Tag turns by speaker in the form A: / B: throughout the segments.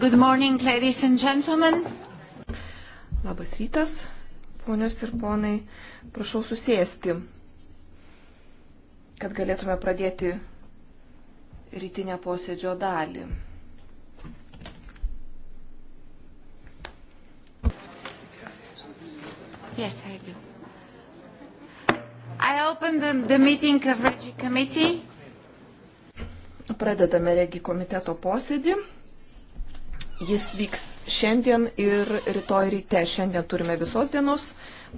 A: Good morning, ladies and gentlemen. Labas rytas, ponios ir ponai. Prašau susėsti, kad galėtume pradėti rytinę posėdžio dalį. Yes, I do.
B: I open the, the meeting of Regi
A: Committee. Pradedame Regi komiteto posėdį. Jis vyks šiandien ir rytoj ryte. Šiandien turime visos dienos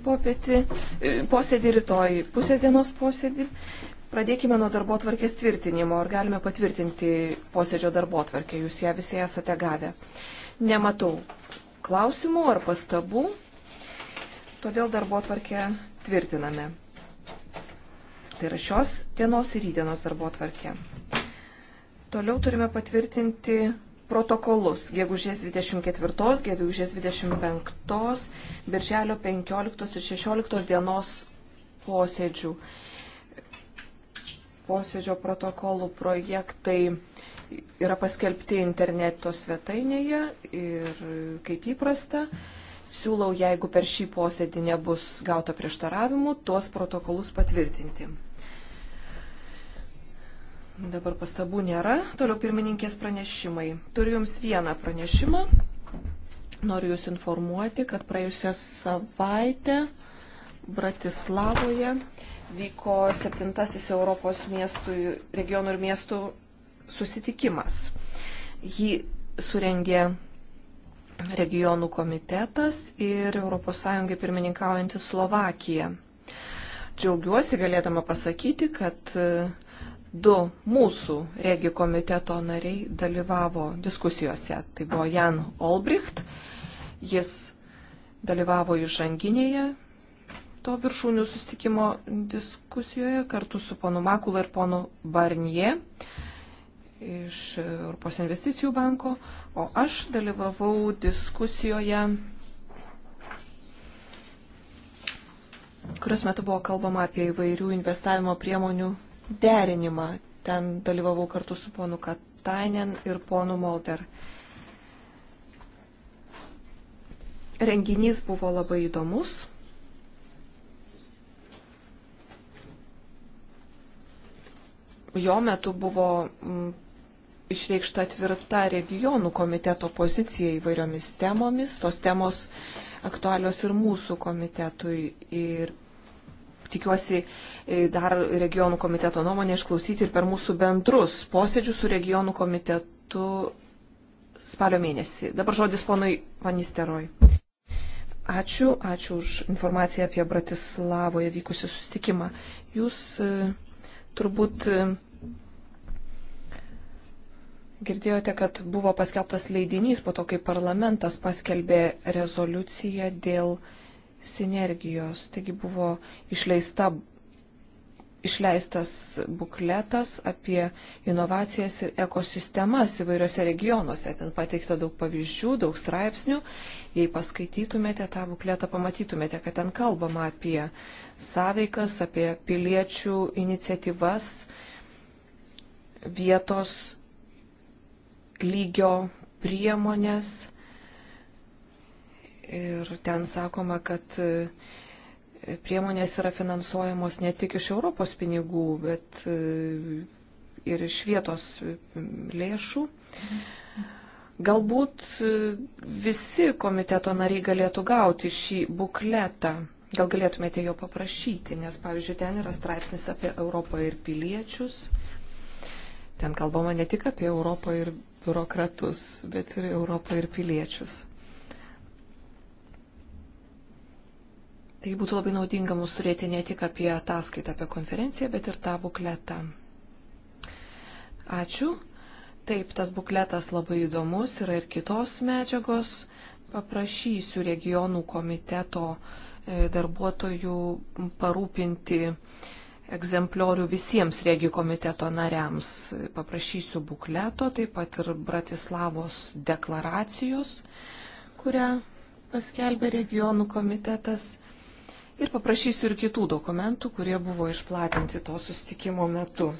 A: popietį, e, posėdį, rytoj pusės dienos posėdį. Pradėkime nuo darbo tvarkės tvirtinimo. Ar galime patvirtinti posėdžio darbo tvarkę? Jūs ją visi esate gavę. Nematau klausimų ar pastabų, todėl darbo tvarkę tvirtiname. Tai yra šios dienos ir rydienos darbo tvarkė. Toliau turime patvirtinti protokolus gegužės 24, gegužės 25, birželio 15 ir 16 dienos posėdžių. Posėdžio protokolų projektai yra paskelbti interneto svetainėje ir kaip įprasta. Siūlau, jeigu per šį posėdį nebus gauta prieštaravimų, tuos protokolus patvirtinti. Dabar pastabų nėra. Toliau pirmininkės pranešimai. Turiu Jums vieną pranešimą. Noriu Jūs informuoti, kad praėjusią savaitę Bratislavoje vyko septintasis Europos miestų, regionų ir miestų susitikimas. Jį surengė regionų komitetas ir ES pirmininkaujantį Slovakiją. Džiaugiuosi galėdama pasakyti, kad du mūsų regi komiteto nariai dalyvavo diskusijose. Tai buvo Jan Olbricht, jis dalyvavo įžanginėje to viršūnių sustikimo diskusijoje kartu su ponu Makula ir ponu Barnie iš Europos investicijų banko, o aš dalyvavau diskusijoje, kurios metu buvo kalbama apie įvairių investavimo priemonių derinimą. Ten dalyvavau kartu su ponu Katainen ir ponu Molter. Renginys buvo labai įdomus. Jo metu buvo mm, išreikšta tvirta regionų komiteto pozicija įvairiomis temomis. Tos temos aktualios ir mūsų komitetui. Ir tikiuosi e, dar regionų komiteto nuomonę išklausyti ir per mūsų bendrus posėdžius su regionų komitetu spalio mėnesį. Dabar žodis ponui Vanisteroj. Ačiū, ačiū už informaciją apie Bratislavoje vykusią sustikimą. Jūs e, turbūt e, girdėjote, kad buvo paskelbtas leidinys po to, kai parlamentas paskelbė rezoliuciją dėl uh, sinergijos. Taigi buvo išleista, išleistas bukletas apie inovacijas ir ekosistemas įvairiose regionuose. Ten pateikta daug pavyzdžių, daug straipsnių. Jei paskaitytumėte tą bukletą, pamatytumėte, kad ten kalbama apie sąveikas, apie piliečių iniciatyvas, vietos lygio priemonės Ir ten sakoma, kad e, priemonės yra finansuojamos ne tik iš Europos pinigų, bet e, ir iš vietos lėšų. Galbūt e, visi komiteto nariai galėtų gauti šį bukletą. Gal galėtumėte jo paprašyti, nes, pavyzdžiui, ten yra straipsnis apie Europą ir piliečius. Ten kalbama ne tik apie Europą ir biurokratus, bet ir Europą ir piliečius. Taigi būtų labai naudinga mūsų turėti ne tik apie ataskaitą apie konferenciją, bet ir tą bukletą. Ačiū. Taip, tas bukletas labai įdomus, yra ir kitos medžiagos. Paprašysiu regionų komiteto e, darbuotojų parūpinti egzempliorių visiems regijų komiteto nariams. Paprašysiu bukleto, taip pat ir Bratislavos deklaracijos, kurią paskelbė regionų komitetas ir paprašysiu ir kitų dokumentų, kurie buvo išplatinti to sustikimo metu.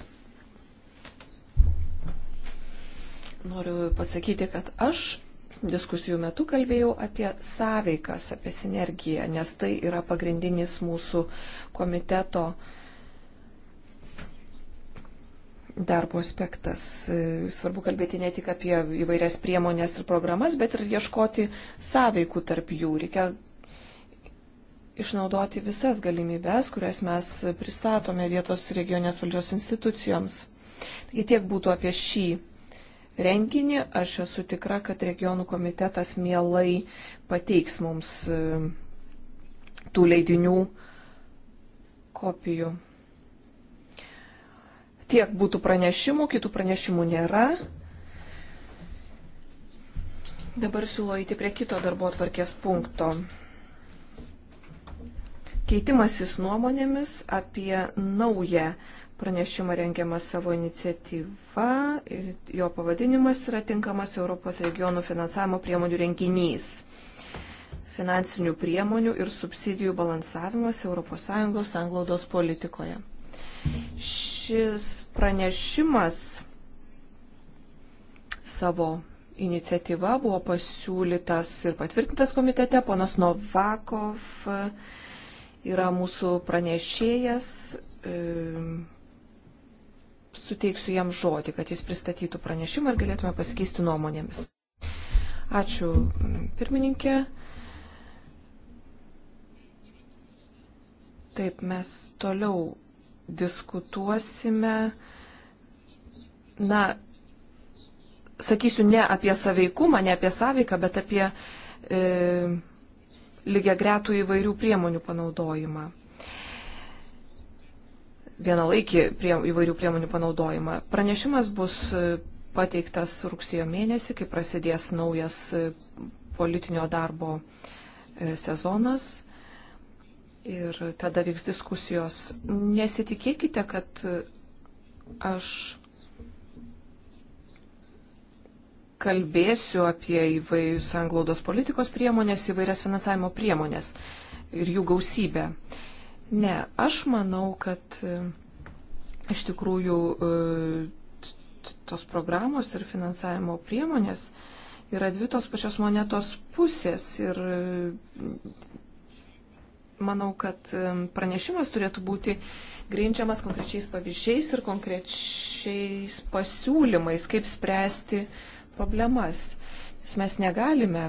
A: Noriu pasakyti, kad aš diskusijų metu kalbėjau apie sąveikas, apie sinergiją, nes tai yra pagrindinis mūsų komiteto darbo aspektas. Svarbu kalbėti ne tik apie įvairias priemonės ir programas, bet ir ieškoti sąveikų tarp jų. Reikia išnaudoti visas galimybes, kurias mes pristatome vietos regionės valdžios institucijoms. Taigi tiek būtų apie šį renginį. Aš esu tikra, kad regionų komitetas mielai pateiks mums e, tų leidinių kopijų. Tiek būtų pranešimų, kitų pranešimų nėra. Dabar siūlo įti prie kito darbo atvarkės punkto keitimasis nuomonėmis apie naują pranešimą rengiamą savo iniciatyvą. Jo pavadinimas yra tinkamas Europos regionų finansavimo priemonių renginys. Finansinių priemonių ir subsidijų balansavimas ES anglaudos politikoje. Šis pranešimas savo iniciatyva buvo pasiūlytas ir patvirtintas komitete. Ponas Novakov yra mūsų pranešėjas. E, suteiksiu jam žodį, kad jis pristatytų pranešimą ir galėtume pasikeisti nuomonėmis. Ačiū, mm, pirmininkė. Taip, mes toliau diskutuosime. Na, sakysiu ne apie saveikumą, ne apie saveiką, bet apie e, lygia gretų įvairių priemonių panaudojimą. Vienalaikį prie, įvairių priemonių panaudojimą. Pranešimas bus e, pateiktas rugsėjo mėnesį, kai prasidės naujas e, politinio darbo e, sezonas. Ir tada vyks diskusijos. Nesitikėkite, kad aš kalbėsiu apie įvairius anglaudos politikos priemonės, įvairias finansavimo priemonės ir jų gausybę. Ne, aš manau, kad e, iš tikrųjų e, tos programos ir finansavimo priemonės yra dvi tos pačios monetos pusės ir e, manau, kad pranešimas turėtų būti grindžiamas konkrečiais pavyzdžiais ir konkrečiais pasiūlymais, kaip spręsti uh, problemas. Nes mes negalime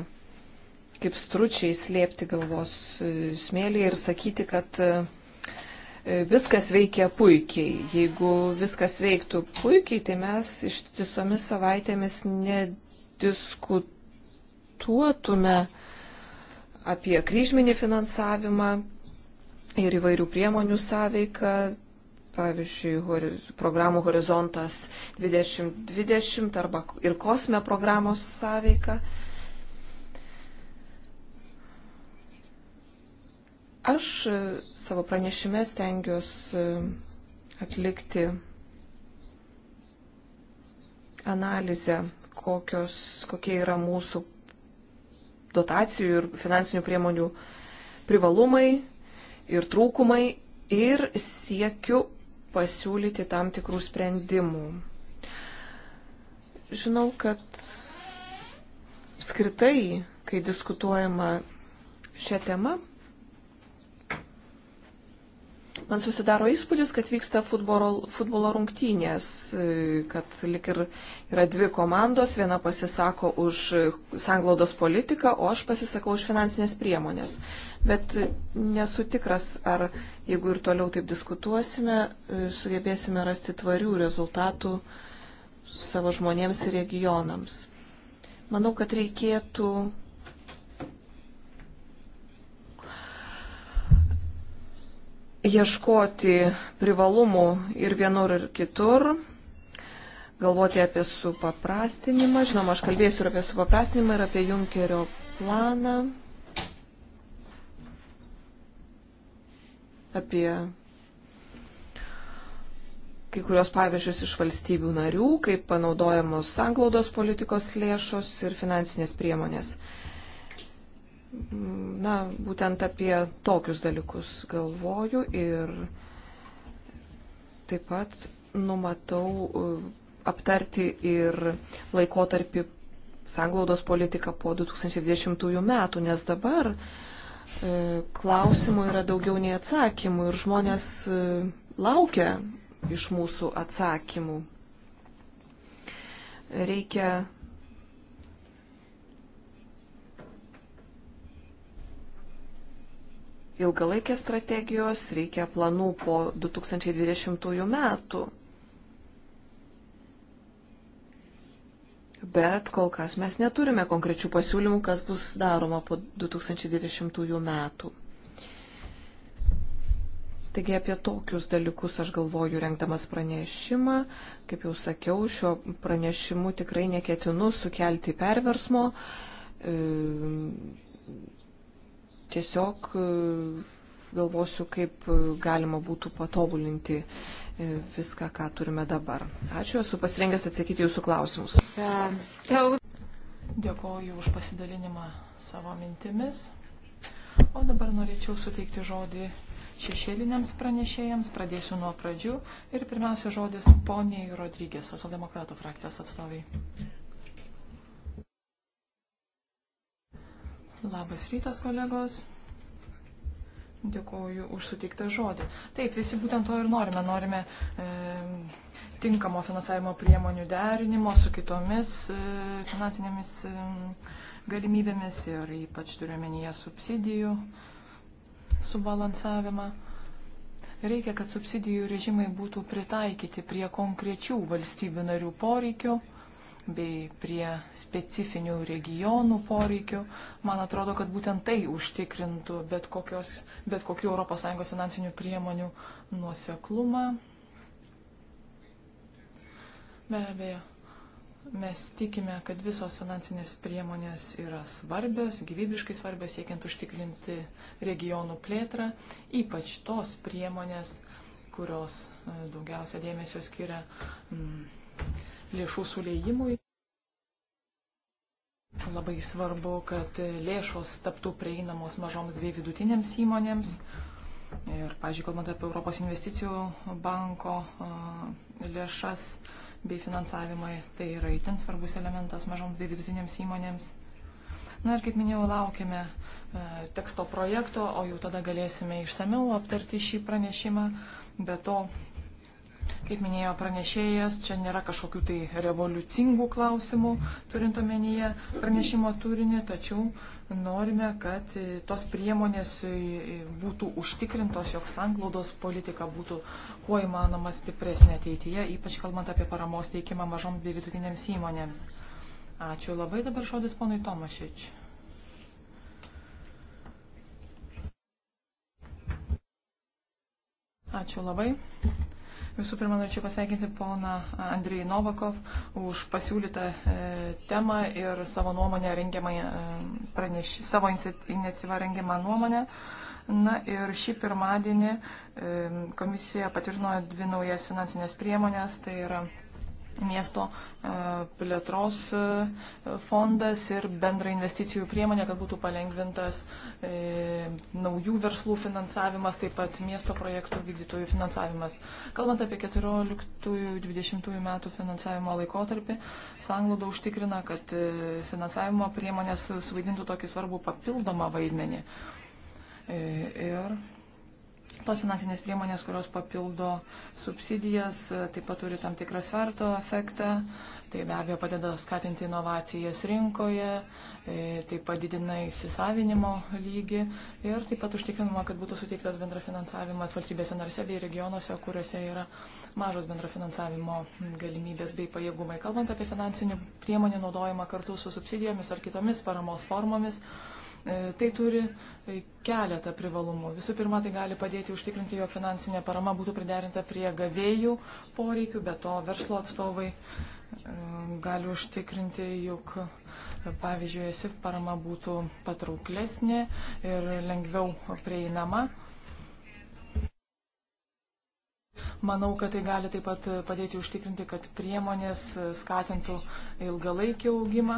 A: kaip stručiai slėpti galvos e, smėlį ir sakyti, kad e, e, viskas veikia puikiai. Jeigu viskas veiktų puikiai, tai mes ištisomis savaitėmis nediskutuotume apie kryžminį finansavimą ir įvairių priemonių sąveiką pavyzdžiui, programų Horizontas 2020 arba ir kosme programos sąveika. Aš e, savo pranešime stengiuosi atlikti analizę, kokios, kokie yra mūsų dotacijų ir finansinių priemonių privalumai ir trūkumai ir siekiu pasiūlyti tam tikrų sprendimų. Žinau, kad apskritai, kai diskutuojama šią temą, Man susidaro įspūdis, kad vyksta futbolo, futbolo rungtynės, e, kad lik ir yra dvi komandos, viena pasisako už sanglaudos politiką, o aš pasisakau už finansinės priemonės. Bet nesu tikras, ar jeigu ir toliau taip diskutuosime, e, sugebėsime rasti tvarių rezultatų savo žmonėms ir regionams. Manau, kad reikėtų ieškoti privalumų ir vienur, ir kitur, galvoti apie supaprastinimą. Žinoma, aš kalbėsiu ir apie supaprastinimą, ir apie Junkerio planą, apie kai kurios pavyzdžius iš valstybių narių, kaip panaudojamos sanglaudos politikos lėšos ir finansinės priemonės na, būtent apie tokius dalykus galvoju ir taip pat numatau uh, aptarti ir laikotarpį sanglaudos politiką po 2020 metų, nes dabar uh, klausimų yra daugiau nei atsakymų ir žmonės uh, laukia iš mūsų atsakymų. Reikia ilgalaikės strategijos, reikia planų po 2020 metų. Bet kol kas mes neturime konkrečių pasiūlymų, kas bus daroma po 2020 metų. Taigi apie tokius dalykus aš galvoju renkdamas pranešimą. Kaip jau sakiau, šiuo pranešimu tikrai neketinu sukelti perversmo. E, tiesiog e, galvosiu, kaip galima būtų patobulinti e, viską, ką turime dabar. Ačiū, esu pasirengęs atsakyti jūsų klausimus.
C: Dėkoju už pasidalinimą savo mintimis. O dabar norėčiau suteikti žodį šešėliniams pranešėjams. Pradėsiu nuo pradžių. Ir pirmiausia žodis poniai Rodrygės, socialdemokratų frakcijos atstoviai. Labas rytas, kolegos. Dėkuoju už suteiktą žodį. Taip, visi būtent to ir norime. Norime e, tinkamo finansavimo priemonių derinimo su kitomis e, finansinėmis e, galimybėmis ir ypač turiuomenyje subsidijų subalansavimą. Reikia, kad subsidijų režimai būtų pritaikyti prie konkrečių valstybių narių poreikių bei prie specifinių regionų poreikių. Man atrodo, kad būtent tai užtikrintų bet, kokios, bet kokių ES finansinių priemonių nuoseklumą. Be abejo, mes tikime, kad visos finansinės priemonės yra svarbios, gyvybiškai svarbios, siekiant užtikrinti regionų plėtrą, ypač tos priemonės, kurios e, daugiausia dėmesio skiria. Mm, lėšų sulėjimui. Labai svarbu, kad lėšos taptų prieinamos mažoms bei vidutinėms įmonėms. Ir, pažiūrėjau, kalbant apie Europos investicijų banko lėšas bei finansavimai, tai yra itin svarbus elementas mažoms bei vidutinėms įmonėms. Na ir, kaip minėjau, laukiame teksto projekto, o jau tada galėsime išsameu aptarti šį pranešimą. Be to, Kaip minėjo pranešėjas, čia nėra kažkokių tai revoliucingų klausimų, turint omenyje pranešimo turinį, tačiau norime, kad e, tos priemonės e, e, būtų užtikrintos, jog sanglaudos politika būtų kuo įmanoma stipresnė ateityje, ypač kalbant apie paramos teikimą mažom bei vidutinėms įmonėms. Ačiū labai dabar žodis ponui Tomašič. Ačiū labai. Visų pirma, norėčiau pasveikinti poną Andrėjį Novakov už pasiūlytą e, temą ir savo nuomonę rengiamą, e, praneš, savo iniciatyvą rengiamą nuomonę. Na ir šį pirmadienį e, komisija patvirtino dvi naujas finansinės priemonės, tai yra e, miesto e, plėtros e, fondas ir bendra investicijų priemonė, kad būtų palengvintas e, naujų verslų finansavimas, taip pat miesto projektų vykdytojų finansavimas. Kalbant apie 14-20 metų finansavimo laikotarpį, sanglauda užtikrina, kad finansavimo priemonės suvaidintų tokį svarbų papildomą vaidmenį. Ir Tos finansinės priemonės, kurios papildo subsidijas, taip pat turi tam tikrą sverto efektą, tai be abejo padeda skatinti inovacijas rinkoje, e, taip pat didina įsisavinimo lygį ir taip pat užtikrinama, kad būtų suteiktas bendrafinansavimas valstybėse narse bei regionuose, kuriuose yra mažos bendrafinansavimo galimybės bei pajėgumai. Kalbant apie finansinių priemonių naudojimą kartu su subsidijomis ar kitomis paramos formomis, E, tai turi e, keletą privalumų. Visų pirma, tai gali padėti užtikrinti, jo finansinė parama būtų priderinta prie gavėjų poreikių, bet to verslo atstovai e, gali užtikrinti, jog, pavyzdžiui, esi parama būtų patrauklesnė ir lengviau prieinama. Manau, kad tai gali taip pat padėti užtikrinti, kad priemonės skatintų ilgalaikį augimą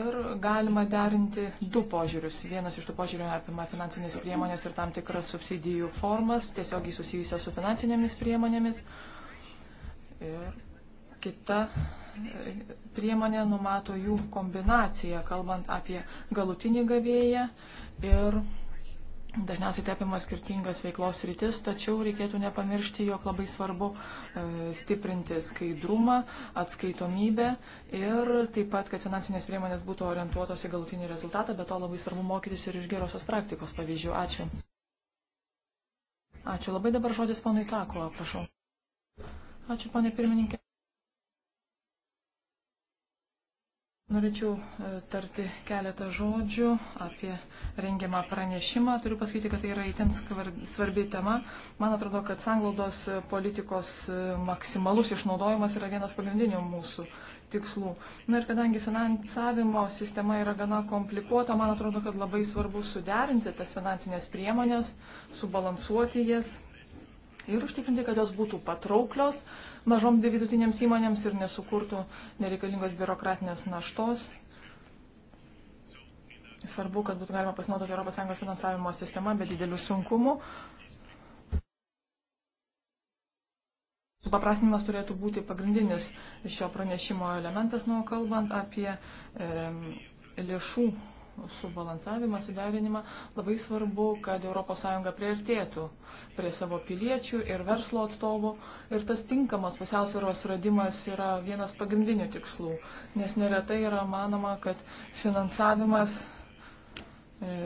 C: ir galima derinti du požiūrius. Vienas iš tų požiūrių apima finansinės priemonės ir tam tikras subsidijų formas, tiesiogiai susijusias su finansinėmis priemonėmis. Ir kita e, priemonė numato jų kombinaciją, kalbant apie galutinį gavėją ir Dažniausiai tai apima skirtingas veiklos rytis, tačiau reikėtų nepamiršti, jog labai svarbu e, stiprinti skaidrumą, atskaitomybę ir taip pat, kad finansinės priemonės būtų orientuotos į galutinį rezultatą, bet to labai svarbu mokytis ir iš gerosios praktikos pavyzdžių. Ačiū. Ačiū labai dabar žodis ponui Tako, prašau. Ačiū, ponė pirmininkė. Norėčiau e, tarti keletą žodžių apie rengiamą pranešimą. Turiu pasakyti, kad tai yra įtin svarbi tema. Man atrodo, kad sanglaudos politikos e, maksimalus išnaudojimas yra vienas pagrindinių mūsų tikslų. Na ir kadangi finansavimo sistema yra gana komplikuota, man atrodo, kad labai svarbu suderinti tas finansinės priemonės, subalansuoti jas ir užtikrinti, kad jos būtų patrauklios mažom bei vidutinėms įmonėms ir nesukurtų nereikalingos biurokratinės naštos. Svarbu, kad būtų galima pasinaudoti ES finansavimo sistema be didelių sunkumų. Supaprastinimas turėtų būti pagrindinis šio pranešimo elementas, nu, kalbant apie e, lėšų subalansavimą, suderinimą, labai svarbu, kad ES priartėtų prie savo piliečių ir verslo atstovų. Ir tas tinkamas pusiausvėros radimas yra vienas pagrindinių tikslų, nes neretai yra manoma, kad finansavimas e,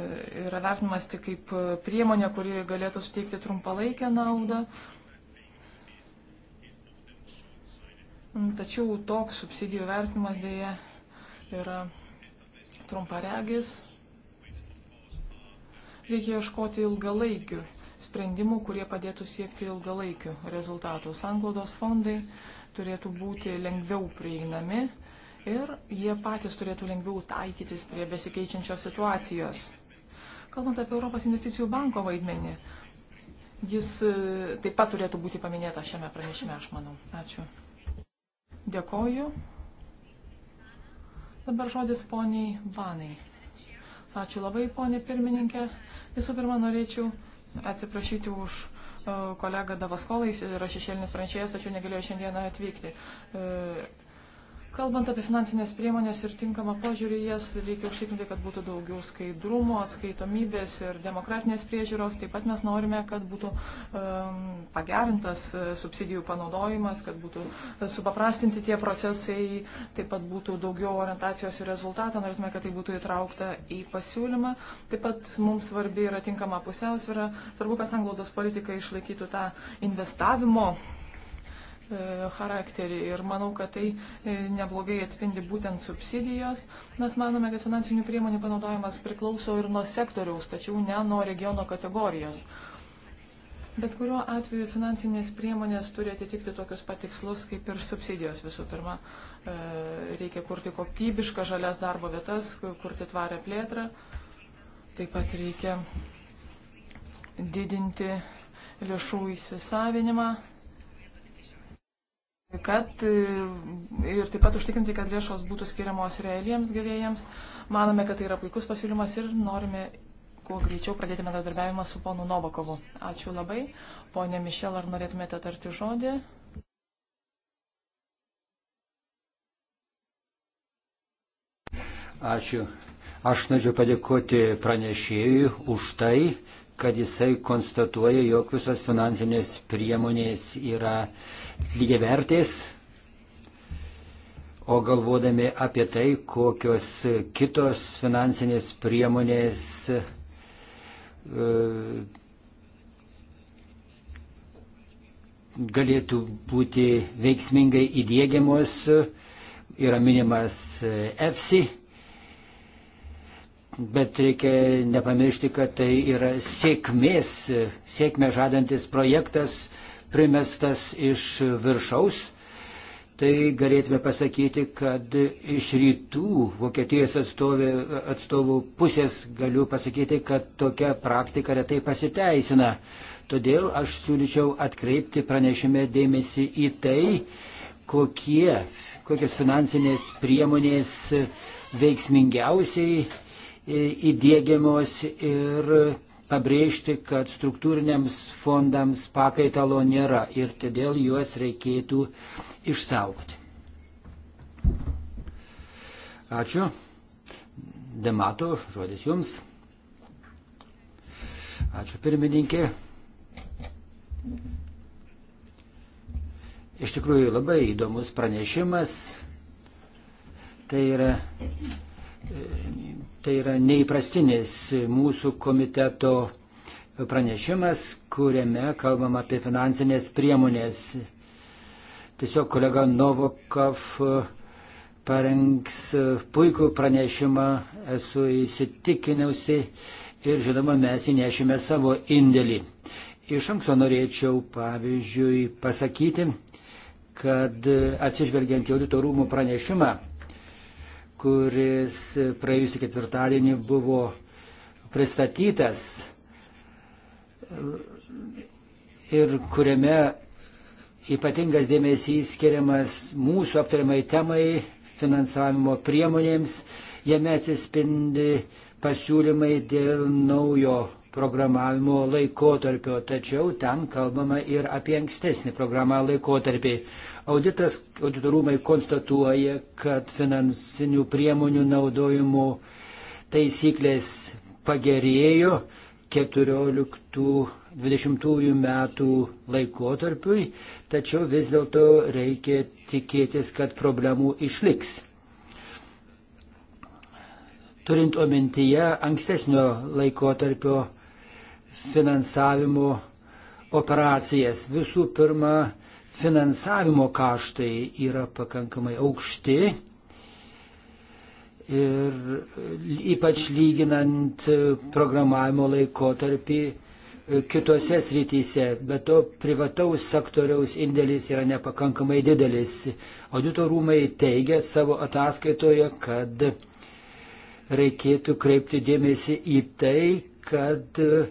C: yra vertinimas tik kaip priemonė, kuri galėtų suteikti trumpalaikę naudą. Tačiau toks subsidijų vertinimas dėja yra trumparegis. Reikia ieškoti ilgalaikių sprendimų, kurie padėtų siekti ilgalaikių rezultatų. Sanglaudos fondai turėtų būti lengviau prieinami ir jie patys turėtų lengviau taikytis prie besikeičiančios situacijos. Kalbant apie Europos investicijų banko vaidmenį, jis e, taip pat turėtų būti paminėta šiame pranešime, aš manau. Ačiū. Dėkoju. Dabar žodis poniai Vanai. Ačiū labai, ponė pirmininkė. Visų pirma, norėčiau atsiprašyti už e, kolegą Davaskolais ir aš išėlinis pranešėjas, tačiau negalėjau šiandieną atvykti. E, Kalbant apie finansinės priemonės ir tinkamą požiūrį jas, reikia užtikrinti, kad būtų daugiau skaidrumo, atskaitomybės ir demokratinės priežiūros. Taip pat mes norime, kad būtų um, pagerintas e, subsidijų panaudojimas, kad būtų e, supaprastinti tie procesai, taip pat būtų daugiau orientacijos į rezultatą, norėtume, kad tai būtų įtraukta į pasiūlymą. Taip pat mums svarbi yra tinkama pusiausvėra, svarbu, kad sanglaudos politika išlaikytų tą investavimo E, charakterį ir manau, kad tai e, neblogai atspindi būtent subsidijos. Mes manome, kad finansinių priemonių panaudojimas priklauso ir nuo sektoriaus, tačiau ne nuo regiono kategorijos. Bet kuriuo atveju finansinės priemonės turi atitikti tokius patikslus kaip ir subsidijos visų pirma. E, reikia kurti kokybišką žalias darbo vietas, kurti tvarę plėtrą. Taip pat reikia didinti lėšų įsisavinimą kad e, ir taip pat užtikrinti, kad lėšos būtų skiriamos realiems gavėjams. Manome, kad tai yra puikus pasiūlymas ir norime kuo greičiau pradėti bendradarbiavimą su ponu Novakovu. Ačiū labai. Pone Mišel, ar norėtumėte tarti žodį?
B: Ačiū. Aš norėčiau padėkoti pranešėjui už tai, kad jisai konstatuoja, jog visos finansinės priemonės yra lygiai vertės, o galvodami apie tai, kokios kitos finansinės priemonės e, galėtų būti veiksmingai įdėgiamos, yra minimas EFSI bet reikia nepamiršti, kad tai yra sėkmės, sėkmę žadantis projektas, primestas iš viršaus. Tai galėtume pasakyti, kad iš rytų Vokietijos atstovė, atstovų pusės galiu pasakyti, kad tokia praktika retai pasiteisina. Todėl aš siūlyčiau atkreipti pranešime dėmesį į tai, kokie, kokios finansinės priemonės veiksmingiausiai įdėgiamos ir pabrėžti, kad struktūriniams fondams pakaitalo nėra ir todėl juos reikėtų išsaugoti. Ačiū. Demato, žodis jums. Ačiū pirmininkė. Iš tikrųjų labai įdomus pranešimas. Tai yra e, Tai yra neįprastinis mūsų komiteto pranešimas, kuriame kalbam apie finansinės priemonės. Tiesiog kolega Novokov parengs puikų pranešimą, esu įsitikinusi ir žinoma mes įnešime savo indėlį. Iš anksto norėčiau pavyzdžiui pasakyti, kad atsižvelgiant į auditorumų pranešimą, kuris praėjusį ketvirtadienį buvo pristatytas ir kuriame ypatingas dėmesys skiriamas mūsų aptariamai temai, finansavimo priemonėms, jame atsispindi pasiūlymai dėl naujo programavimo laikotarpio, tačiau ten kalbama ir apie ankstesnį programą laikotarpį. Auditas, auditorumai konstatuoja, kad finansinių priemonių naudojimo taisyklės pagerėjo 14-20 metų laikotarpiui, tačiau vis dėlto reikia tikėtis, kad problemų išliks. Turint omenyje ankstesnio laikotarpio finansavimo operacijas. Visų pirma, finansavimo kaštai yra pakankamai aukšti. Ir ypač lyginant programavimo laikotarpį kitose srityse, bet to privataus sektoriaus indėlis yra nepakankamai didelis. Audito rūmai teigia savo ataskaitoje, kad reikėtų kreipti dėmesį į tai, kad uh,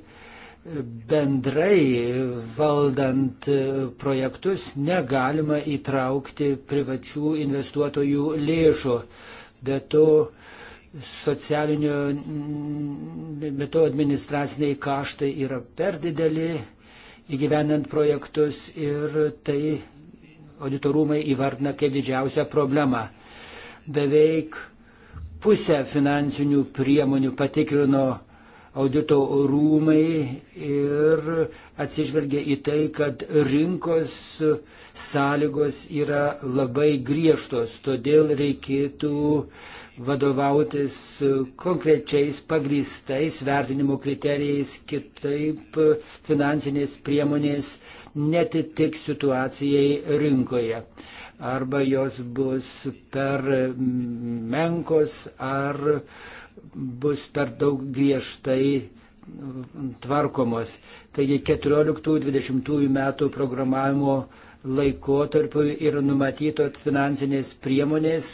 B: bendrai valdant projektus negalima įtraukti privačių investuotojų lėšų. Be to, socialinio, be to administraciniai kaštai yra per dideli įgyvenant projektus ir tai auditorumai įvardina kaip didžiausią problemą. Beveik pusę finansinių priemonių patikrino audito rūmai ir atsižvelgia į tai, kad rinkos sąlygos yra labai griežtos, todėl reikėtų vadovautis konkrečiais pagristais vertinimo kriterijais, kitaip finansinės priemonės netitiks situacijai rinkoje arba jos bus per menkos ar uh, bus per daug griežtai tvarkomos. Taigi 14-20 metų programavimo laikotarpiu yra numatytos finansinės priemonės,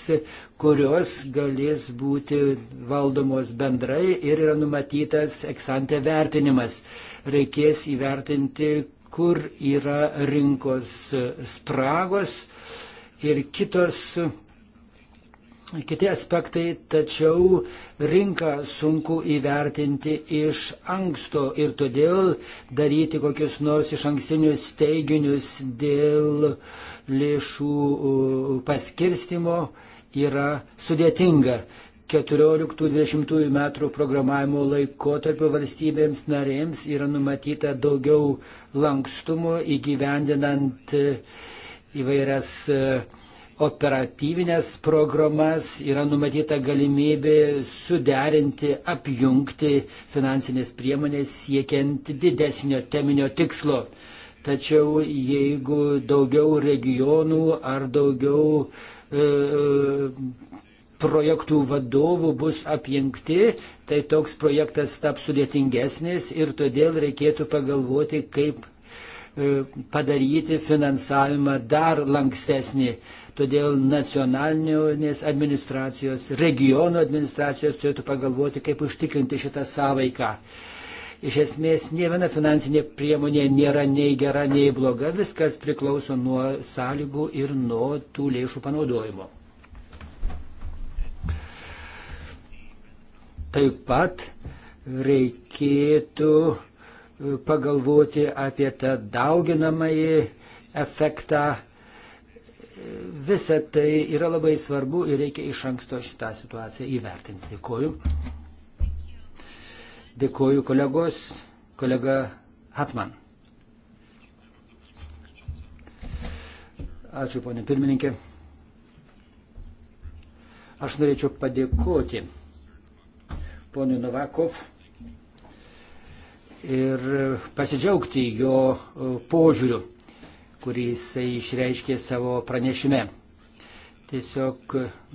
B: kurios galės būti valdomos bendrai ir yra numatytas eksante vertinimas. Reikės įvertinti, kur yra rinkos spragos ir kitos kiti aspektai, tačiau rinką sunku įvertinti iš anksto ir todėl daryti kokius nors iš ankstinius teiginius dėl lėšų paskirstimo yra sudėtinga. 14-20 metų programavimo laikotarpio valstybėms narėms yra numatyta daugiau lankstumo įgyvendinant įvairias uh, operatyvinės programas yra numatyta galimybė suderinti, apjungti finansinės priemonės siekiant didesnio teminio tikslo. Tačiau jeigu daugiau regionų ar daugiau e, projektų vadovų bus apjungti, tai toks projektas taps sudėtingesnis ir todėl reikėtų pagalvoti, kaip e, padaryti finansavimą dar lankstesnį. Todėl nacionalinės administracijos, regiono administracijos turėtų pagalvoti, kaip užtikrinti šitą sąveiką. Iš esmės, ne viena finansinė priemonė nėra nei gera, nei bloga, viskas priklauso nuo sąlygų ir nuo tų lėšų panaudojimo. Taip pat reikėtų e, pagalvoti apie tą dauginamąjį efektą visa tai yra labai svarbu ir reikia iš anksto šitą situaciją įvertinti. Dėkoju. Dėkoju kolegos, kolega Hatman. Ačiū, ponė pirmininkė. Aš norėčiau padėkoti ponui Novakov ir pasidžiaugti jo e, požiūriu kurį jisai išreiškė savo pranešime. Tiesiog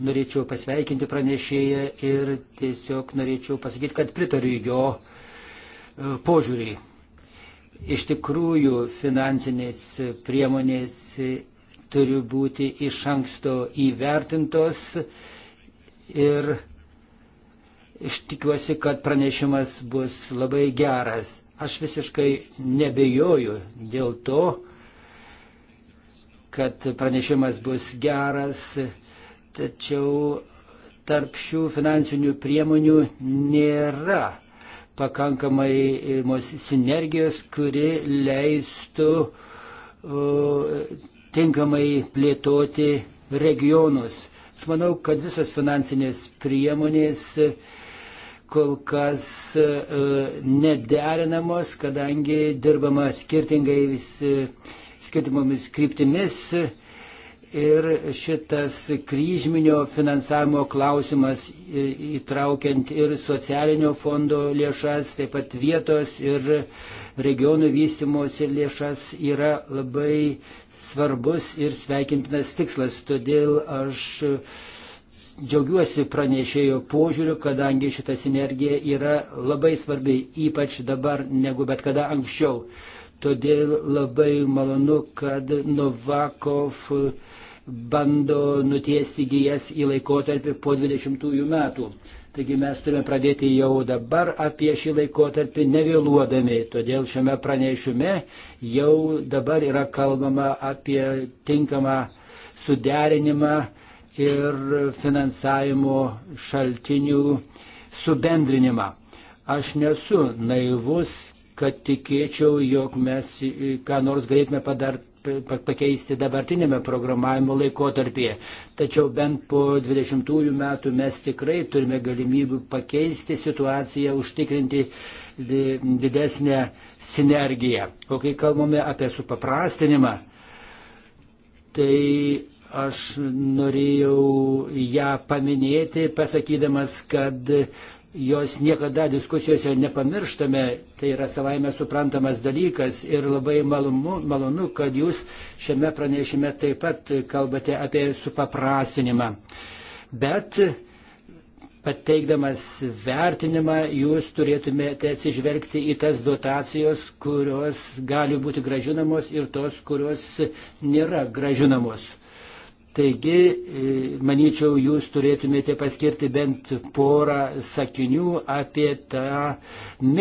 B: norėčiau pasveikinti pranešėją ir tiesiog norėčiau pasakyti, kad pritariu jo e, požiūriai. Iš tikrųjų, finansinės priemonės turi būti iš anksto įvertintos ir aš tikiuosi, kad pranešimas bus labai geras. Aš visiškai nebejoju dėl to, kad pranešimas bus geras, tačiau tarp šių finansinių priemonių nėra pakankamai sinergijos, kuri leistų tinkamai plėtoti regionus. Aš manau, kad visas finansinės priemonės kol kas e, nederinamos, kadangi dirbama skirtingais skirtimomis kryptimis ir šitas kryžminio finansavimo klausimas e, įtraukiant ir socialinio fondo lėšas, taip pat vietos ir regionų vystimosi lėšas yra labai svarbus ir sveikintinas tikslas. Todėl aš džiaugiuosi pranešėjo požiūriu, kadangi šita sinergija yra labai svarbi, ypač dabar negu bet kada anksčiau. Todėl labai malonu, kad Novakov bando nutiesti gijas į laikotarpį po 20 metų. Taigi mes turime pradėti jau dabar apie šį laikotarpį nevėluodami. Todėl šiame pranešime jau dabar yra kalbama apie tinkamą suderinimą ir finansavimo šaltinių subendrinimą. Aš nesu naivus, kad tikėčiau, jog mes e, ką nors galėtume padar, pakeisti dabartinėme programavimo laikotarpyje. Tačiau bent po 20 metų mes tikrai turime galimybių pakeisti situaciją, užtikrinti didesnę sinergiją. O kai kalbame apie supaprastinimą, tai aš norėjau ją paminėti, pasakydamas, kad jos niekada diskusijose nepamirštame, tai yra savaime suprantamas dalykas ir labai malonu, malonu kad jūs šiame pranešime taip pat kalbate apie supaprastinimą. Bet pateikdamas vertinimą jūs turėtumėte atsižvelgti į tas dotacijos, kurios gali būti gražinamos ir tos, kurios nėra gražinamos. Taigi, e, manyčiau, jūs turėtumėte paskirti bent porą sakinių apie tą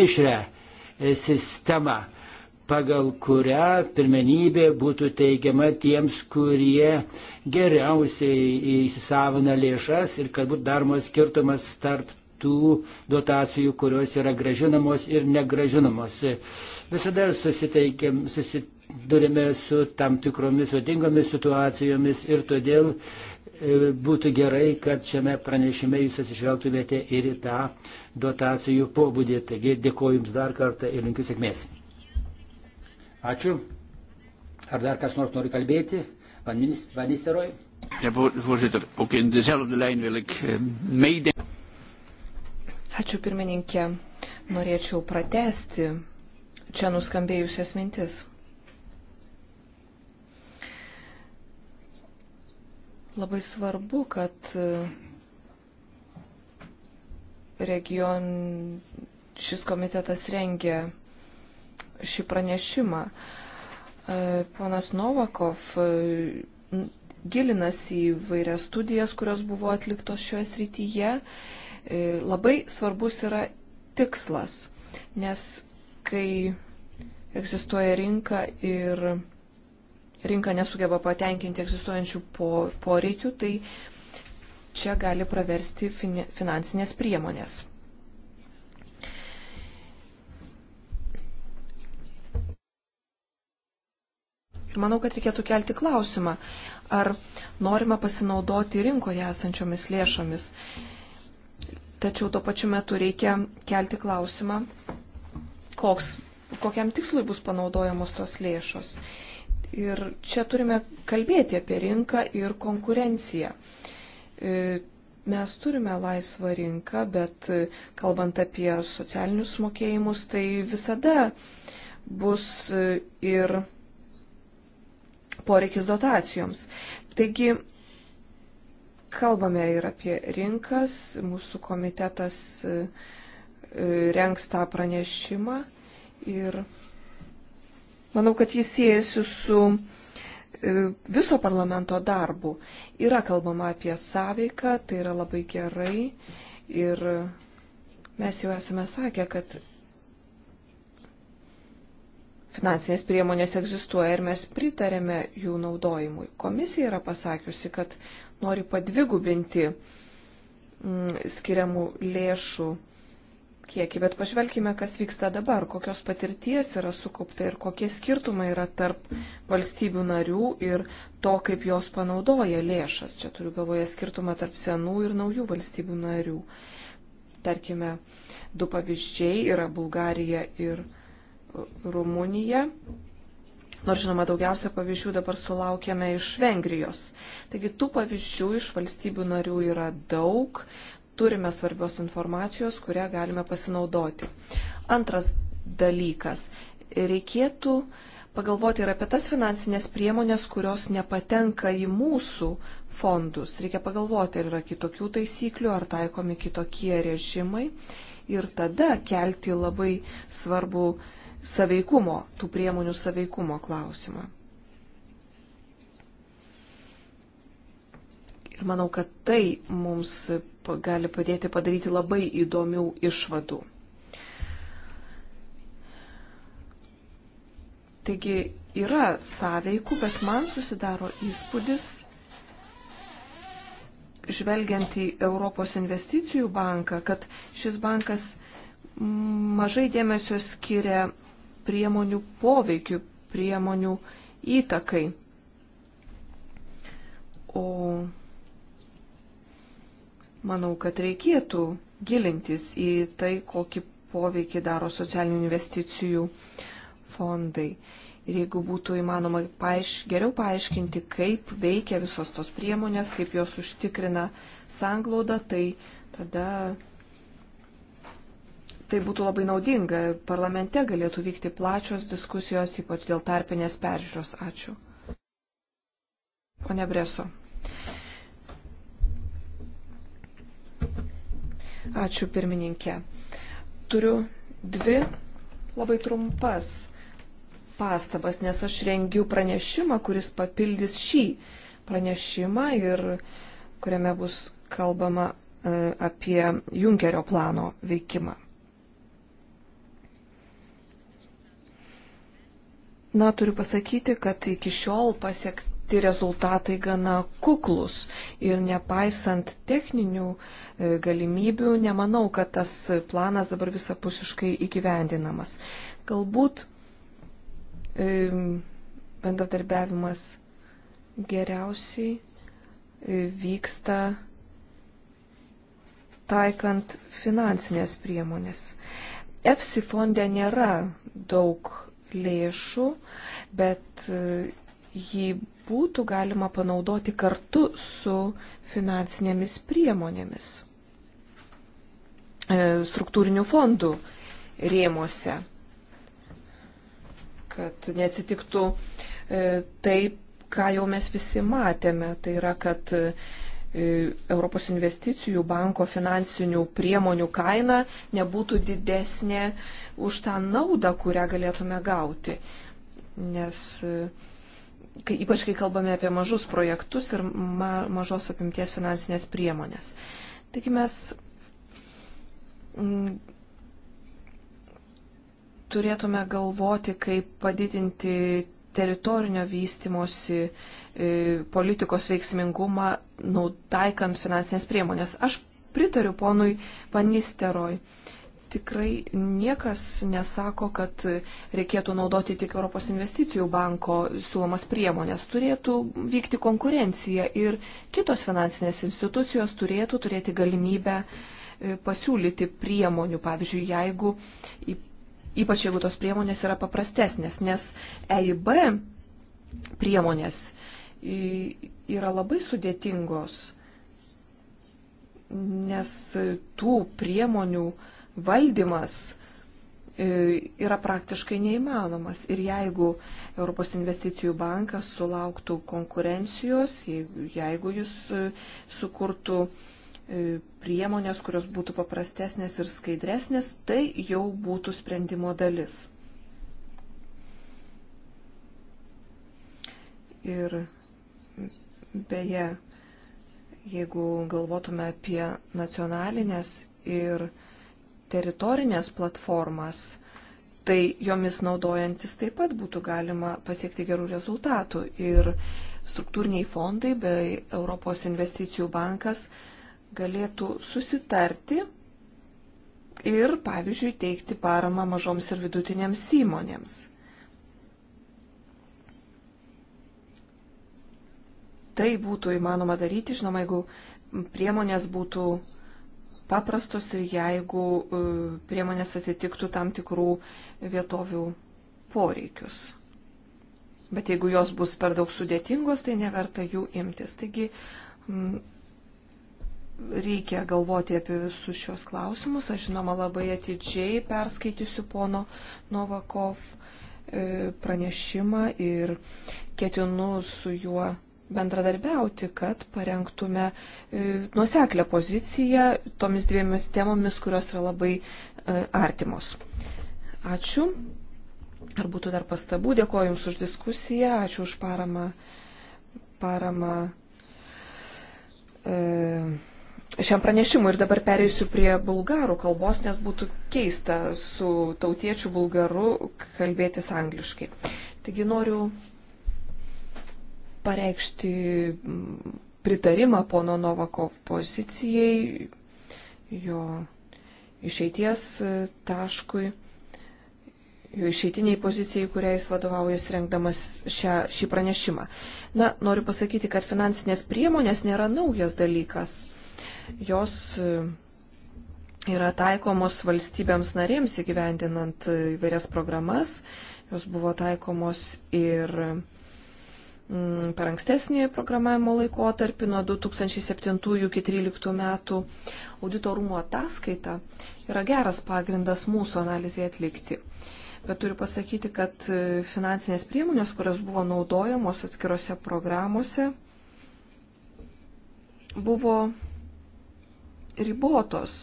B: mišrę e, sistemą, pagal kurią pirmenybė būtų teigiama tiems, kurie geriausiai įsisavina lėšas ir kad būtų daromas skirtumas tarp tų dotacijų, kurios yra gražinamos ir negražinamos. Visada susiteikiam, susiteikiam susidurime su tam tikromis sudingomis situacijomis ir todėl e, būtų gerai, kad šiame pranešime jūs atsižvelgtumėte ir į tą dotacijų pobūdį. Taigi dėkoju Jums dar kartą ir linkiu sėkmės. Ačiū. Ar dar kas nors nori kalbėti? Vanisteroj? Ja, voorzitter, ook in dezelfde lijn wil ik eh, meedenken.
A: Ačiū pirmininkė. Norėčiau pratesti čia nuskambėjusias mintis. Labai svarbu, kad e, region šis komitetas rengia šį pranešimą. E, ponas Novakov e, gilinasi į vairias studijas, kurios buvo atliktos šioje srityje. Labai svarbus yra tikslas, nes kai egzistuoja rinka ir rinka nesugeba patenkinti egzistuojančių poreikių, tai čia gali praversti finansinės priemonės. Ir manau, kad reikėtų kelti klausimą, ar norima pasinaudoti rinkoje esančiomis lėšomis. Tačiau tuo pačiu metu reikia kelti klausimą, koks, kokiam tikslui bus panaudojamos tos lėšos. Ir čia turime kalbėti apie rinką ir konkurenciją. E, mes turime laisvą rinką, bet e, kalbant apie socialinius mokėjimus, tai visada bus e, ir poreikis dotacijoms. Taigi, kalbame ir apie rinkas, mūsų komitetas renks tą pranešimą ir Manau, kad jis siejasi su e, viso parlamento darbu. Yra kalbama apie sąveiką, tai yra labai gerai ir mes jau esame sakę, kad finansinės priemonės egzistuoja ir mes pritarėme jų naudojimui. Komisija yra pasakiusi, kad nori padvigubinti mm, skiriamų lėšų kiekį, bet pažvelkime, kas vyksta dabar, kokios patirties yra sukaupta ir kokie skirtumai yra tarp valstybių narių ir to, kaip jos panaudoja lėšas. Čia turiu galvoje skirtumą tarp senų ir naujų valstybių narių. Tarkime, du pavyzdžiai yra Bulgarija ir Rumunija. Nors žinoma, daugiausia pavyzdžių dabar sulaukėme iš Vengrijos. Taigi tų pavyzdžių iš valstybių narių yra daug, turime svarbios informacijos, kurią galime pasinaudoti. Antras dalykas. Reikėtų pagalvoti ir apie tas finansinės priemonės, kurios nepatenka į mūsų fondus. Reikia pagalvoti, ar yra kitokių taisyklių, ar taikomi kitokie režimai. Ir tada kelti labai svarbu saveikumo, tų priemonių saveikumo klausimą. Ir manau, kad tai mums gali padėti padaryti labai įdomių išvadų. Taigi yra sąveikų, bet man susidaro įspūdis, žvelgiant į Europos investicijų banką, kad šis bankas mažai dėmesio skiria priemonių poveikiu, priemonių įtakai. O Manau, kad reikėtų gilintis į tai, kokį poveikį daro socialinių investicijų fondai. Ir jeigu būtų įmanoma paaiš, geriau paaiškinti, kaip veikia visos tos priemonės, kaip jos užtikrina sanglaudą, tai tada tai būtų labai naudinga. Parlamente galėtų vykti plačios diskusijos, ypač dėl tarpinės peržiūros. Ačiū. Pone Breso. Ačiū pirmininkė. Turiu dvi labai trumpas pastabas, nes aš rengiu pranešimą, kuris papildys šį pranešimą ir kuriame bus kalbama e, apie Junkerio plano veikimą. Na, turiu pasakyti, kad iki šiol pasiekti pasiekti rezultatai gana kuklus ir nepaisant techninių e, galimybių, nemanau, kad tas planas dabar visapusiškai įgyvendinamas. Galbūt e, bendradarbiavimas geriausiai e, vyksta taikant finansinės priemonės. EFSI fonde nėra daug lėšų, bet jį būtų galima panaudoti kartu su finansinėmis priemonėmis e, struktūrinių fondų rėmose, kad neatsitiktų e, taip, ką jau mes visi matėme, tai yra, kad e, Europos investicijų banko finansinių priemonių kaina nebūtų didesnė už tą naudą, kurią galėtume gauti. Nes uh, kai, ypač kai kalbame apie mažus projektus ir ma, mažos apimties finansinės priemonės. Taigi mes m, mm, turėtume galvoti, kaip padidinti teritorinio vystimosi e, politikos veiksmingumą, nautaikant finansinės priemonės. Aš pritariu ponui Panisteroj. E, tikrai niekas nesako, kad reikėtų naudoti tik Europos investicijų banko siūlomas priemonės. Turėtų vykti konkurencija ir kitos finansinės institucijos turėtų turėti galimybę e, pasiūlyti priemonių, pavyzdžiui, jeigu, ypač jeigu tos priemonės yra paprastesnės, nes EIB priemonės yra labai sudėtingos, nes tų priemonių uh, valdymas e, yra praktiškai neįmanomas. Ir jeigu Europos investicijų bankas sulauktų konkurencijos, jeigu jis e, sukurtų e, priemonės, kurios būtų paprastesnės ir skaidresnės, tai jau būtų sprendimo dalis. Ir beje, jeigu galvotume apie nacionalinės ir teritorinės platformas, tai jomis naudojantis taip pat būtų galima pasiekti gerų rezultatų. Ir struktūriniai fondai bei Europos investicijų bankas galėtų susitarti ir, pavyzdžiui, teikti paramą mažoms ir vidutinėms įmonėms. Tai būtų įmanoma daryti, žinoma, jeigu priemonės būtų paprastos ir jeigu e, priemonės atitiktų tam tikrų vietovių poreikius. Bet jeigu jos bus per daug sudėtingos, tai neverta jų imtis. Taigi m, reikia galvoti apie visus šios klausimus. Aš žinoma labai atidžiai perskaitysiu pono Novakov e, pranešimą ir ketinu su juo bendradarbiauti, kad parengtume e, nuoseklę poziciją tomis dviemis temomis, kurios yra labai e, artimos. Ačiū. Ar būtų dar pastabų? Dėkoju Jums už diskusiją. Ačiū už paramą, paramą e, šiam pranešimui. Ir dabar pereisiu prie bulgarų kalbos, nes būtų keista su tautiečių bulgaru kalbėtis angliškai. Taigi noriu pareikšti mm, pritarimą pono Novakov pozicijai, jo išeities e, taškui, jo išeitiniai pozicijai, kuriais vadovaujas rengdamas šią, šį pranešimą. Na, noriu pasakyti, kad finansinės priemonės nėra naujas dalykas. Jos e, yra taikomos valstybėms narėms įgyvendinant e, įvairias programas. Jos buvo taikomos ir Mm, per ankstesnį programavimo laikotarpį nuo 2007 iki 2013 metų auditorumo ataskaita yra geras pagrindas mūsų analizai atlikti. Bet turiu pasakyti, kad e, finansinės priemonės, kurios buvo naudojamos atskirose programuose, buvo ribotos,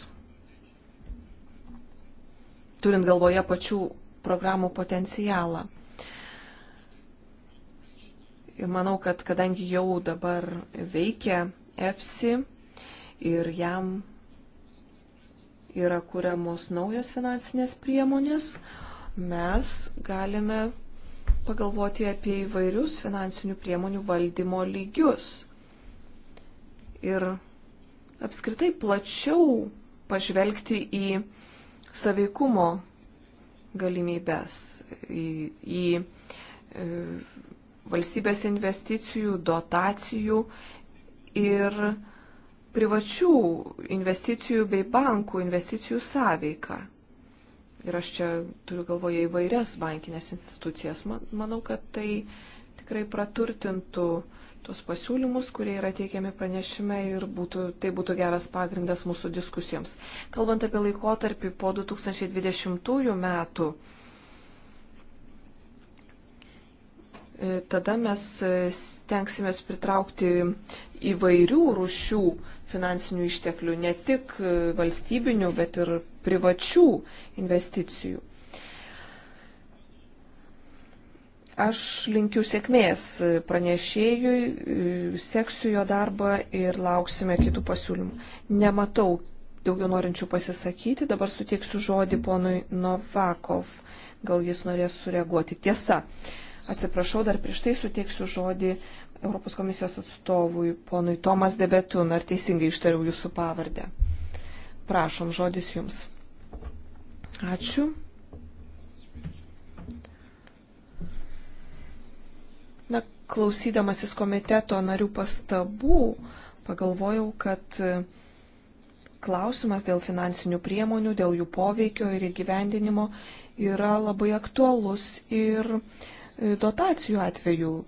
A: turint galvoje pačių programų potencialą. Ir manau, kad kadangi jau dabar veikia EFSI ir jam yra kuriamos naujos finansinės priemonės, mes galime pagalvoti apie įvairius finansinių priemonių valdymo lygius. Ir apskritai plačiau pažvelgti į saveikumo galimybės, į, į valstybės investicijų, dotacijų ir privačių investicijų bei bankų investicijų sąveiką. Ir aš čia turiu galvoje įvairias bankinės institucijas. Manau, kad tai tikrai praturtintų tuos pasiūlymus, kurie yra teikiami pranešime ir būtų, tai būtų geras pagrindas mūsų diskusijoms. Kalbant apie laikotarpį po 2020 metų, E, tada mes e, stengsimės pritraukti įvairių rušių finansinių išteklių, ne tik e, valstybinių, bet ir privačių investicijų. Aš linkiu sėkmės pranešėjui, seksiu jo darbą ir lauksime kitų pasiūlymų. Nematau daugiau norinčių pasisakyti, dabar suteiksiu žodį ponui Novakov. Gal jis norės sureaguoti. Tiesa, uh, Atsiprašau, dar prieš tai suteiksiu žodį Europos komisijos atstovui, ponui Tomas Debetun, ar teisingai ištariau jūsų pavardę. Prašom, žodis jums. Ačiū. Na, klausydamasis komiteto narių pastabų, pagalvojau, kad e, klausimas dėl finansinių priemonių, dėl jų poveikio ir įgyvendinimo yra labai aktualus ir E, dotacijų atveju, e,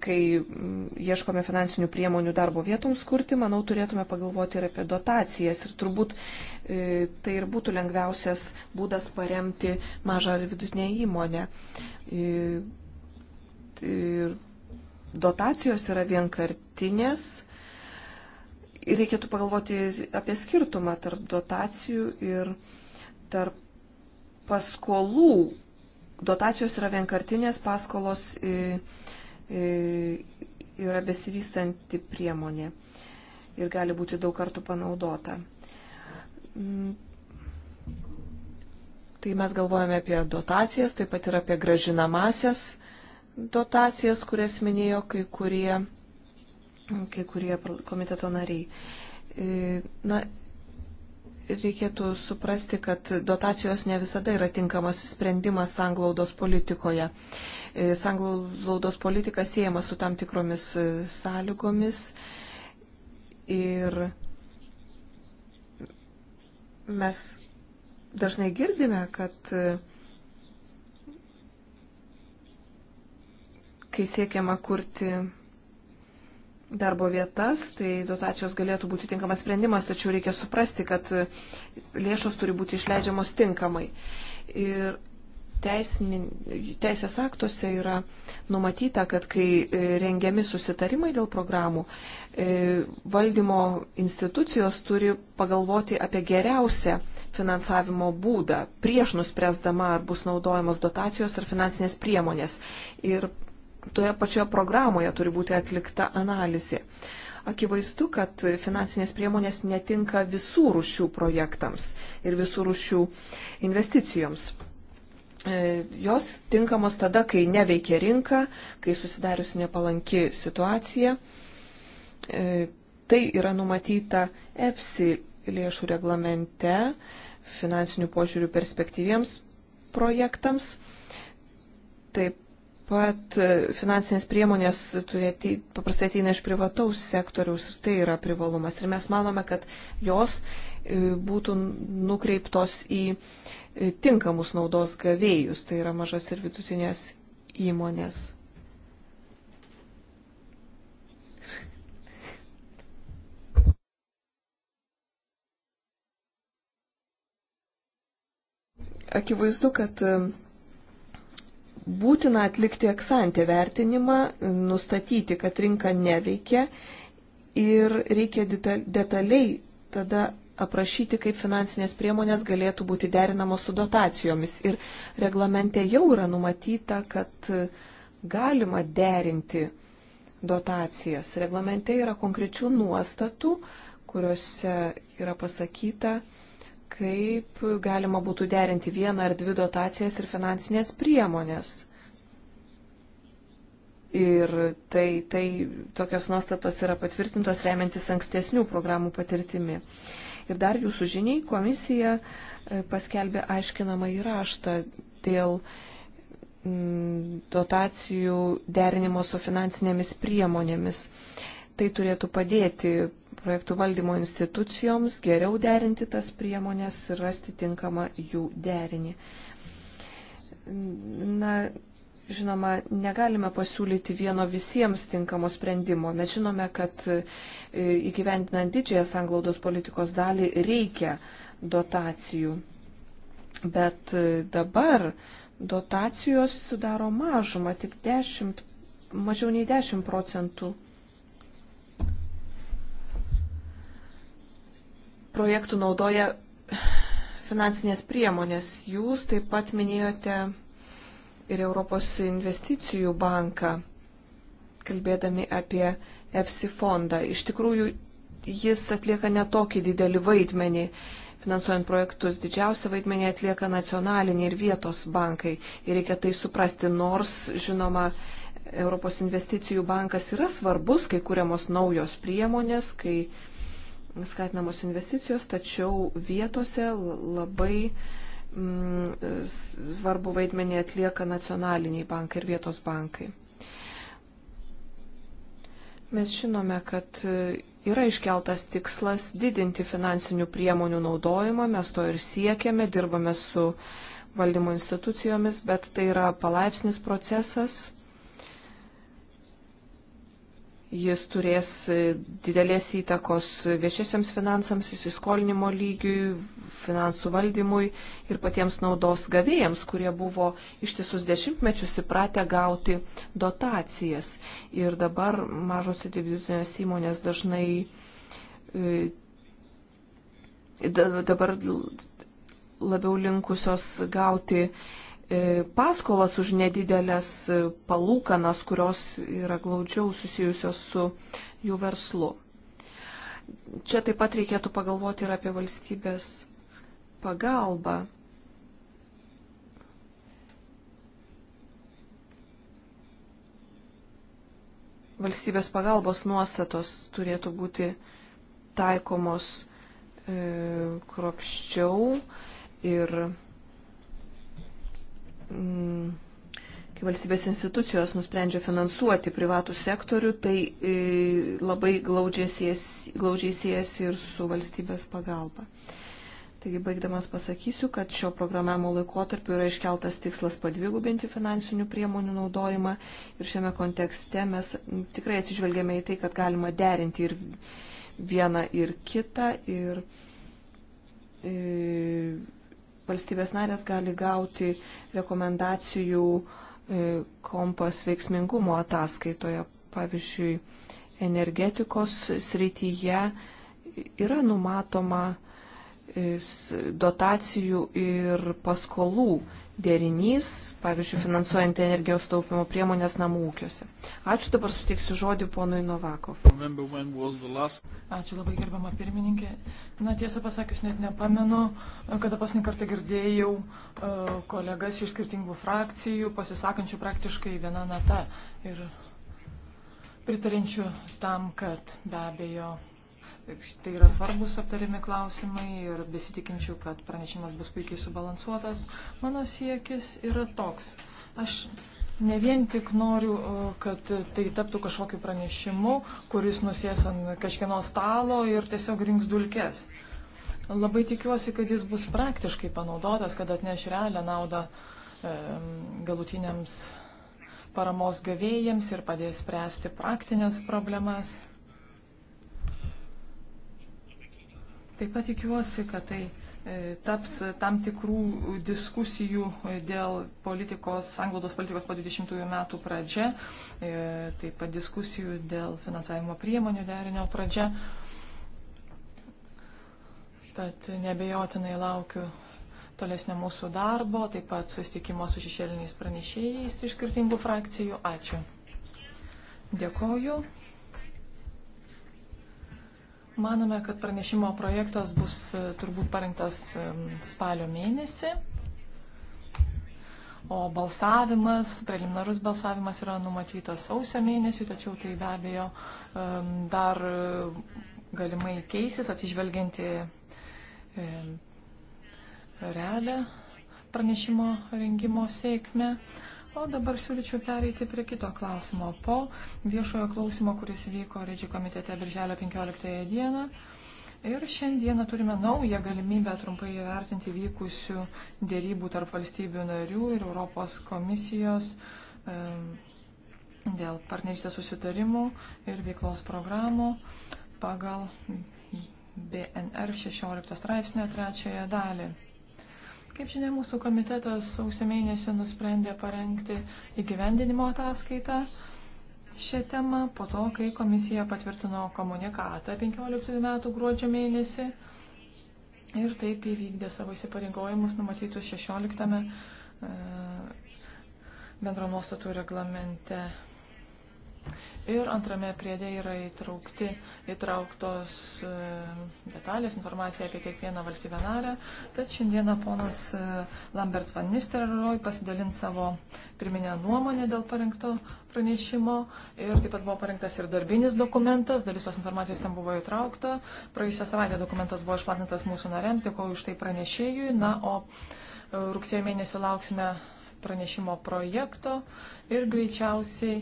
A: kai mm, ieškome finansinių priemonių darbo vietoms kurti, manau, turėtume pagalvoti ir apie dotacijas. Ir turbūt e, tai ir būtų lengviausias būdas paremti mažą ar vidutinę įmonę. Ir dotacijos yra vienkartinės. Ir reikėtų pagalvoti apie skirtumą tarp dotacijų ir tarp paskolų dotacijos yra vienkartinės, paskolos e, e, yra besivystanti priemonė ir gali būti daug kartų panaudota. Mm. Tai mes galvojame apie dotacijas, taip pat ir apie gražinamasias dotacijas, kurias minėjo kai kurie, kai kurie komiteto nariai. E, na, reikėtų suprasti, kad dotacijos ne visada yra tinkamas sprendimas sanglaudos politikoje. E, sanglaudos politika siejama su tam tikromis e, sąlygomis ir mes dažnai girdime, kad e, kai siekiama kurti darbo vietas, tai dotacijos galėtų būti tinkamas sprendimas, tačiau reikia suprasti, kad lėšos turi būti išleidžiamos tinkamai. Ir teisinė, teisės aktuose yra numatyta, kad kai e, rengiami susitarimai dėl programų, e, valdymo institucijos turi pagalvoti apie geriausią finansavimo būdą prieš nuspręsdama, ar bus naudojamos dotacijos ar finansinės priemonės. Ir toje pačioje programoje turi būti atlikta analizė. Akivaizdu, kad finansinės priemonės netinka visų rušių projektams ir visų rušių investicijoms. E, jos tinkamos tada, kai neveikia rinka, kai susidarius nepalanki situacija. E, tai yra numatyta EFSI lėšų reglamente finansinių požiūrių perspektyviems projektams. Taip pat e, finansinės priemonės turėti, paprastai ateina iš privataus sektoriaus ir tai yra privalumas. Ir mes manome, kad jos e, būtų nukreiptos į e, tinkamus naudos gavėjus, tai yra mažas ir vidutinės įmonės. Akivaizdu, kad būtina atlikti eksantį vertinimą, nustatyti, kad rinka neveikia ir reikia detaliai tada aprašyti, kaip finansinės priemonės galėtų būti derinamos su dotacijomis. Ir reglamente jau yra numatyta, kad galima derinti dotacijas. Reglamente yra konkrečių nuostatų, kuriuose yra pasakyta, kaip galima būtų derinti vieną ar dvi dotacijas ir finansinės priemonės. Ir tai, tai tokios nuostatos yra patvirtintos remiantis ankstesnių programų patirtimi. Ir dar jūsų žiniai, komisija e, paskelbė aiškinamą įraštą dėl mm, dotacijų derinimo su finansinėmis priemonėmis. Tai turėtų padėti projektų valdymo institucijoms geriau derinti tas priemonės ir rasti tinkamą jų derinį. Na, žinoma, negalime pasiūlyti vieno visiems tinkamo sprendimo. Mes žinome, kad e, įgyvendinant didžiąją sanglaudos politikos dalį reikia dotacijų. Bet e, dabar dotacijos sudaro mažumą, tik 10, mažiau nei 10 procentų projektų naudoja finansinės priemonės. Jūs taip pat minėjote ir Europos investicijų banką, kalbėdami apie EFSI fondą. Iš tikrųjų, jis atlieka netokį didelį vaidmenį. Finansuojant projektus didžiausią vaidmenį atlieka nacionaliniai ir vietos bankai. Ir reikia tai suprasti, nors, žinoma, Europos investicijų bankas yra svarbus, kai kuriamos naujos priemonės, kai uh, skatinamos investicijos, tačiau vietose labai mm, svarbu vaidmenį atlieka nacionaliniai bankai ir vietos bankai. Mes žinome, kad yra iškeltas tikslas didinti finansinių priemonių naudojimą, mes to ir siekiame, dirbame su valdymo institucijomis, bet tai yra palaipsnis procesas Jis turės e, didelės įtakos viešiesiams finansams, įsiskolinimo lygiui, finansų valdymui ir patiems naudos gavėjams, kurie buvo ištisus dešimtmečius įpratę gauti dotacijas. Ir dabar mažos ir vidutinės įmonės dažnai e, dabar labiau linkusios gauti E, paskolas už nedidelės e, palūkanas, kurios yra glaudžiau susijusios su jų verslu. Čia taip pat reikėtų pagalvoti ir apie valstybės pagalbą. Valstybės pagalbos nuostatos turėtų būti taikomos e, kropščiau ir Mm, kai valstybės institucijos nusprendžia finansuoti privatų sektorių, tai e, labai glaudžiai siejasi ir su valstybės pagalba. Taigi baigdamas pasakysiu, kad šio programavimo laikotarpiu yra iškeltas tikslas padvigubinti finansinių priemonių naudojimą ir šiame kontekste mes tikrai atsižvelgėme į tai, kad galima derinti ir vieną, ir kitą. Ir, ir e, valstybės narės gali gauti rekomendacijų e, kompas veiksmingumo ataskaitoje. Pavyzdžiui, energetikos srityje yra numatoma e, dotacijų ir paskolų derinys, pavyzdžiui, finansuojant energijos taupimo priemonės namų ūkiuose. Ačiū, dabar suteiksiu žodį ponui Novakov.
C: Ačiū labai gerbama pirmininkė. Na, tiesą pasakius, net nepamenu, kada pasnį kartą girdėjau e, kolegas iš skirtingų frakcijų, pasisakančių praktiškai vieną natą ir pritarinčių tam, kad be abejo Tai yra svarbus aptarimi klausimai ir besitikinčiau, kad pranešimas bus puikiai subalansuotas. Mano siekis yra toks. Aš ne vien tik noriu, kad tai taptų kažkokiu pranešimu, kuris nusės ant kažkieno stalo ir tiesiog rinks dulkes. Labai tikiuosi, kad jis bus praktiškai panaudotas, kad atneš realią naudą galutiniams paramos gavėjams ir padės spręsti praktinės problemas. Taip pat tikiuosi, kad tai e, taps tam tikrų diskusijų e, dėl politikos, anglodos politikos po 20 metų pradžia, e, taip pat diskusijų dėl finansavimo priemonių derinio pradžia. Tad nebejotinai laukiu tolesnio mūsų darbo, taip pat susitikimo su šešėliniais pranešėjais iš skirtingų frakcijų. Ačiū. Dėkoju. Manome, kad pranešimo projektas bus e, turbūt parengtas spalio mėnesį, o balsavimas, preliminarus balsavimas yra numatytas sausio mėnesį, tačiau tai be abejo dar e, galimai keisis atsižvelgianti realią pranešimo rengimo sėkmę. O dabar siūlyčiau pereiti prie kito klausimo. Po viešojo klausimo, kuris vyko Redžių komitete birželio 15 dieną. Ir šiandieną turime naują galimybę trumpai įvertinti vykusių dėrybų tarp valstybių narių ir Europos komisijos dėl partnerystės susitarimų ir veiklos programų pagal BNR 16 straipsnio trečiąją dalį. Kaip žinia, mūsų komitetas sausio mėnesį nusprendė parengti įgyvendinimo ataskaitą šią temą po to, kai komisija patvirtino komunikatą 15 metų gruodžio mėnesį ir taip įvykdė savo įsipareigojimus numatytus 16 e, bendro nuostatų reglamente. Ir antrame priede yra įtraukti, įtrauktos e, detalės, informacija apie kiekvieną valstybę narę. Tad šiandieną ponas e, Lambert Van Nisterroj pasidalins savo pirminę nuomonę dėl parengto pranešimo. Ir taip pat buvo parengtas ir darbinis dokumentas, dalis tos informacijos ten buvo įtraukta. Praėjusią savaitę dokumentas buvo išplatintas mūsų nariams, dėkoju už tai pranešėjui. Na, o e, rugsėjo mėnesį lauksime pranešimo projekto ir greičiausiai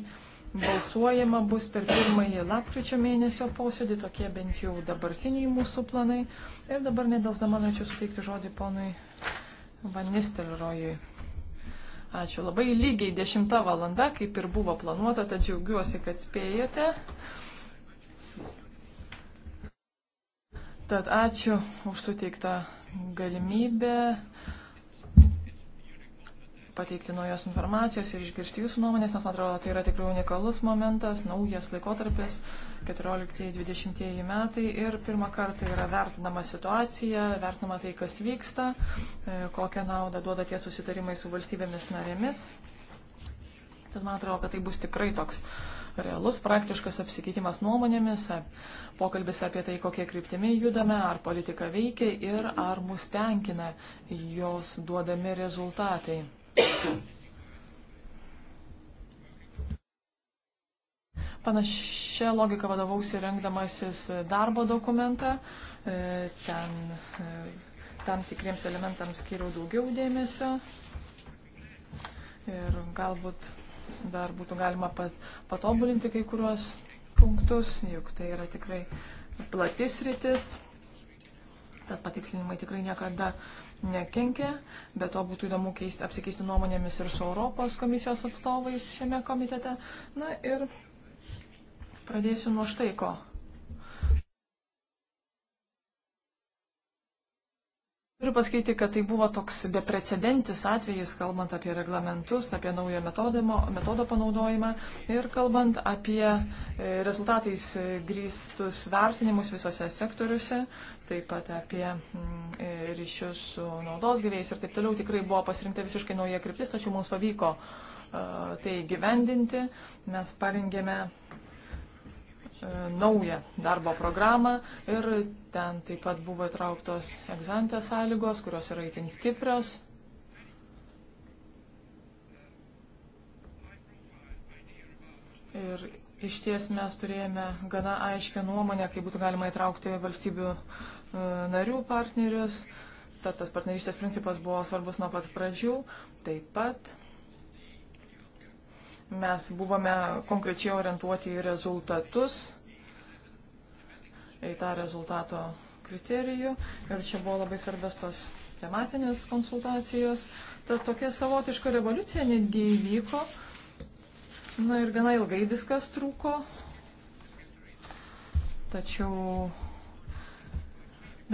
C: Balsuojama bus per pirmąjį lapkričio mėnesio posėdį, tokie bent jau dabartiniai mūsų planai. Ir dabar nedelsdama norėčiau suteikti žodį ponui Van Nistelrojui. Ačiū. Labai lygiai 10 valanda, kaip ir buvo planuota, tad džiaugiuosi, kad spėjote. Tad ačiū už suteiktą galimybę pateikti naujos informacijos ir išgirsti jūsų nuomonės, nes man atrodo, tai yra tikrai unikalus momentas, naujas laikotarpis, 14-20 metai ir pirmą kartą yra vertinama situacija, vertinama tai, kas vyksta, e, kokią naudą duoda tie susitarimai su valstybėmis narėmis. Tad man atrodo, kad tai bus tikrai toks realus, praktiškas apsikeitimas nuomonėmis, pokalbis apie tai, kokie kryptimi judame, ar politika veikia ir ar mus tenkina jos duodami rezultatai. Panašia logika vadovausi rengdamasis darbo dokumentą. E, ten e, tam tikriems elementams skiriau daugiau dėmesio. Ir galbūt dar būtų galima pat, patobulinti kai kuriuos punktus, juk tai yra tikrai platis rytis. Tad patikslinimai tikrai niekada nekenkia, bet to būtų įdomu keisti, apsikeisti nuomonėmis ir su Europos komisijos atstovais šiame komitete. Na ir pradėsiu nuo štai ko. Turiu pasakyti, kad tai buvo toks beprecedentis atvejis, kalbant apie reglamentus, apie naują metodo panaudojimą ir kalbant apie e, rezultatais e, grįstus vertinimus visose sektoriuose, taip pat apie mm, e, ryšius su naudos gyvėjais ir taip toliau. Tikrai buvo pasirinkta visiškai nauja kryptis, tačiau mums pavyko tai gyvendinti. Mes parengėme E, naują darbo programą ir ten taip pat buvo įtrauktos egzantės sąlygos, kurios yra itin stiprios. Ir iš ties mes turėjome gana aiškę nuomonę, kaip būtų galima įtraukti valstybių e, narių partnerius. Tad tas partnerystės principas buvo svarbus nuo pat pradžių. Taip pat Mes buvome konkrečiai orientuoti į rezultatus, į tą rezultato kriterijų ir čia buvo labai svarbios tos tematinės konsultacijos. Ta tokia savotiška revoliucija netgi įvyko. Na ir gana ilgai viskas trūko. Tačiau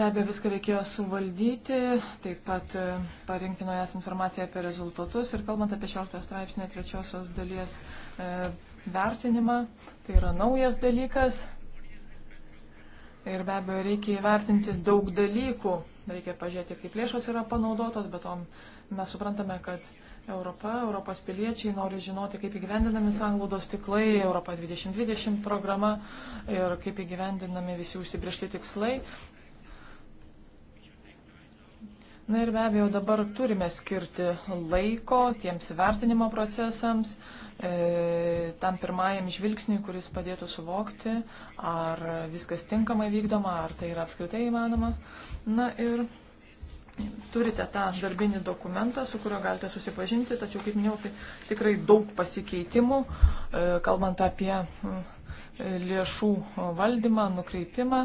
C: Be abejo, viską reikėjo suvaldyti, taip pat e, parinkti naujas informaciją apie rezultatus ir kalbant apie 16 straipsnio trečiosios dalies e, vertinimą, tai yra naujas dalykas ir be abejo reikia įvertinti daug dalykų, reikia pažiūrėti, kaip lėšos yra panaudotos, bet tom mes suprantame, kad Europa, Europos piliečiai nori žinoti, kaip įgyvendinami sanglaudos tiklai, Europa 2020 programa ir kaip įgyvendinami visi užsibriešti tikslai. Na ir be abejo dabar turime skirti laiko tiems vertinimo procesams, e, tam pirmajam žvilgsniui, kuris padėtų suvokti, ar viskas tinkamai vykdoma, ar tai yra apskritai įmanoma. Na ir turite tą darbinį dokumentą, su kuriuo galite susipažinti, tačiau, kaip minėjau, tai tikrai daug pasikeitimų, e, kalbant apie. Mm, lėšų valdymą, nukreipimą.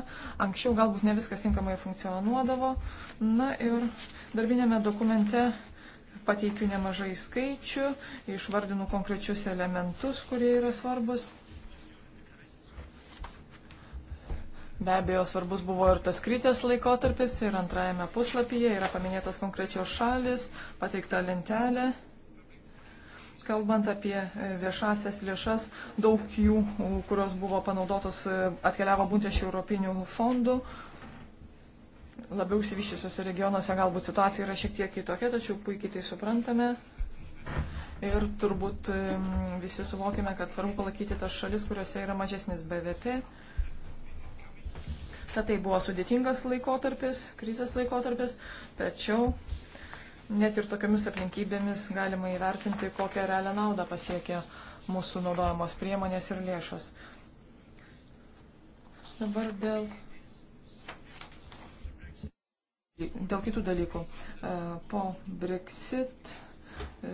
C: Anksčiau galbūt ne viskas tinkamai funkcionuodavo. Na ir darbinėme dokumente pateikiu nemažai skaičių, išvardinu konkrečius elementus, kurie yra svarbus. Be abejo, svarbus buvo ir tas krizės laikotarpis, ir antrajame puslapyje yra paminėtos konkrečios šalis, pateikta lentelė. Kalbant apie e, viešasias lėšas, daug jų, kurios buvo panaudotos, e, atkeliavo būtent iš Europinių fondų. Labiau įsivyščiusiuose regionuose galbūt situacija yra šiek tiek kitokia, tačiau puikiai tai suprantame. Ir turbūt e, visi suvokime, kad svarbu palaikyti tas šalis, kuriuose yra mažesnis BVP. Tad tai buvo sudėtingas laikotarpis, krizės laikotarpis, tačiau net ir tokiamis aplinkybėmis galima įvertinti, kokią realią naudą pasiekia mūsų naudojamos priemonės ir lėšos. Dabar dėl, dėl kitų dalykų. E, po Brexit e,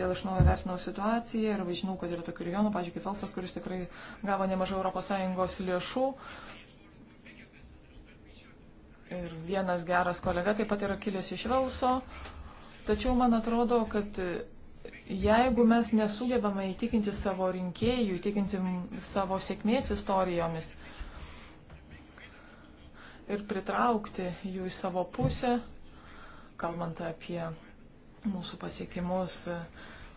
C: vėl iš naujo vertinau situaciją ir žinau, kad yra tokių regionų, pažiūrėk, kaip Velsas, kuris tikrai gavo nemažai ES lėšų. Ir vienas geras kolega taip pat yra kilęs iš Velso, Tačiau man atrodo, kad jeigu mes nesugebame įtikinti savo rinkėjų, įtikinti savo sėkmės istorijomis ir pritraukti jų į savo pusę, kalbant apie mūsų pasiekimus e,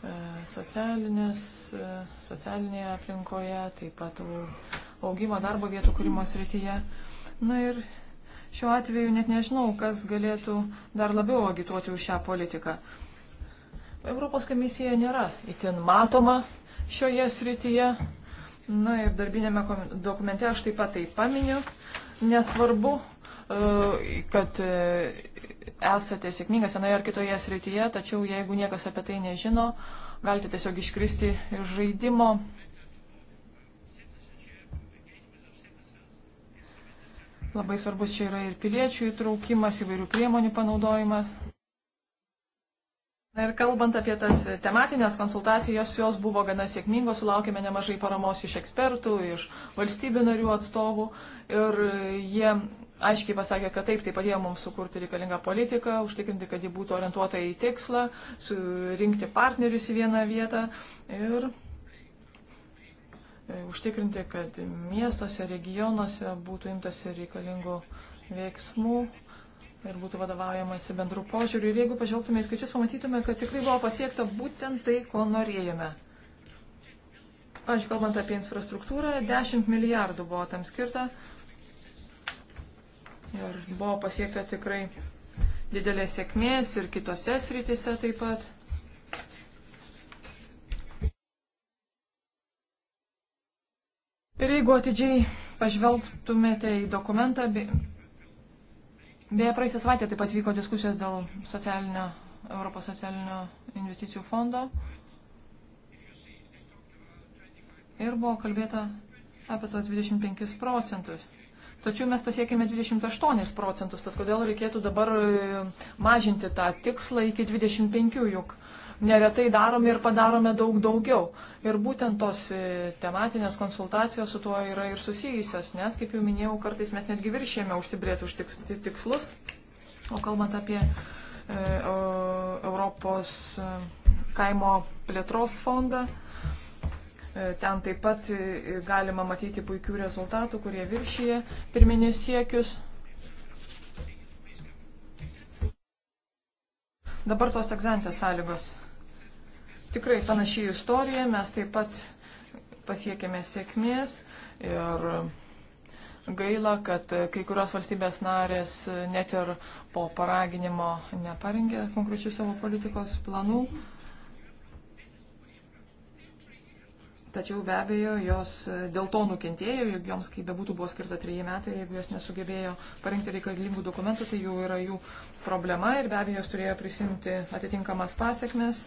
C: e, socialinėje aplinkoje, taip pat augimo darbo vietų kūrimo srityje. Na ir Šiuo atveju net nežinau, kas galėtų dar labiau agituoti už šią politiką. Europos komisija nėra itin matoma šioje srityje. Na ir darbinėme dokumente aš taip pat tai paminiu. Nesvarbu, e, kad e, esate sėkmingas vienoje ar kitoje srityje, tačiau jeigu niekas apie tai nežino, galite tiesiog iškristi iš žaidimo Labai svarbus čia yra ir piliečių įtraukimas, įvairių priemonių panaudojimas. Na ir kalbant apie tas tematinės konsultacijas, jos buvo gana sėkmingos, sulaukėme nemažai paramos iš ekspertų, iš valstybių narių atstovų ir jie aiškiai pasakė, kad taip, tai padėjo mums sukurti reikalingą politiką, užtikrinti, kad ji būtų orientuota į tikslą, surinkti partnerius į vieną vietą ir E, užtikrinti, kad miestuose, regionuose būtų imtasi reikalingų veiksmų ir būtų vadovaujamasi bendrų požiūrių. Ir jeigu pažvelgtume į skaičius, pamatytume, kad tikrai buvo pasiekta būtent tai, ko norėjome. Pavyzdžiui, kalbant apie infrastruktūrą, 10 milijardų buvo tam skirta ir buvo pasiekta tikrai didelės sėkmės ir kitose srityse taip pat. Ir jeigu atidžiai pažvelgtumėte į dokumentą, be, beje, praeisą savaitę taip pat vyko diskusijos dėl socialinio, Europos socialinio investicijų fondo. Ir buvo kalbėta apie tos 25 procentus. Tačiau mes pasiekėme 28 procentus, tad kodėl reikėtų dabar e, mažinti tą tikslą iki 25, juk neretai darome ir padarome daug daugiau. Ir būtent tos e, tematinės konsultacijos su tuo yra ir susijusios, nes, kaip jau minėjau, kartais mes netgi viršėjame užsibrėtų už tikslus. O kalbant apie e, Europos e, kaimo plėtros fondą, e, ten taip pat e, galima matyti puikių rezultatų, kurie viršyje pirminius siekius. Dabar tos egzantės sąlygos tikrai panašiai istorija, mes taip pat pasiekėme sėkmės ir gaila, kad kai kurios valstybės narės net ir po paraginimo neparengė konkrečių savo politikos planų. Tačiau be abejo, jos dėl to nukentėjo, jog joms kaip bebūtų buvo skirta treji metai ir jeigu jos nesugebėjo parengti reikalingų dokumentų, tai jau yra jų problema ir be abejo jos turėjo prisimti atitinkamas pasiekmes.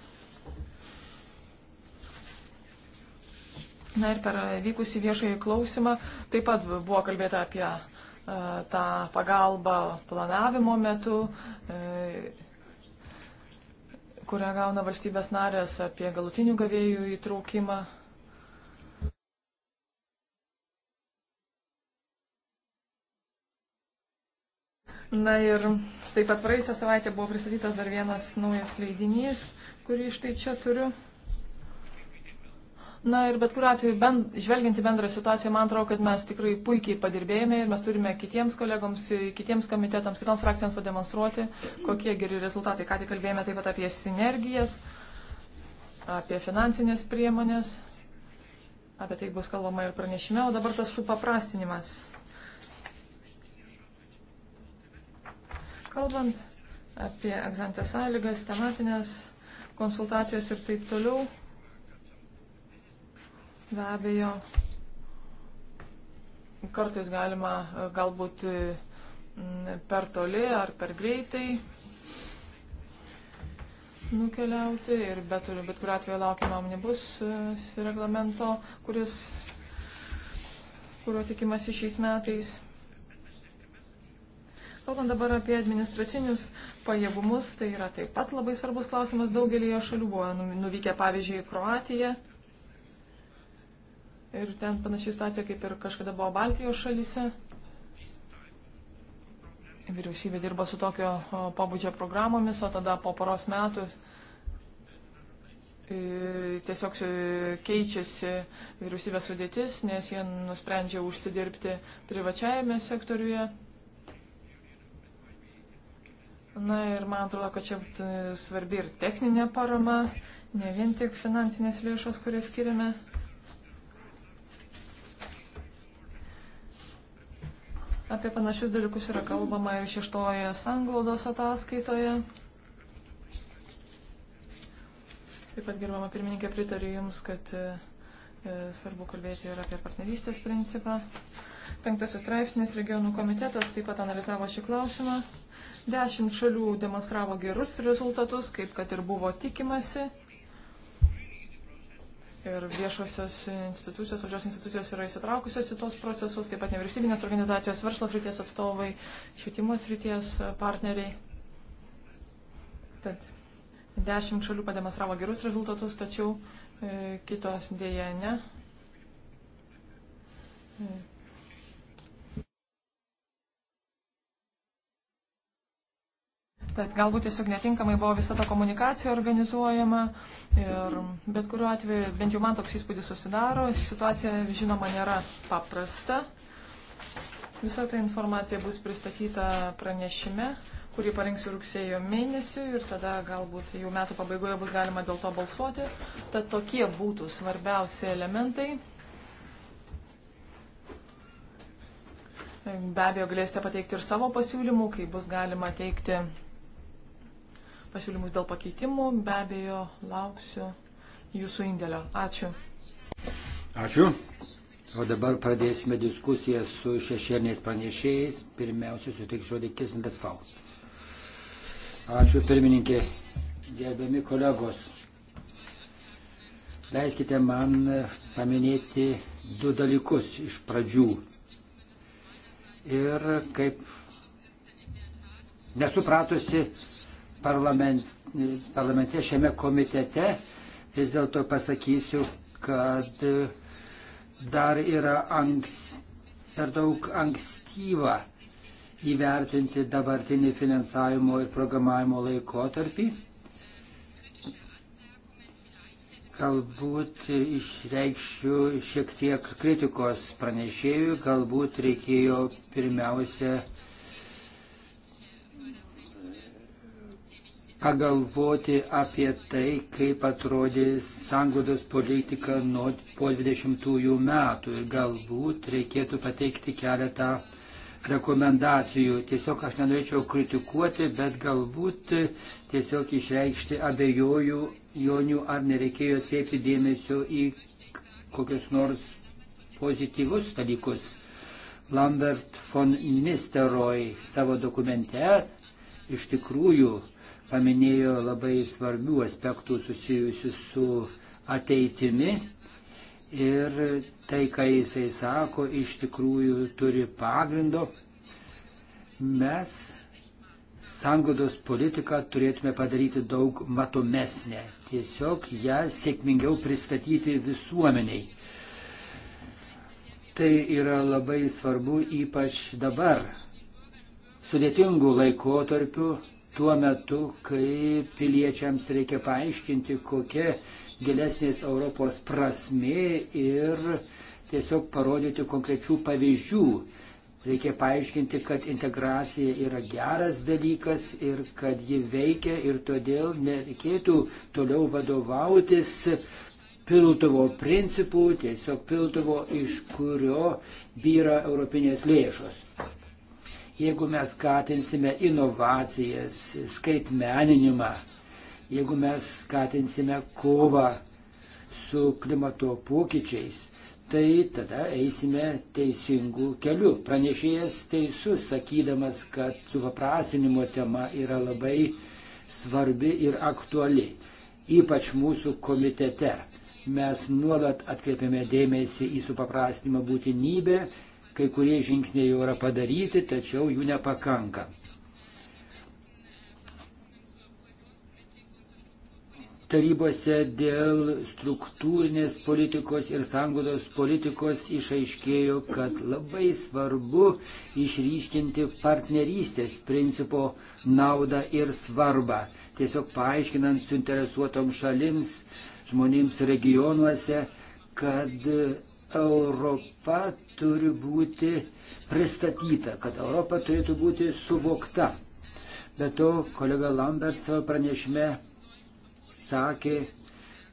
C: Na ir per vykusi viešąjį klausimą taip pat buvo kalbėta apie uh, tą pagalbą planavimo metu, uh, kurią gauna valstybės narės apie galutinių gavėjų įtraukimą. Na ir taip pat praėjusią savaitę buvo pristatytas dar vienas naujas leidinys, kurį štai čia turiu. Na ir bet kuriuo atveju, bend, žvelgiant į bendrą situaciją, man atrodo, kad mes tikrai puikiai padirbėjome ir mes turime kitiems kolegoms, kitiems komitetams, kitoms frakcijams pademonstruoti, kokie geri rezultatai. Ką tik kalbėjome taip pat apie sinergijas, apie finansinės priemonės, apie tai bus kalbama ir pranešime, o dabar tas supaprastinimas. Kalbant apie egzantės sąlygas, tematinės konsultacijas ir taip toliau. Be abejo, kartais galima e, galbūt e, per toli ar per greitai nukeliauti ir bet, bet kuriuo atveju laukiama omnibus e, reglamento, kuris, kurio tikimasi šiais metais. Kalbant dabar apie administracinius pajėgumus, tai yra taip pat labai svarbus klausimas daugelį šalių buvo nu, nuvykę, pavyzdžiui, į Kroatiją. Ir ten panaši situacija, kaip ir kažkada buvo Baltijos šalyse. Vyriausybė dirba su tokio pabudžio programomis, o tada po poros metų tiesiog e, keičiasi vyriausybės sudėtis, nes jie nusprendžia užsidirbti privačiajame sektoriuje. Na ir man atrodo, kad čia e, svarbi ir techninė parama, ne vien tik finansinės lėšos, kurias skiriame. Apie panašius dalykus yra kalbama ir šeštoje sanglaudos ataskaitoje. Taip pat, gerbama pirmininkė, pritariu Jums, kad e, e, svarbu kalbėti ir apie partnerystės principą. Penktasis straipsnis regionų komitetas taip pat analizavo šį klausimą. Dešimt šalių demonstravo gerus rezultatus, kaip kad ir buvo tikimasi ir viešosios institucijos, valdžios institucijos yra įsitraukusios į tos procesus, taip pat nevyriausybinės organizacijos, verslo srities atstovai, švietimo srities partneriai. Tad dešimt šalių pademonstravo gerus rezultatus, tačiau e, kitos dėja ne. E, Tad galbūt tiesiog netinkamai buvo visa ta komunikacija organizuojama ir bet kuriuo atveju, bent jau man toks įspūdis susidaro, situacija žinoma nėra paprasta. Visa ta informacija bus pristatyta pranešime, kurį parengsiu rugsėjo mėnesį ir tada galbūt jau metų pabaigoje bus galima dėl to balsuoti. Tad tokie būtų svarbiausi elementai. Be abejo, galėsite pateikti ir savo pasiūlymų, kai bus galima teikti pasiūlymus dėl pakeitimų. Be abejo, lauksiu jūsų indėlio. Ačiū.
B: Ačiū. O dabar pradėsime diskusiją su šešėliniais pranešėjais. Pirmiausia, suteiks žodį Kisintas Fau. Ačiū pirmininkė, gerbiami kolegos. Leiskite man paminėti du dalykus iš pradžių. Ir kaip nesupratusi parlament, parlamente, šiame komitete, vis dėlto pasakysiu, kad e, dar yra anks, per daug ankstyva įvertinti dabartinį finansavimo ir programavimo laikotarpį. Galbūt išreikščiau šiek tiek kritikos pranešėjų, galbūt reikėjo pirmiausia pagalvoti apie tai, kaip atrodys sanglaudos politika nuo po 20 metų ir galbūt reikėtų pateikti keletą rekomendacijų. Tiesiog aš nenorėčiau kritikuoti, bet galbūt tiesiog išreikšti abejojų jonių, ar nereikėjo atkreipti dėmesio į kokius nors pozityvus dalykus. Lambert von Nisteroj savo dokumente iš tikrųjų paminėjo labai svarbių aspektų susijusių su ateitimi. Ir tai, ką jisai sako, iš tikrųjų turi pagrindo. Mes sangodos politiką turėtume padaryti daug matomesnę, tiesiog ją sėkmingiau pristatyti visuomeniai. Tai yra labai svarbu ypač dabar, sudėtingų laikotarpių, tuo metu, kai piliečiams reikia paaiškinti, kokia gilesnės Europos prasme ir tiesiog parodyti konkrečių pavyzdžių. Reikia paaiškinti, kad integracija yra geras dalykas ir kad ji veikia ir todėl nereikėtų toliau vadovautis piltuvo principų, tiesiog piltuvo, iš kurio vyra europinės lėšos. Jeigu mes skatinsime inovacijas, skaitmeninimą, jeigu mes skatinsime kovą su klimato pokyčiais, tai tada eisime teisingų kelių. Pranešėjas teisus, sakydamas, kad supaprasinimo tema yra labai svarbi ir aktuali, ypač mūsų komitete. Mes nuolat atkreipiame dėmesį į supaprastinimo būtinybę kai kurie žingsniai jau yra padaryti, tačiau jų nepakanka. Tarybose dėl struktūrinės politikos ir sangudos politikos išaiškėjo, kad labai svarbu išryškinti partnerystės principo naudą ir svarbą. Tiesiog paaiškinant suinteresuotom šalims, žmonėms regionuose, kad Europa turi būti pristatyta, kad Europa turėtų būti suvokta. Bet to kolega Lambert savo pranešime sakė,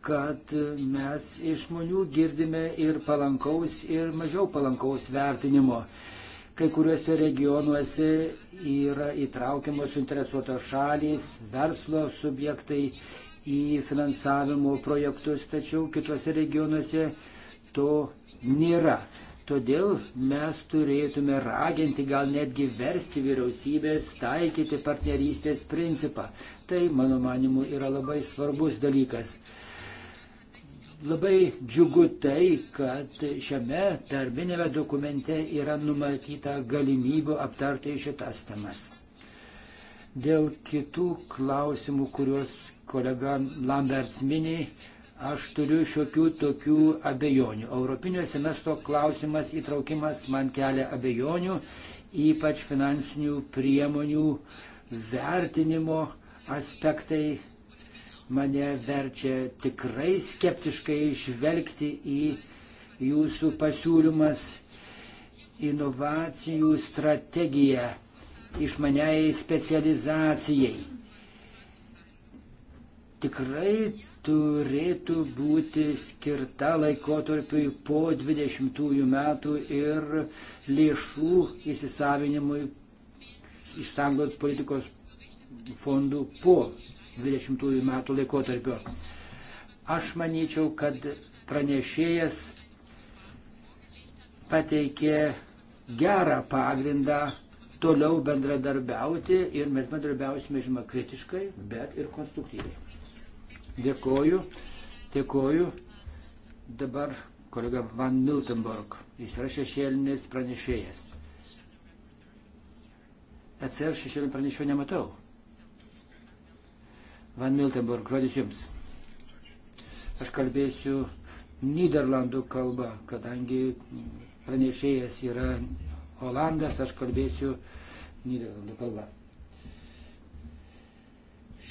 B: kad mes iš žmonių girdime ir palankaus, ir mažiau palankaus vertinimo. Kai kuriuose regionuose yra įtraukiamos suinteresuotos šalys, verslo subjektai į finansavimo projektus, tačiau kituose regionuose to nėra. Todėl mes turėtume raginti, gal netgi versti vyriausybės taikyti partnerystės principą. Tai, mano manimu, yra labai svarbus dalykas. Labai džiugu tai, kad šiame darbinėme dokumente yra numatyta galimybių aptarti šitas temas. Dėl kitų klausimų, kuriuos kolega Lamberts minėjo, Aš turiu šiokių tokių abejonių. Europinio semestro klausimas įtraukimas man kelia abejonių, ypač finansinių priemonių vertinimo aspektai mane verčia tikrai skeptiškai žvelgti į jūsų pasiūlymas inovacijų strategiją išmaniai specializacijai. Tikrai turėtų būti skirta laikotarpiui po 20 metų ir lėšų įsisavinimui iš sąjungos politikos fondų po 20 metų laikotarpio. Aš manyčiau, kad pranešėjas pateikė gerą pagrindą toliau bendradarbiauti ir mes bendradarbiausime, žinoma, kritiškai, bet ir konstruktyviai. Dėkoju, dėkoju. Dabar kolega Van Miltenborg, jis yra šešėlinis pranešėjas. ECR šešėlinio pranešėjo nematau. Van Miltenborg, žodis jums. Aš kalbėsiu Niderlandų kalba, kadangi pranešėjas yra Olandas, aš kalbėsiu Niderlandų kalba.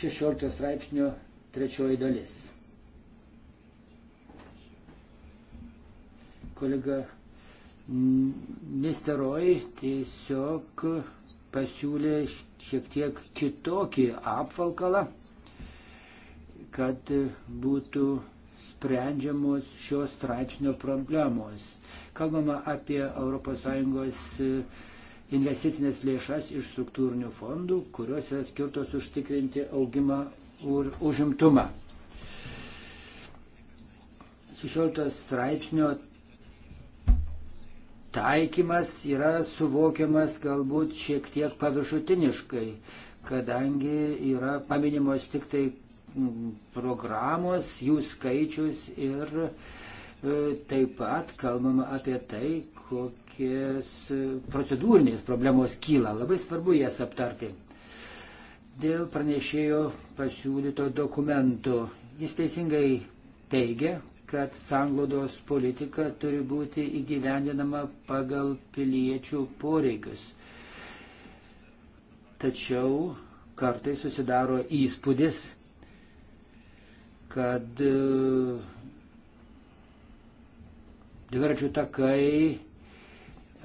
B: 16 straipsnio trečioji dalis. Kolega Nisteroj tiesiog pasiūlė šiek tiek kitokį apvalkalą, kad būtų sprendžiamos šios straipsnio problemos. Kalbama apie ES investicinės lėšas iš struktūrinių fondų, kurios yra skirtos užtikrinti augimą užimtumą. 16 straipsnio taikymas yra suvokiamas galbūt šiek tiek paviršutiniškai, kadangi yra paminimos tik tai mm, programos, jų skaičius ir e, taip pat kalbama apie tai, kokias e, procedūrinės problemos kyla. Labai svarbu jas aptarti dėl pranešėjo pasiūlyto dokumento. Jis teisingai teigia, kad sanglaudos politika turi būti įgyvendinama pagal piliečių poreikius. Tačiau kartai susidaro įspūdis, kad e, dviračių takai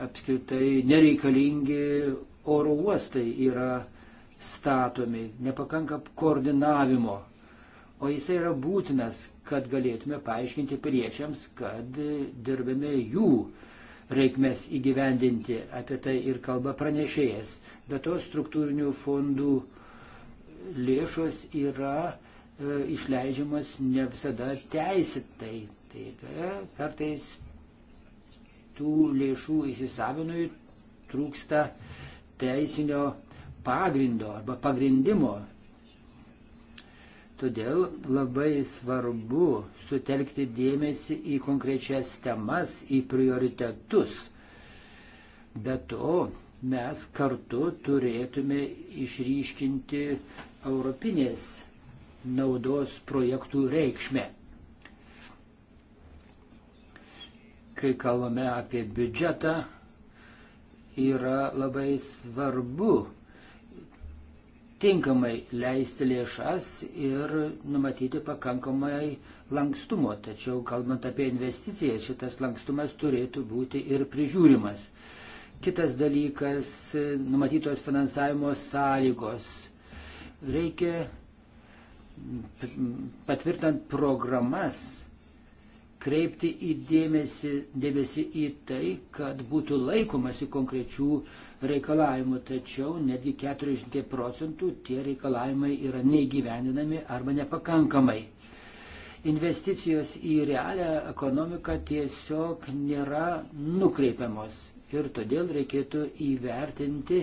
B: apskritai nereikalingi oro uostai yra statomi, nepakanka koordinavimo. O jisai yra būtinas, kad galėtume paaiškinti piliečiams, kad dirbame jų reikmes įgyvendinti. Apie tai ir kalba pranešėjas. Bet to struktūrinių fondų lėšos yra e, išleidžiamas ne visada teisitai. Tai kartais tų lėšų įsisavinui trūksta teisinio pagrindo arba pagrindimo. Todėl labai svarbu sutelkti dėmesį į konkrečias temas, į prioritetus. Be to, mes kartu turėtume išryškinti europinės naudos projektų reikšmę. Kai kalbame apie biudžetą, yra labai svarbu tinkamai leisti lėšas ir numatyti pakankamai lankstumo. Tačiau, kalbant apie investicijas, šitas lankstumas turėtų būti ir prižiūrimas. Kitas dalykas - numatytos finansavimo sąlygos. Reikia patvirtant programas kreipti į dėmesį, dėmesį į tai, kad būtų laikomasi konkrečių uh, reikalavimų, tačiau netgi 40 procentų tie reikalavimai yra neįgyvendinami arba nepakankamai. Investicijos į realią ekonomiką tiesiog nėra nukreipiamos ir todėl reikėtų įvertinti,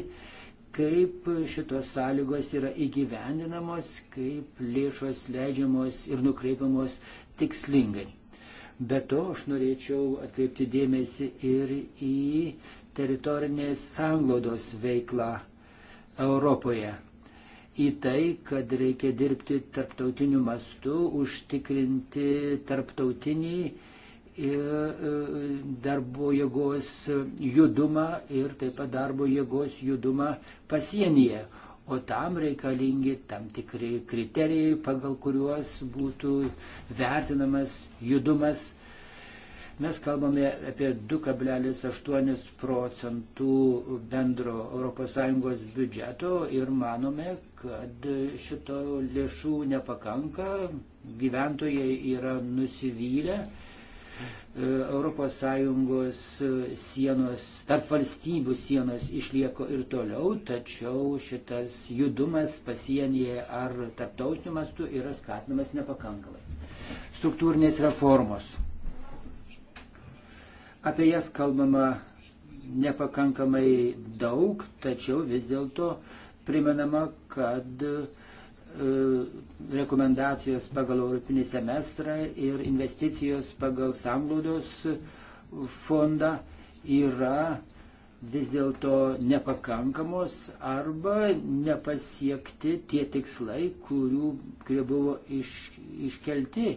B: kaip šitos sąlygos yra įgyvendinamos, kaip lėšos leidžiamos ir nukreipiamos tikslingai. Be to aš norėčiau atkreipti dėmesį ir į teritorinės sanglaudos veiklą Europoje. Į tai, kad reikia dirbti tarptautiniu mastu, užtikrinti tarptautinį e, e, darbo jėgos judumą ir taip pat darbo jėgos judumą pasienyje. O tam reikalingi tam tikri kriterijai, pagal kuriuos būtų vertinamas judumas Mes kalbame apie 2,8 procentų bendro ES biudžeto ir manome, kad šito lėšų nepakanka, gyventojai yra nusivylę. ES sienos, tarp valstybių sienos išlieko ir toliau, tačiau šitas judumas pasienyje ar tarptautiniu mastu yra skatinamas nepakankamai. Struktūrinės reformos. Apie jas kalbama nepakankamai daug, tačiau vis dėlto primenama, kad e, rekomendacijos pagal Europinį semestrą ir investicijos pagal sanglaudos fondą yra vis dėlto nepakankamos arba nepasiekti tie tikslai, kurių, kurie buvo iš, iškelti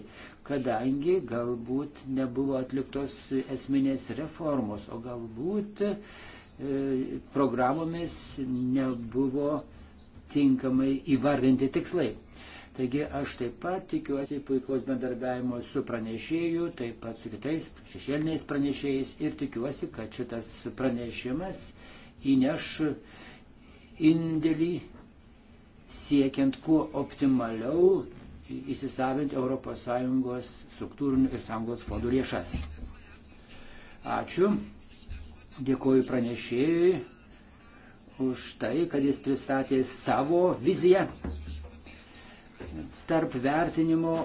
B: kadangi galbūt nebuvo atliktos esminės reformos, o galbūt e, programomis nebuvo tinkamai įvardinti tikslai. Taigi aš taip pat tikiuosi puikaus bendarbiavimo su pranešėju, taip pat su kitais šešėliniais pranešėjais ir tikiuosi, kad šitas pranešimas įneš indėlį siekiant kuo optimaliau įsisavinti ES struktūrinių ir sąjungos fondų lėšas. Ačiū. Dėkoju pranešėjui už tai, kad jis pristatė savo viziją tarp vertinimo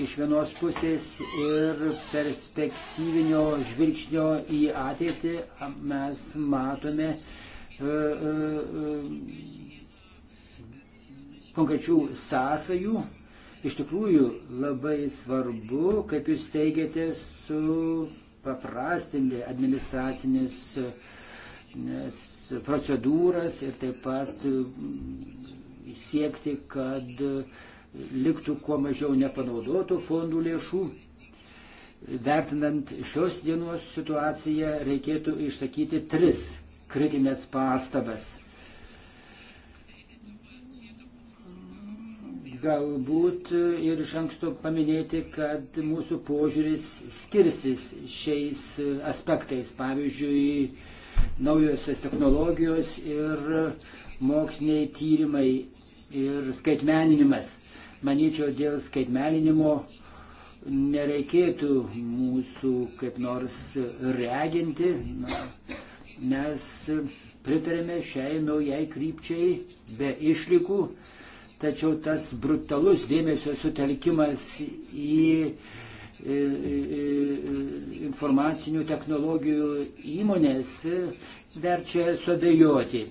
B: iš vienos pusės ir perspektyvinio žvilgsnio į ateitį mes matome e, e, e, konkrečių sąsajų Iš tikrųjų labai svarbu, kaip jūs teigiate, su paprastinti administracinės nes, procedūras ir taip pat mm, siekti, kad liktų kuo mažiau nepanaudotų fondų lėšų. Vertinant šios dienos situaciją, reikėtų išsakyti tris kritinės pastabas. galbūt ir iš anksto paminėti, kad mūsų požiūris skirsis šiais aspektais. Pavyzdžiui, naujosios technologijos ir moksliniai tyrimai ir skaitmeninimas. Manyčiau, dėl skaitmeninimo nereikėtų mūsų kaip nors reaginti. Na, mes pritarėme šiai naujai krypčiai be išlikų Tačiau tas brutalus dėmesio sutelkimas į informacinių technologijų įmonės verčia sodėjoti.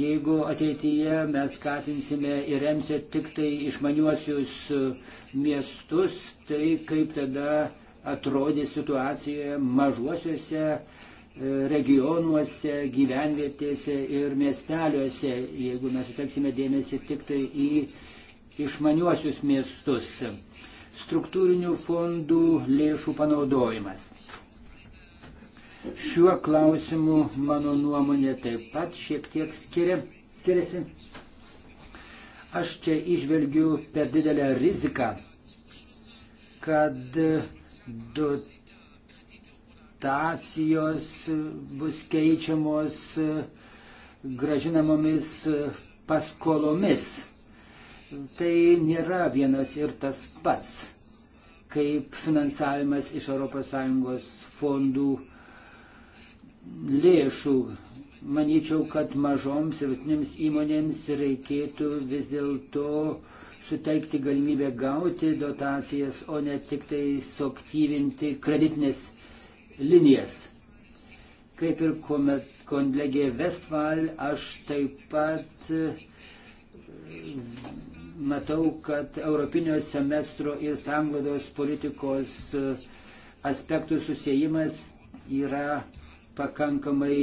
B: Jeigu ateityje mes skatinsime ir remsime tik tai išmaniuosius miestus, tai kaip tada atrodys situacija mažuosiuose regionuose, gyvenvietėse ir miesteliuose, jeigu mes suteksime dėmesį tik tai į išmaniuosius miestus. Struktūrinių fondų lėšų panaudojimas. Šiuo klausimu mano nuomonė taip pat šiek tiek skiria, skiriasi. Aš čia išvelgiu per didelę riziką, kad du dotacijos e, bus keičiamos e, gražinamomis e, paskolomis. Tai nėra vienas ir tas pats, kaip finansavimas iš ES fondų lėšų. Manyčiau, kad mažoms ir vidutinėms įmonėms reikėtų vis dėlto suteikti galimybę gauti dotacijas, o ne tik tai suaktyvinti kreditinės linijas. Kaip ir kolegė Vestval, aš taip pat e, matau, kad Europinio semestro ir sanglados politikos e, aspektų susijimas yra pakankamai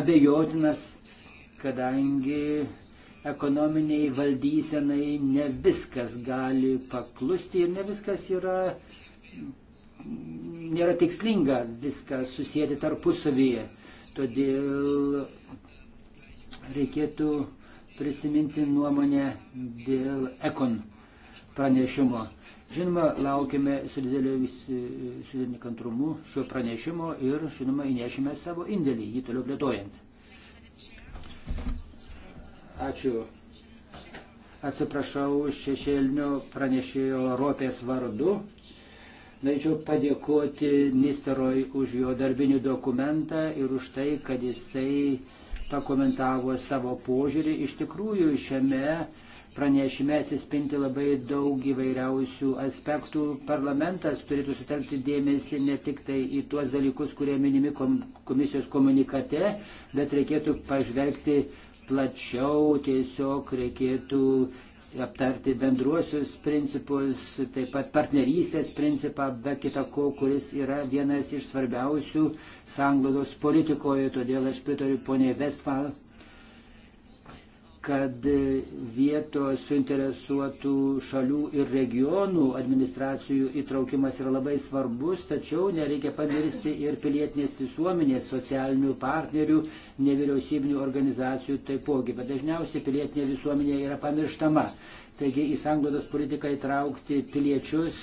B: abejotinas, kadangi ekonominiai valdysenai ne viskas gali paklusti ir ne viskas yra nėra tikslinga viską susijęti tarpusavyje. Todėl reikėtų prisiminti nuomonę dėl ekon pranešimo. Žinoma, laukime su dideliu, su dideliu kantrumu šio pranešimo ir, žinoma, įnešime savo indėlį jį toliau plėtojant. Ačiū. Atsiprašau šešėlinio pranešėjo Europės vardu. Norėčiau padėkoti Nisteroj už jo darbinį dokumentą ir už tai, kad jisai pakomentavo savo požiūrį. Iš tikrųjų, šiame pranešime atsispinti labai daug įvairiausių aspektų. Parlamentas turėtų sutelkti dėmesį ne tik tai į tuos dalykus, kurie minimi komisijos komunikate, bet reikėtų pažvelgti plačiau, tiesiog reikėtų aptarti bendruosius principus, taip pat partnerystės principą, be kita ko, kuris yra vienas iš svarbiausių sanglados politikoje. Todėl aš pritariu poniai Westfal kad vietos suinteresuotų šalių ir regionų administracijų įtraukimas yra labai svarbus, tačiau nereikia pamirsti ir pilietinės visuomenės, socialinių partnerių, nevyriausybinių organizacijų taipogi, bet dažniausiai pilietinė visuomenė yra pamirštama. Taigi į sanglodos politiką įtraukti piliečius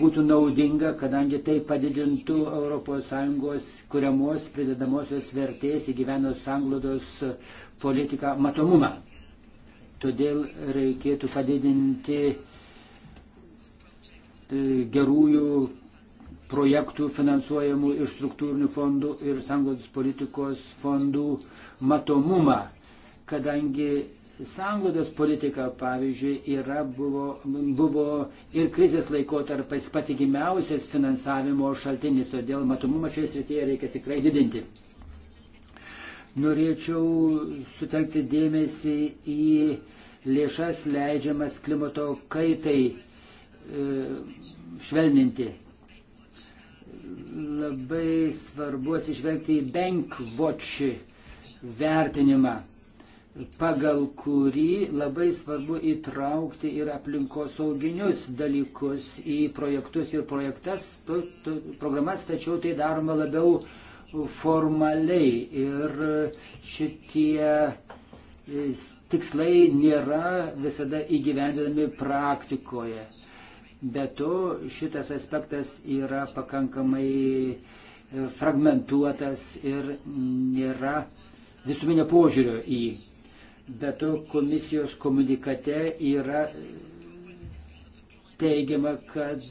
B: būtų naudinga, kadangi tai padidintų ES kuriamos pridedamosios vertės įgyvenos sanglodos politiką matomumą. Todėl reikėtų padidinti e, gerųjų projektų finansuojamų iš struktūrinių fondų ir sanglaudos politikos fondų matomumą, kadangi sanglaudos politika, pavyzdžiui, yra, buvo, buvo ir krizės laikotarpais patikimiausias finansavimo šaltinis, todėl matomumą šioje srityje reikia tikrai didinti. Norėčiau sutelkti dėmesį į lėšas leidžiamas klimato kaitai e, švelninti. Labai svarbu atsižvelgti į Bankwatch vertinimą, pagal kurį labai svarbu įtraukti ir aplinkosauginius dalykus į projektus ir projektas, to, to, programas, tačiau tai daroma labiau uh, formaliai ir šitie e, tikslai nėra visada įgyvendinami praktikoje. Be to, šitas aspektas yra pakankamai e, fragmentuotas ir nėra visuminio požiūrio į. Be to, komisijos komunikate yra teigiama, kad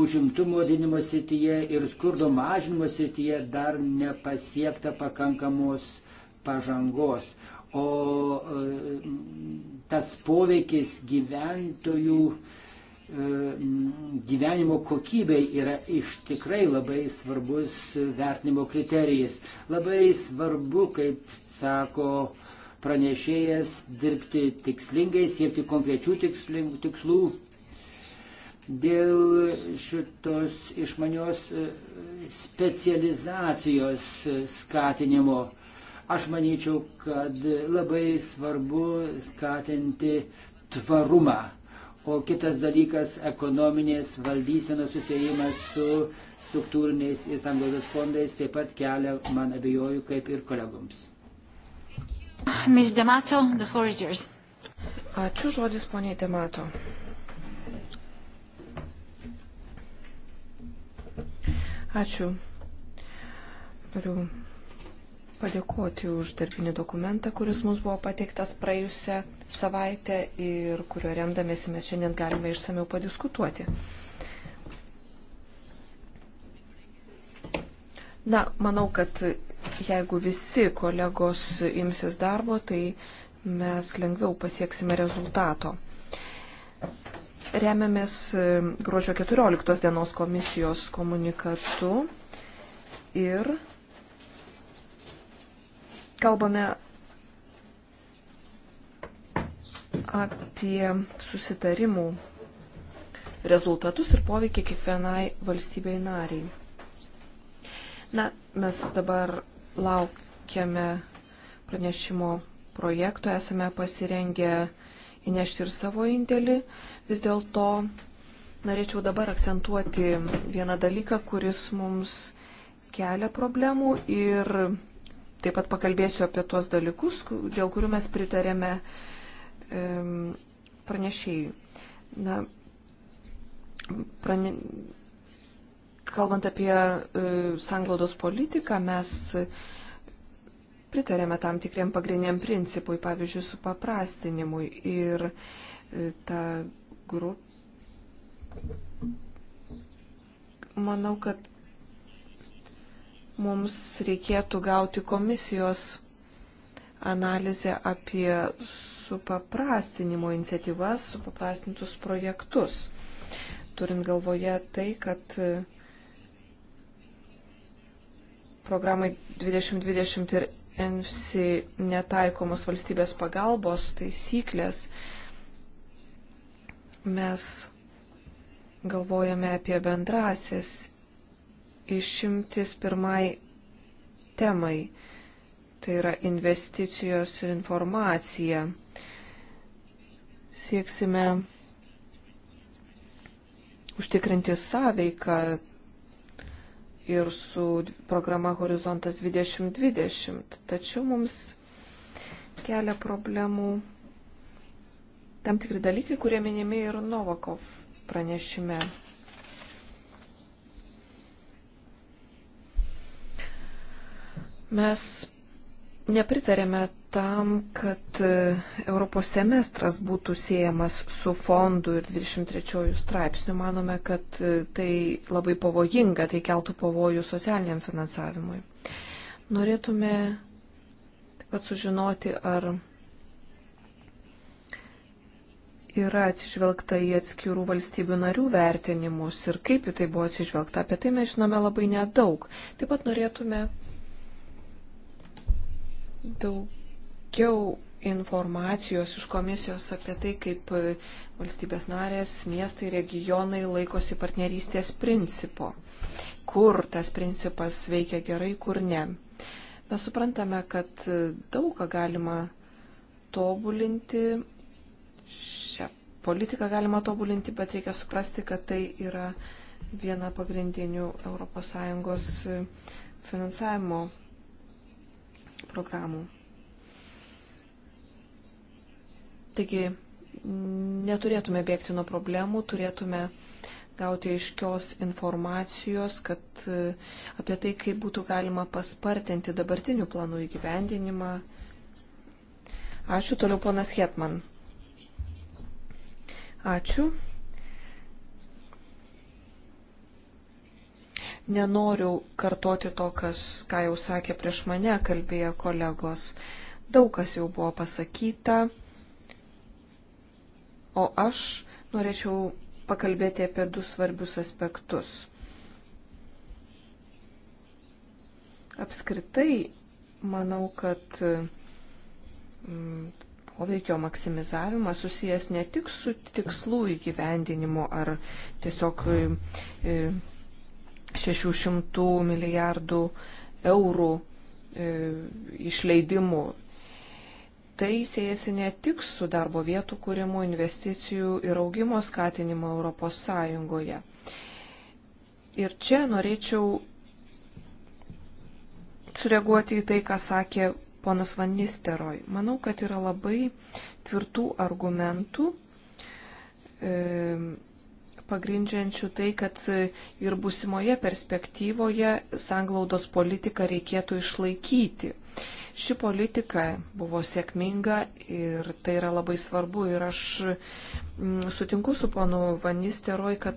B: užimtumo didinimo srityje ir skurdo mažinimo srityje dar nepasiekta pakankamos pažangos. O e, tas poveikis gyventojų e, gyvenimo kokybei yra iš tikrai labai svarbus vertinimo kriterijais. Labai svarbu, kaip sako pranešėjas, dirbti tikslingai, siekti konkrečių tikslų, dėl šitos išmanios e, specializacijos e, skatinimo. Aš manyčiau, kad labai svarbu skatinti tvarumą. O kitas dalykas - ekonominės valdysenos susijimas su struktūriniais ir sanglaudos fondais taip pat kelia, man abejoju, kaip ir kolegoms.
A: Ms. Demato, the foragers. Ačiū žodis poniai Demato. Ačiū. Noriu padėkoti už darbinį dokumentą, kuris mums buvo pateiktas praėjusią savaitę ir kurio remdamėsi mes šiandien galime išsameu padiskutuoti. Na, manau, kad jeigu visi kolegos imsis darbo, tai mes lengviau pasieksime rezultato remiamės e, gruodžio 14 dienos komisijos komunikatu ir kalbame apie susitarimų rezultatus ir poveikį kiekvienai valstybei nariai. Na, mes dabar laukiame pranešimo projekto, esame pasirengę įnešti ir savo indėlį. Vis dėlto norėčiau dabar akcentuoti vieną dalyką, kuris mums kelia problemų ir taip pat pakalbėsiu apie tuos dalykus, dėl kurių mes pritarėme e, pranešėjui. Na, prane... Kalbant apie e, sanglaudos politiką, mes pritarėme tam tikriem pagrindiniam principui, pavyzdžiui, supaprastinimui ir e, ta grup. Manau, kad mums reikėtų gauti komisijos analizę apie supaprastinimo iniciatyvas, supaprastintus projektus. Turint galvoje tai, kad e, programai 2020 ir ENFSI netaikomos valstybės pagalbos taisyklės mes galvojame apie bendrasis išimtis pirmai temai, tai yra investicijos ir informacija. Sieksime užtikrinti sąveiką ir su programa Horizontas 2020, tačiau mums kelia problemų tam tikri dalykai, kurie minimi ir Novakov pranešime. Mes nepritarėme tam, kad e, Europos semestras būtų siejamas su fondu ir 23 straipsniu. Manome, kad e, tai labai pavojinga, tai keltų pavojų socialiniam finansavimui. Norėtume taip pat sužinoti, ar yra atsižvelgta į atskirų valstybių narių vertinimus ir kaip į tai buvo atsižvelgta. Apie tai mes žinome labai nedaug. Taip pat norėtume daugiau informacijos iš komisijos apie tai, kaip valstybės narės, miestai, regionai laikosi partnerystės principo. Kur tas principas veikia gerai, kur ne. Mes suprantame, kad daug ką galima tobulinti politiką galima tobulinti, bet reikia suprasti, kad tai yra viena pagrindinių ES e, finansavimo programų. Taigi neturėtume bėgti nuo problemų, turėtume gauti aiškios informacijos, kad e, apie tai, kaip būtų galima paspartinti dabartinių planų įgyvendinimą. Ačiū toliau ponas Hetman. Ačiū. Nenoriu kartoti to, kas, ką jau sakė prieš mane, kalbėjo kolegos. Daug kas jau buvo pasakyta. O aš norėčiau pakalbėti apie du svarbius aspektus. Apskritai, manau, kad mm, poveikio maksimizavimas susijęs ne tik su tikslų įgyvendinimu ar tiesiog 600 e, e, milijardų eurų e, išleidimu. Tai siejasi ne tik su darbo vietų kūrimu, investicijų ir augimo skatinimu Europos Sąjungoje. Ir čia norėčiau sureaguoti į tai, ką sakė ponas Van Nisteroj. Manau, kad yra labai tvirtų argumentų e, pagrindžiančių tai, kad ir busimoje perspektyvoje sanglaudos politiką reikėtų išlaikyti. Ši politika buvo sėkminga ir tai yra labai svarbu ir aš mm, sutinku su ponu Vanisteroj, kad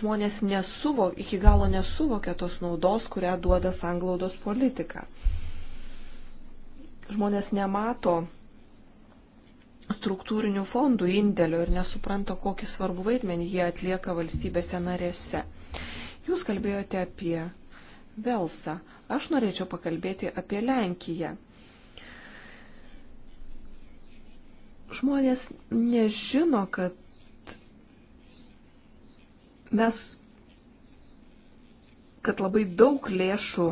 A: žmonės nesuvok, iki galo nesuvokia tos naudos, kurią duoda sanglaudos politika žmonės nemato struktūrinių fondų indėlio ir nesupranta, kokį svarbų vaidmenį jie atlieka valstybėse narėse. Jūs kalbėjote apie Velsą. Aš norėčiau pakalbėti apie Lenkiją. Žmonės nežino, kad mes, kad labai daug lėšų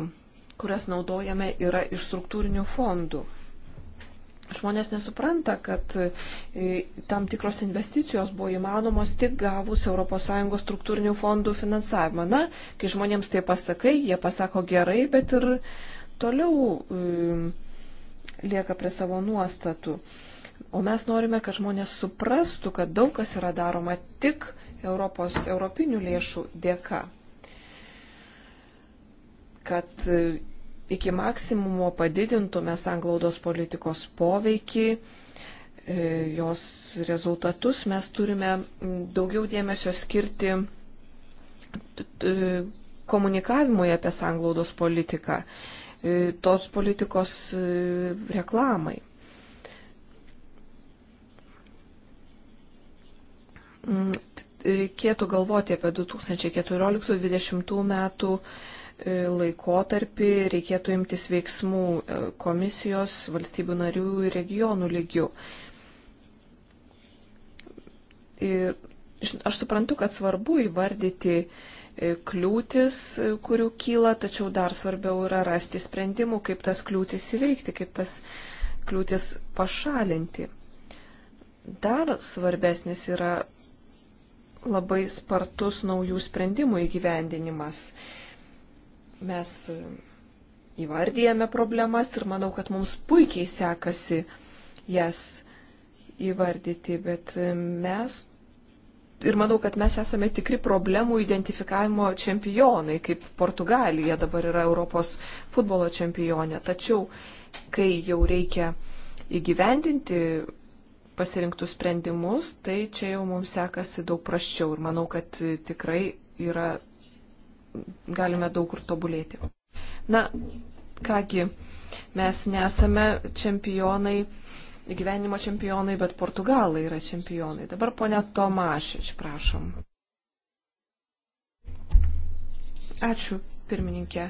A: kurias naudojame, yra iš struktūrinių fondų. Žmonės nesupranta, kad e, tam tikros investicijos buvo įmanomos tik gavus ES struktūrinių fondų finansavimą. Na, kai žmonėms tai pasakai, jie pasako gerai, bet ir toliau e, lieka prie savo nuostatų. O mes norime, kad žmonės suprastų, kad daug kas yra daroma tik Europos, europinių lėšų dėka kad e, iki maksimumo padidintume sanglaudos politikos poveikį, e, jos rezultatus, mes turime daugiau dėmesio skirti komunikavimui apie sanglaudos politiką, e, tos politikos reklamai. Reikėtų galvoti apie 2014-2020 metų E, laikotarpį reikėtų imtis veiksmų e, komisijos, valstybių narių ir regionų lygių. Ir aš suprantu, kad svarbu įvardyti e, kliūtis, kurių kyla, tačiau dar svarbiau yra rasti sprendimų, kaip tas kliūtis įveikti, kaip tas kliūtis pašalinti. Dar svarbesnis yra labai spartus naujų sprendimų įgyvendinimas. Mes e, įvardyjame problemas ir manau, kad mums puikiai sekasi jas įvardyti, bet e, mes ir manau, kad mes esame tikri problemų identifikavimo čempionai, kaip Portugalija dabar yra Europos futbolo čempionė. Tačiau, kai jau reikia įgyvendinti pasirinktus sprendimus, tai čia jau mums sekasi daug praščiau ir manau, kad e, tikrai yra galime daug kur tobulėti. Na, kągi, mes nesame čempionai, gyvenimo čempionai, bet Portugalai yra čempionai. Dabar ponia Tomašič, prašom. Ačiū, pirmininkė.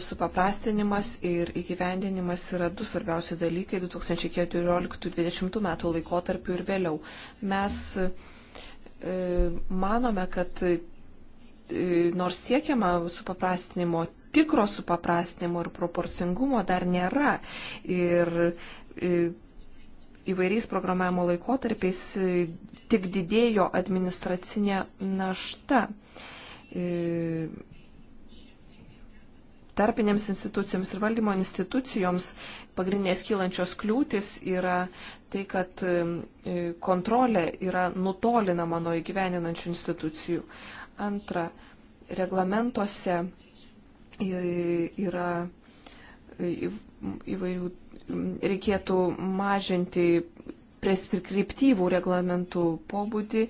A: Supaprastinimas ir įgyvendinimas yra du svarbiausi dalykai 2014-2020 metų laikotarpiu ir vėliau. Mes e, manome, kad E, nors siekiama supaprastinimo, tikro supaprastinimo ir proporcingumo dar nėra. Ir e, įvairiais programavimo laikotarpiais e, tik didėjo administracinė našta. Tarpinėms institucijoms ir valdymo institucijoms pagrindinės kylančios kliūtis yra tai, kad kontrolė yra nutolinama nuo įgyveninančių institucijų. Antra, reglamentuose yra įvairių, reikėtų mažinti preskriptyvų reglamentų pobūdį,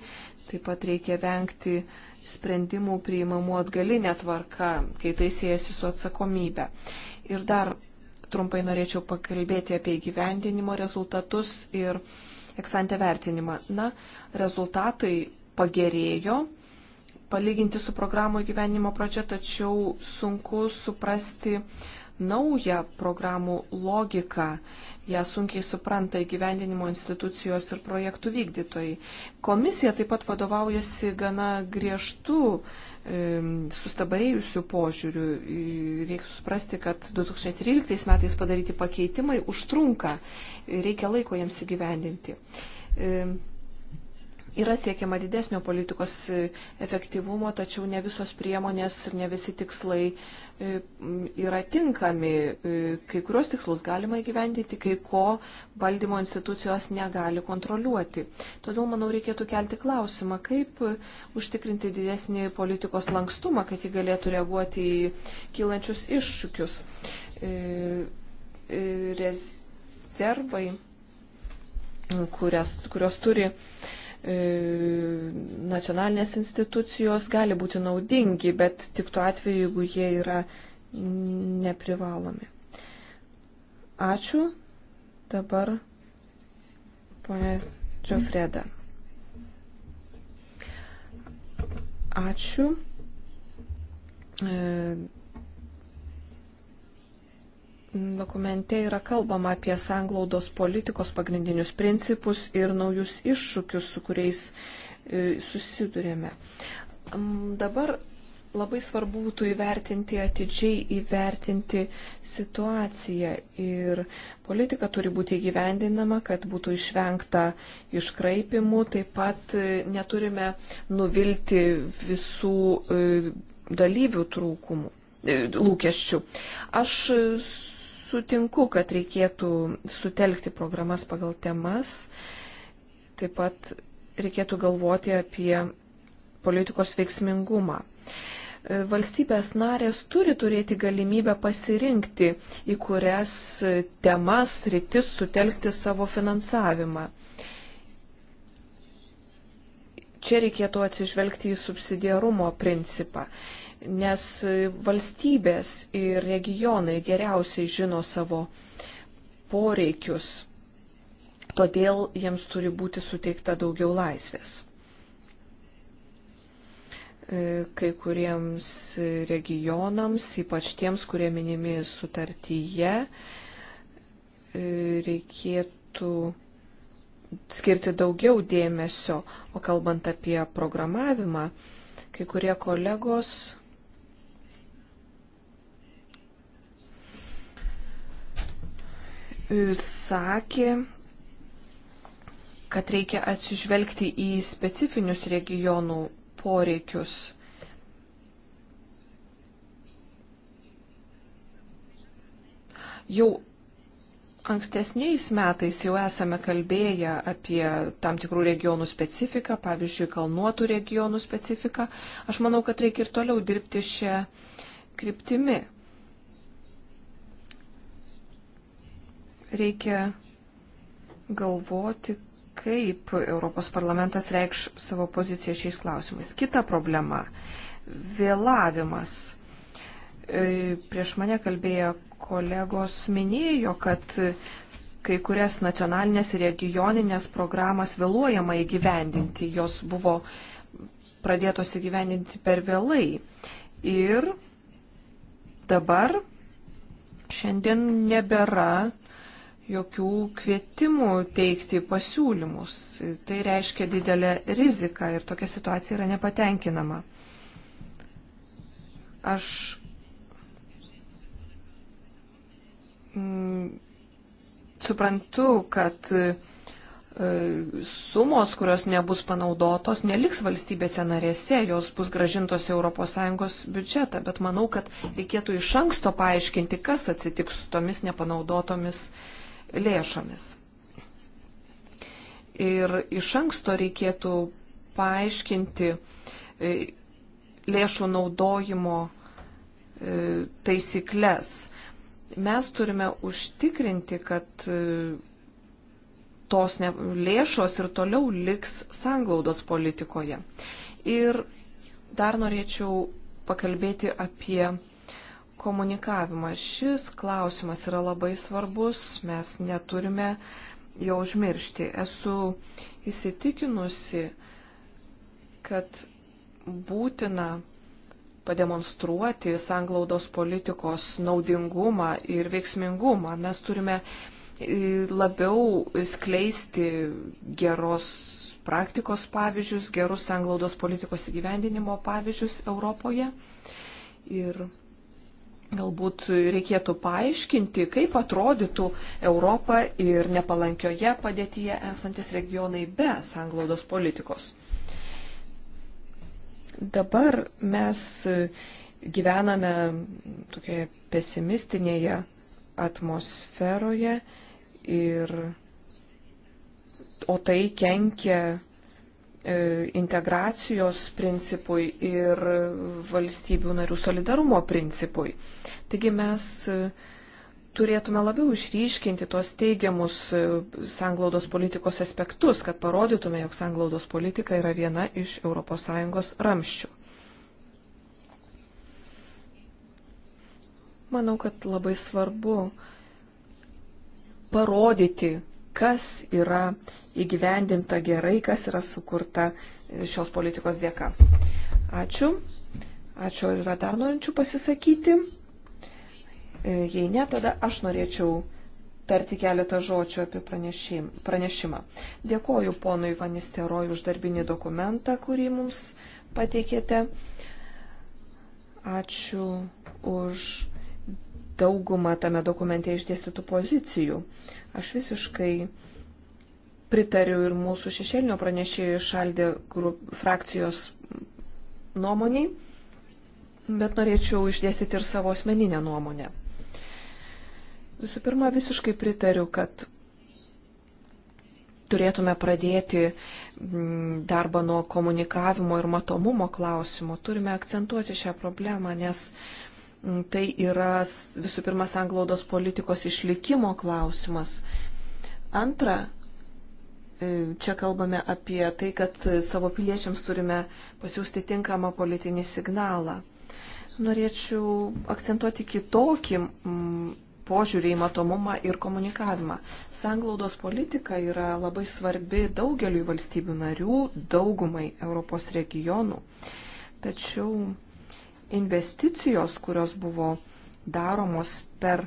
A: taip pat reikia vengti sprendimų priimamų atgalinę tvarką, kai tai siejasi su atsakomybė. Ir dar trumpai norėčiau pakalbėti apie įgyvendinimo rezultatus ir eksantę vertinimą. Na, rezultatai pagerėjo, palyginti su programų įgyvenimo pradžia, tačiau sunku suprasti naują programų logiką. Ja sunkiai supranta įgyvendinimo institucijos ir projektų vykdytojai. Komisija taip pat vadovaujasi gana griežtų sustabarėjusių požiūrių. Reikia suprasti, kad 2013 metais padaryti pakeitimai užtrunka, reikia laiko jiems įgyvendinti. Yra siekiama didesnio politikos e, efektyvumo, tačiau ne visos priemonės ir ne visi tikslai e, yra tinkami. E, kai kurios tikslus galima įgyvendinti, kai ko valdymo institucijos negali kontroliuoti. Todėl, manau, reikėtų kelti klausimą, kaip užtikrinti didesnį politikos lankstumą, kad ji galėtų reaguoti į kylančius iššūkius. Rezervai kurias, kurios turi E, nacionalinės institucijos gali būti naudingi, bet tik tuo atveju, jeigu jie yra neprivalomi. Ačiū. Dabar ponia Džofreda. Ačiū. E, dokumente yra kalbama apie sanglaudos politikos pagrindinius principus ir naujus iššūkius, su kuriais e, susidurėme. Dabar labai svarbu būtų įvertinti, atidžiai įvertinti situaciją ir politika turi būti įgyvendinama, kad būtų išvengta iškraipimų. Taip pat e, neturime nuvilti visų e, dalyvių trūkumų, lūkesčių. Aš Sutinku, kad reikėtų sutelkti programas pagal temas. Taip pat reikėtų galvoti apie politikos veiksmingumą. E, valstybės narės turi turėti galimybę pasirinkti, į kurias temas rytis sutelkti savo finansavimą. Čia reikėtų atsižvelgti į subsidiarumo principą nes valstybės ir regionai geriausiai žino savo poreikius, todėl jiems turi būti suteikta daugiau laisvės. E, kai kuriems regionams, ypač tiems, kurie minimi sutartyje, e, reikėtų skirti daugiau dėmesio, o kalbant apie programavimą, kai kurie kolegos sakė, kad reikia atsižvelgti į specifinius regionų poreikius. Jau ankstesniais metais jau esame kalbėję apie tam tikrų regionų specifiką, pavyzdžiui, kalnuotų regionų specifiką. Aš manau, kad reikia ir toliau dirbti šią kryptimį. reikia galvoti, kaip Europos parlamentas reikš savo poziciją šiais klausimais. Kita problema - vėlavimas. E, prieš mane kalbėjo kolegos minėjo, kad kai kurias nacionalinės ir regioninės programas vėluojama įgyvendinti. Jos buvo pradėtos įgyvendinti per vėlai. Ir dabar šiandien nebėra jokių kvietimų teikti pasiūlymus. Tai reiškia didelę riziką ir tokia situacija yra nepatenkinama. Aš mm, suprantu, kad e, sumos, kurios nebus panaudotos, neliks valstybėse narėse, jos bus gražintos ES biudžetą, bet manau, kad reikėtų iš anksto paaiškinti, kas atsitiks su tomis nepanaudotomis uh, lėšomis. Ir iš anksto reikėtų paaiškinti e, lėšų naudojimo e, taisyklės. Mes turime užtikrinti, kad e, tos ne, lėšos ir toliau liks sanglaudos politikoje. Ir dar norėčiau pakalbėti apie komunikavimą. Šis klausimas yra labai svarbus, mes neturime jo užmiršti. Esu įsitikinusi, kad būtina pademonstruoti sanglaudos politikos naudingumą ir veiksmingumą. Mes turime e, labiau skleisti geros praktikos pavyzdžius, gerus sanglaudos politikos įgyvendinimo pavyzdžius Europoje. Ir Galbūt reikėtų paaiškinti, kaip atrodytų Europa ir nepalankioje padėtyje esantis regionai be sanglaudos politikos. Dabar mes gyvename tokioje pesimistinėje atmosferoje ir o tai kenkia E, integracijos principui ir valstybių narių solidarumo principui. Taigi mes e, turėtume labiau išryškinti tuos teigiamus e, sanglaudos politikos aspektus, kad parodytume, jog sanglaudos politika yra viena iš ES ramščių. Manau, kad labai svarbu parodyti, kas yra įgyvendinta gerai, kas yra sukurta šios politikos dėka. Ačiū. Ačiū, ar yra dar norinčių pasisakyti. E, jei ne, tada aš norėčiau tarti keletą žodžių apie pranešimą. Dėkoju ponui Vanisteroj už darbinį dokumentą, kurį mums pateikėte. Ačiū už daugumą tame dokumente išdėstytų pozicijų. Aš visiškai pritariu ir mūsų šešėlinio pranešėjo išaldė frakcijos nuomoniai, bet norėčiau išdėstyti ir savo asmeninę nuomonę. Visų pirma, visiškai pritariu, kad turėtume pradėti mm, darbą nuo komunikavimo ir matomumo klausimo. Turime akcentuoti šią problemą, nes Tai yra visų pirma sanglaudos politikos išlikimo klausimas. Antra, e, čia kalbame apie tai, kad savo piliečiams turime pasiūsti tinkamą politinį signalą. Norėčiau akcentuoti kitokį požiūrį į matomumą ir komunikavimą. Sanglaudos politika yra labai svarbi daugeliu valstybių narių, daugumai Europos regionų. Tačiau investicijos, kurios buvo daromos per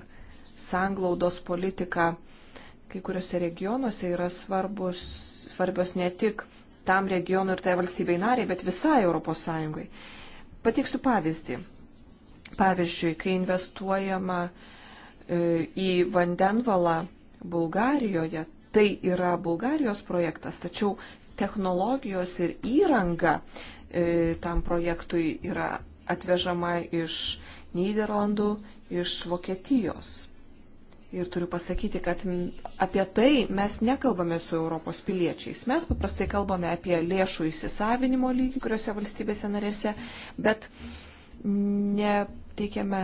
A: sanglaudos politiką kai kuriuose regionuose yra svarbus, svarbios ne tik tam regionui ir tai valstybei nariai, bet visai ES. Pateiksiu pavyzdį. Pavyzdžiui, kai investuojama e, į vandenvalą Bulgarijoje, tai yra Bulgarijos projektas, tačiau technologijos ir įranga e, tam projektui yra atvežama iš Niderlandų, iš Vokietijos. Ir turiu pasakyti, kad apie tai mes nekalbame su Europos piliečiais. Mes paprastai kalbame apie lėšų įsisavinimo lygį, kuriuose valstybėse narėse, bet neteikiame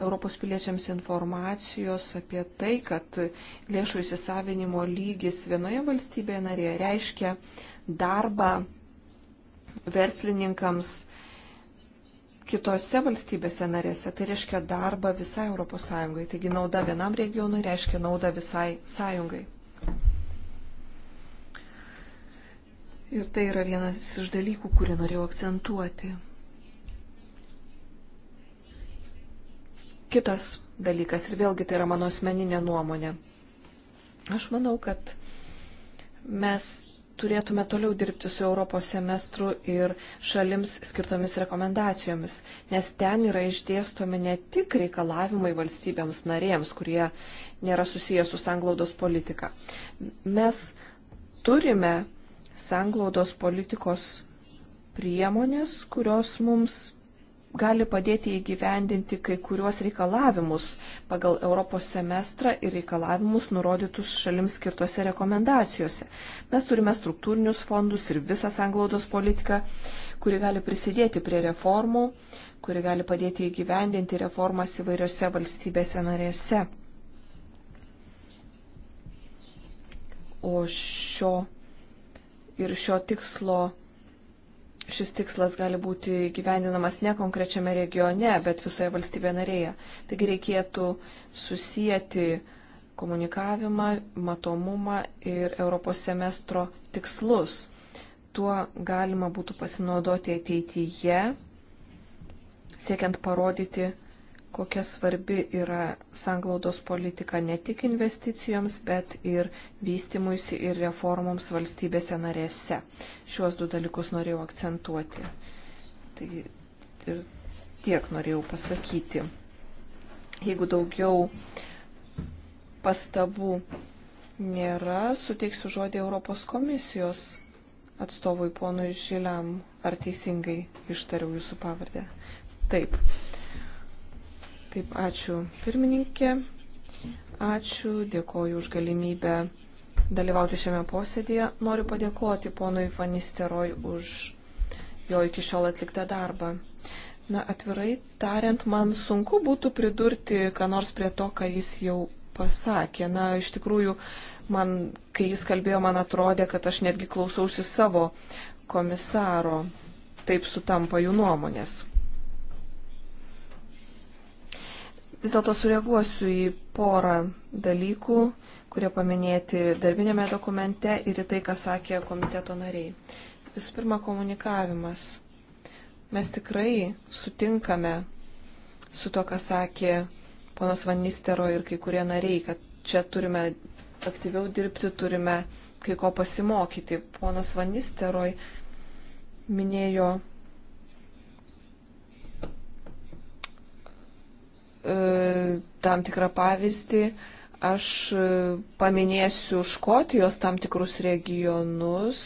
A: Europos piliečiams informacijos apie tai, kad lėšų įsisavinimo lygis vienoje valstybėje narėje reiškia darbą verslininkams kitose valstybėse narėse, tai reiškia darbą visai ES. Taigi nauda vienam regionui reiškia naudą visai sąjungai. Ir tai yra vienas iš dalykų, kurį norėjau akcentuoti. Kitas dalykas, ir vėlgi tai yra mano asmeninė nuomonė. Aš manau, kad mes turėtume toliau dirbti su Europos semestru ir šalims skirtomis rekomendacijomis, nes ten yra išdėstomi ne tik reikalavimai valstybėms narėms, kurie nėra susijęs su sanglaudos politika. Mes turime sanglaudos politikos priemonės, kurios mums gali padėti įgyvendinti kai kuriuos reikalavimus pagal Europos semestrą ir reikalavimus nurodytus šalims skirtose rekomendacijose. Mes turime struktūrinius fondus ir visą sanglaudos politiką, kuri gali prisidėti prie reformų, kuri gali padėti įgyvendinti reformas įvairiose valstybėse narėse. O šio ir šio tikslo šis tikslas gali būti gyvendinamas ne konkrečiame regione, bet visoje valstybėje narėje. Taigi reikėtų susijęti komunikavimą, matomumą ir Europos semestro tikslus. Tuo galima būtų pasinaudoti ateityje, siekiant parodyti, kokia svarbi yra sanglaudos politika ne tik investicijoms, bet ir vystimuisi ir reformoms valstybėse narėse. Šiuos du dalykus norėjau akcentuoti. Tai ir tiek norėjau pasakyti. Jeigu daugiau pastabų nėra, suteiksiu žodį Europos komisijos atstovui ponui Žiliam. Ar teisingai ištariau jūsų pavardę? Taip. Taip, ačiū pirmininkė. Ačiū, dėkoju už galimybę dalyvauti šiame posėdėje. Noriu padėkoti ponui Vanisteroj už jo iki šiol atliktą darbą. Na, atvirai tariant, man sunku būtų pridurti, ką nors prie to, ką jis jau pasakė. Na, iš tikrųjų, man, kai jis kalbėjo, man atrodė, kad aš netgi klausausi savo komisaro. Taip sutampa jų nuomonės. Vis dėlto sureaguosiu į porą dalykų, kurie paminėti darbinėme dokumente ir į tai, ką sakė komiteto nariai. Visų pirma, komunikavimas. Mes tikrai sutinkame su to, ką sakė ponas Vanistero ir kai kurie nariai, kad čia turime aktyviau dirbti, turime kai ko pasimokyti. Ponas Vanisteroj minėjo E, tam tikrą pavyzdį. Aš e, paminėsiu Škotijos tam tikrus regionus,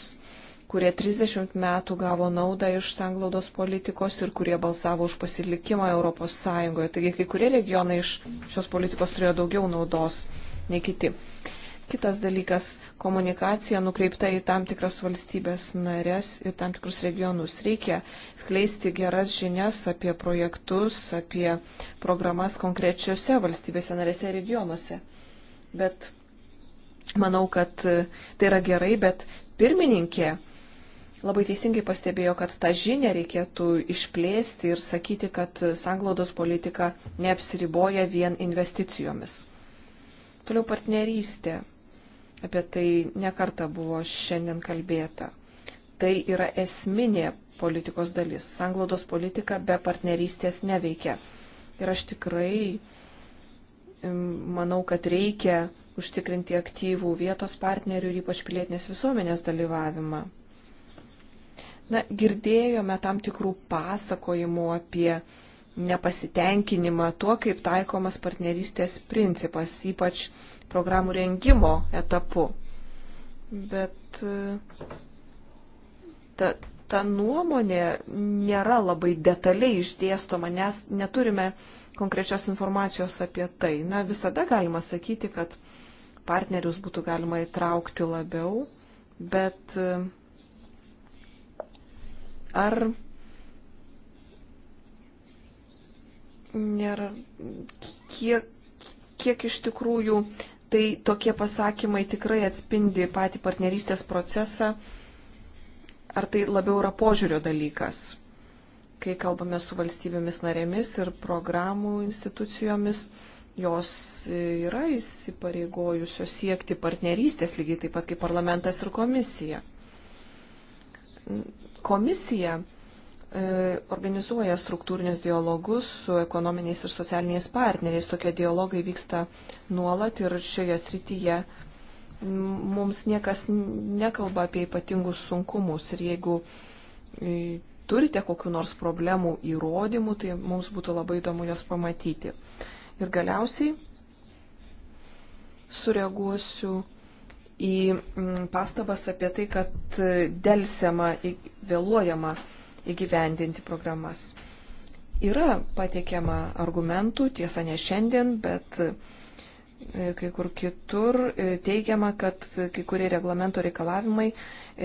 A: kurie 30 metų gavo naudą iš sanglaudos politikos ir kurie balsavo už pasilikimą Europos Sąjungoje. Taigi kai kurie regionai iš šios politikos turėjo daugiau naudos nei kiti. Uh, Kitas dalykas - komunikacija nukreipta į tam tikras valstybės narės ir tam tikrus regionus. Reikia skleisti geras žinias apie projektus, apie programas konkrečiose valstybėse narėse ir regionuose. Bet manau, kad e, tai yra gerai, bet pirmininkė labai teisingai pastebėjo, kad tą žinią reikėtų išplėsti ir sakyti, kad sanglaudos politika neapsiriboja vien investicijomis. Toliau partnerystė apie tai nekarta buvo šiandien kalbėta. Tai yra esminė politikos dalis. Sanglaudos politika be partnerystės neveikia. Ir aš tikrai manau, kad reikia užtikrinti aktyvų vietos partnerių ir ypač pilietinės visuomenės dalyvavimą. Na, girdėjome tam tikrų pasakojimų apie nepasitenkinimą tuo, kaip taikomas partnerystės principas, ypač programų rengimo etapu. Bet e, ta, ta nuomonė nėra labai detaliai išdėstoma, nes neturime konkrečios informacijos apie tai. Na, visada galima sakyti, kad partnerius būtų galima įtraukti labiau, bet e, ar nėra, kiek, kiek iš tikrųjų Tai tokie pasakymai tikrai atspindi patį partnerystės procesą. Ar tai labiau yra požiūrio dalykas, kai kalbame su valstybėmis narėmis ir programų institucijomis, jos yra įsipareigojusios siekti partnerystės, lygiai taip pat kaip parlamentas ir komisija. Komisija E, organizuoja struktūrinius dialogus su ekonominiais ir socialiniais partneriais. Tokie dialogai vyksta nuolat ir šioje srityje mums niekas nekalba apie ypatingus sunkumus. Ir jeigu e, turite kokiu nors problemų įrodymų, tai mums būtų labai įdomu juos pamatyti. Ir galiausiai sureaguosiu į pastabas apie tai, kad e, dėlsiama, vėluojama įgyvendinti programas. Yra pateikiama argumentų, tiesa ne šiandien, bet e, kai kur kitur e, teigiama, kad kai kurie reglamento reikalavimai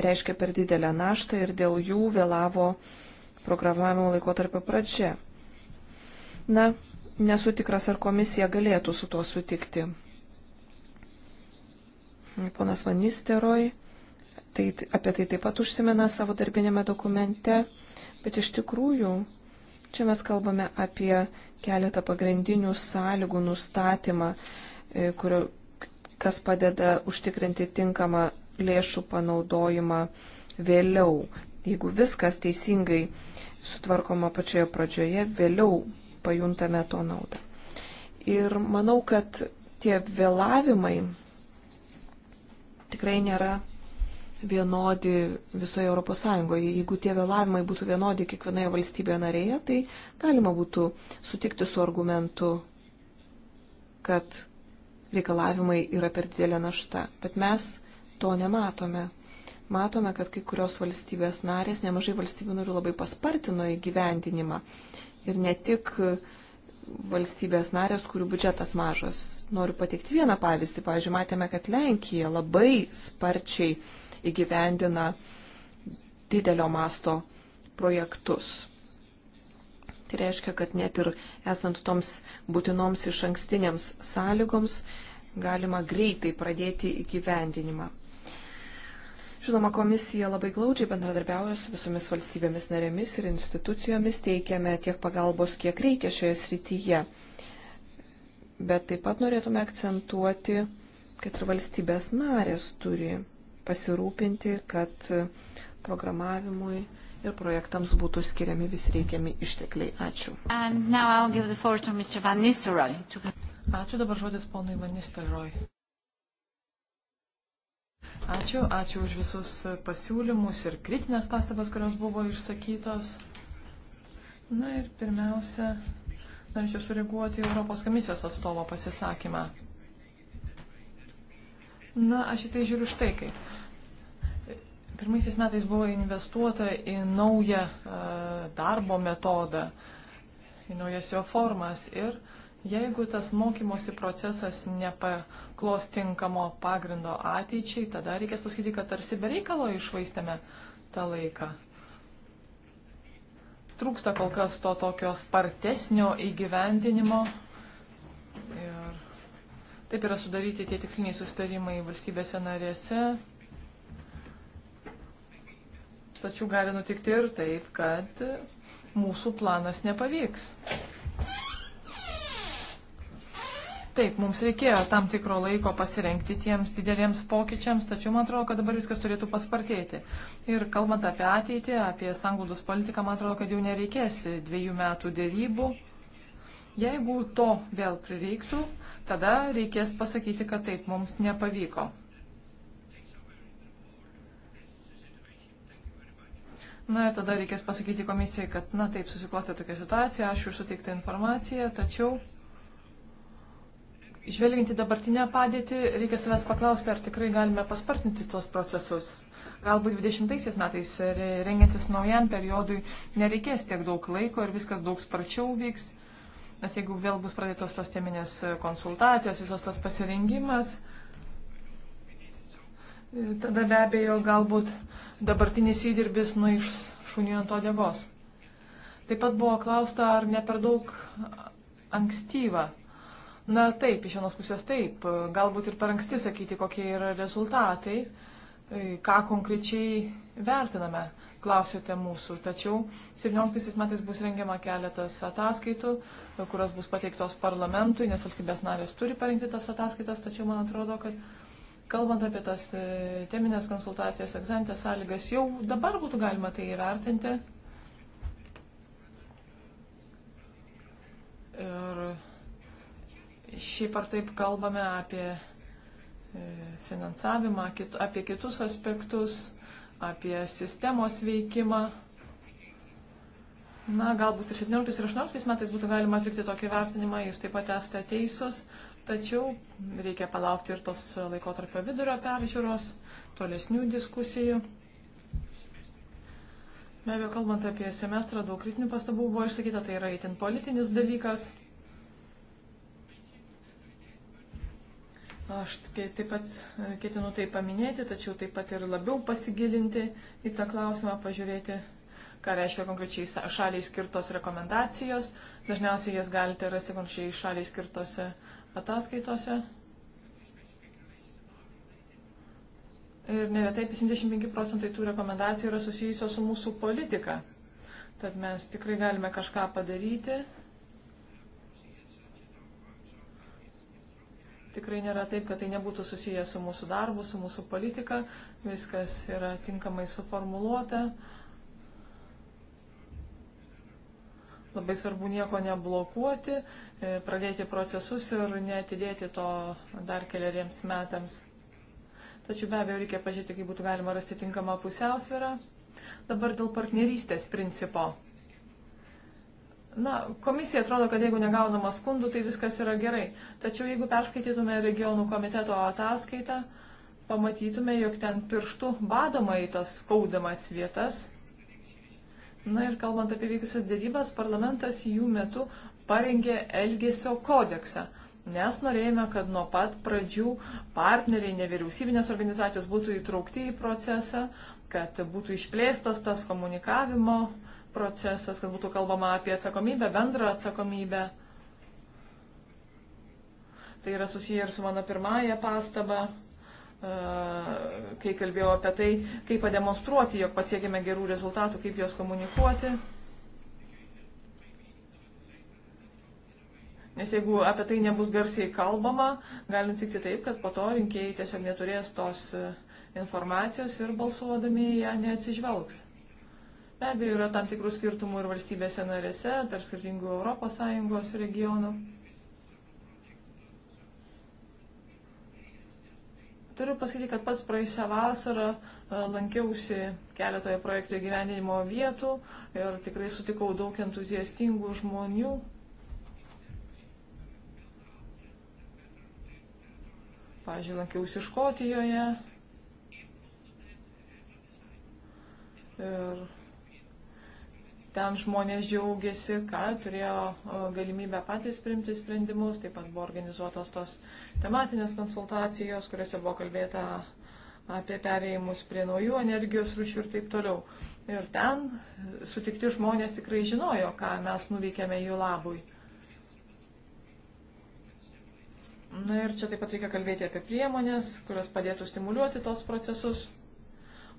A: reiškia per didelę naštą ir dėl jų vėlavo programavimo laikotarpio pradžia. Na, nesu tikras, ar komisija galėtų su tuo sutikti. Ponas Vanisteroj tai, apie tai taip pat užsimena savo darbinėme dokumente. Bet iš tikrųjų, čia mes kalbame apie keletą pagrindinių sąlygų nustatymą, e, kurio, kas padeda užtikrinti tinkamą lėšų panaudojimą vėliau. Jeigu viskas teisingai sutvarkoma pačioje pradžioje, vėliau pajuntame to naudą. Ir manau, kad tie vėlavimai tikrai nėra vienodi visoje Europos Sąjungoje. Jeigu tie vėlavimai būtų vienodi kiekvienoje valstybėje narėje, tai galima būtų sutikti su argumentu, kad reikalavimai yra per didelė našta. Bet mes to nematome. Matome, kad kai kurios valstybės narės, nemažai valstybių narių labai paspartino įgyvendinimą. Ir ne tik valstybės narės, kurių biudžetas mažas. Noriu pateikti vieną pavyzdį. Pavyzdžiui, matėme, kad Lenkija labai sparčiai įgyvendina didelio masto projektus. Tai reiškia, kad net ir esant toms būtinoms iš ankstinėms sąlygoms galima greitai pradėti įgyvendinimą. Žinoma, komisija labai glaudžiai bendradarbiauja su visomis valstybėmis narėmis ir institucijomis, teikiame tiek pagalbos, kiek reikia šioje srityje. Bet taip pat norėtume akcentuoti, kad ir valstybės narės turi pasirūpinti, kad programavimui ir projektams būtų skiriami vis reikiami ištekliai. Ačiū.
C: Ačiū dabar žodis ponui Van Nistelrooy. Ačiū, ačiū už visus pasiūlymus ir kritinės pastabas, kurios buvo išsakytos. Na ir pirmiausia, norėčiau sureaguoti į Europos komisijos atstovo pasisakymą. Na, aš į tai žiūriu štai kaip. Pirmaisiais metais buvo investuota į naują e, darbo metodą, į naujas jo formas ir jeigu tas mokymosi procesas nepaklos tinkamo pagrindo ateičiai, tada reikės pasakyti, kad tarsi bereikalo išvaistėme tą laiką. Trūksta kol kas to tokio spartesnio įgyvendinimo. Ir taip yra sudaryti tie tiksliniai sustarimai valstybėse narėse, Tačiau gali nutikti ir taip, kad mūsų planas nepavyks. Taip, mums reikėjo tam tikro laiko pasirenkti tiems dideliems pokyčiams, tačiau man atrodo, kad dabar viskas turėtų paspartėti. Ir kalbant apie ateitį, apie sanglaudos politiką, man atrodo, kad jau nereikės dviejų metų dėrybų. Jeigu to vėl prireiktų, tada reikės pasakyti, kad taip mums nepavyko. Na ir tada reikės pasakyti komisijai, kad, na taip, susiklostė tokia situacija, aš jau suteiktą informaciją, tačiau žvelginti dabartinę padėtį, reikia savęs paklausti, ar tikrai galime paspartinti tuos procesus. Galbūt 20 metais rengiantis naujam periodui nereikės tiek daug laiko ir viskas daug sparčiau vyks, nes jeigu vėl bus pradėtos tos teminės konsultacijos, visas tas pasirengimas, tada be abejo galbūt dabartinis įdirbis nuiš šuniui ant odegos. Taip pat buvo klausta, ar ne per daug ankstyva. Na taip, iš vienos pusės taip, galbūt ir per anksti sakyti, kokie yra rezultatai, e, ką konkrečiai vertiname, klausėte mūsų. Tačiau 17 metais bus rengiama keletas ataskaitų, kurios bus pateiktos parlamentui, nes valstybės narės turi parinkti tas ataskaitas, tačiau man atrodo, kad Kalbant apie tas e, teminės konsultacijas, egzantės sąlygas, jau dabar būtų galima tai įvertinti. Ir šiaip ar taip kalbame apie e, finansavimą, apie kitus aspektus, apie sistemos veikimą. Na, galbūt ir 17 ir 18 metais būtų galima atlikti tokį vertinimą, jūs taip pat esate teisūs. Tačiau reikia palaukti ir tos laikotarpio vidurio peržiūros, tolesnių diskusijų. Be abejo, kalbant apie semestrą, daug kritinių pastabų buvo išsakyta, tai yra itin politinis dalykas. Aš taip pat e, ketinu tai paminėti, tačiau taip pat ir labiau pasigilinti į tą klausimą, pažiūrėti, ką reiškia konkrečiai šaliai skirtos rekomendacijos. Dažniausiai jas galite rasti konkrečiai šaliai skirtose rekomendacijose ataskaitose. Ir ne vietai 75 procentai tų rekomendacijų yra susijusios su mūsų politika. Tad mes tikrai galime kažką padaryti. Tikrai nėra taip, kad tai nebūtų susijęs su mūsų darbu, su mūsų politika. Viskas yra tinkamai suformuluota. Uh, Labai svarbu nieko neblokuoti, e, pradėti procesus ir netidėti to dar keliariems metams. Tačiau be abejo reikia pažiūrėti, kaip būtų galima rasti tinkamą pusiausvyrą. Dabar dėl partnerystės principo. Na, komisija atrodo, kad jeigu negaunama skundų, tai viskas yra gerai. Tačiau jeigu perskaitytume regionų komiteto ataskaitą, pamatytume, jog ten pirštų badoma į tas skaudamas vietas. Na ir kalbant apie vykusias dėrybas, parlamentas jų metu parengė Elgesio kodeksą. Mes norėjome, kad nuo pat pradžių partneriai, nevyriausybinės organizacijos būtų įtraukti į procesą, kad būtų išplėstas tas komunikavimo procesas, kad būtų kalbama apie atsakomybę, bendrą atsakomybę. Tai yra susiję ir su mano pirmąją pastabą. E, kai kalbėjau apie tai, kaip pademonstruoti, jog pasiekime gerų rezultatų, kaip juos komunikuoti. Nes jeigu apie tai nebus garsiai kalbama, galim tikti taip, kad po to rinkėjai tiesiog neturės tos e, informacijos ir balsuodami ją neatsižvelgs. Be abejo, yra tam tikrų skirtumų ir valstybėse narėse, tarp skirtingų ES regionų. Turiu pasakyti, kad pats praeisę vasarą e, lankiausi keletoje projektų įgyvendinimo vietų ir tikrai sutikau daug entuziastingų žmonių. Pavyzdžiui, lankiausi Škotijoje. Ir Ten žmonės džiaugiasi, kad turėjo galimybę patys priimti sprendimus, taip pat buvo organizuotos tos tematinės konsultacijos, kuriuose buvo kalbėta apie perėjimus prie naujų energijos rušių ir taip toliau. Ir ten sutikti žmonės tikrai žinojo, ką mes nuveikėme jų labui. Na ir čia taip pat reikia kalbėti apie priemonės, kurios padėtų stimuliuoti tos procesus.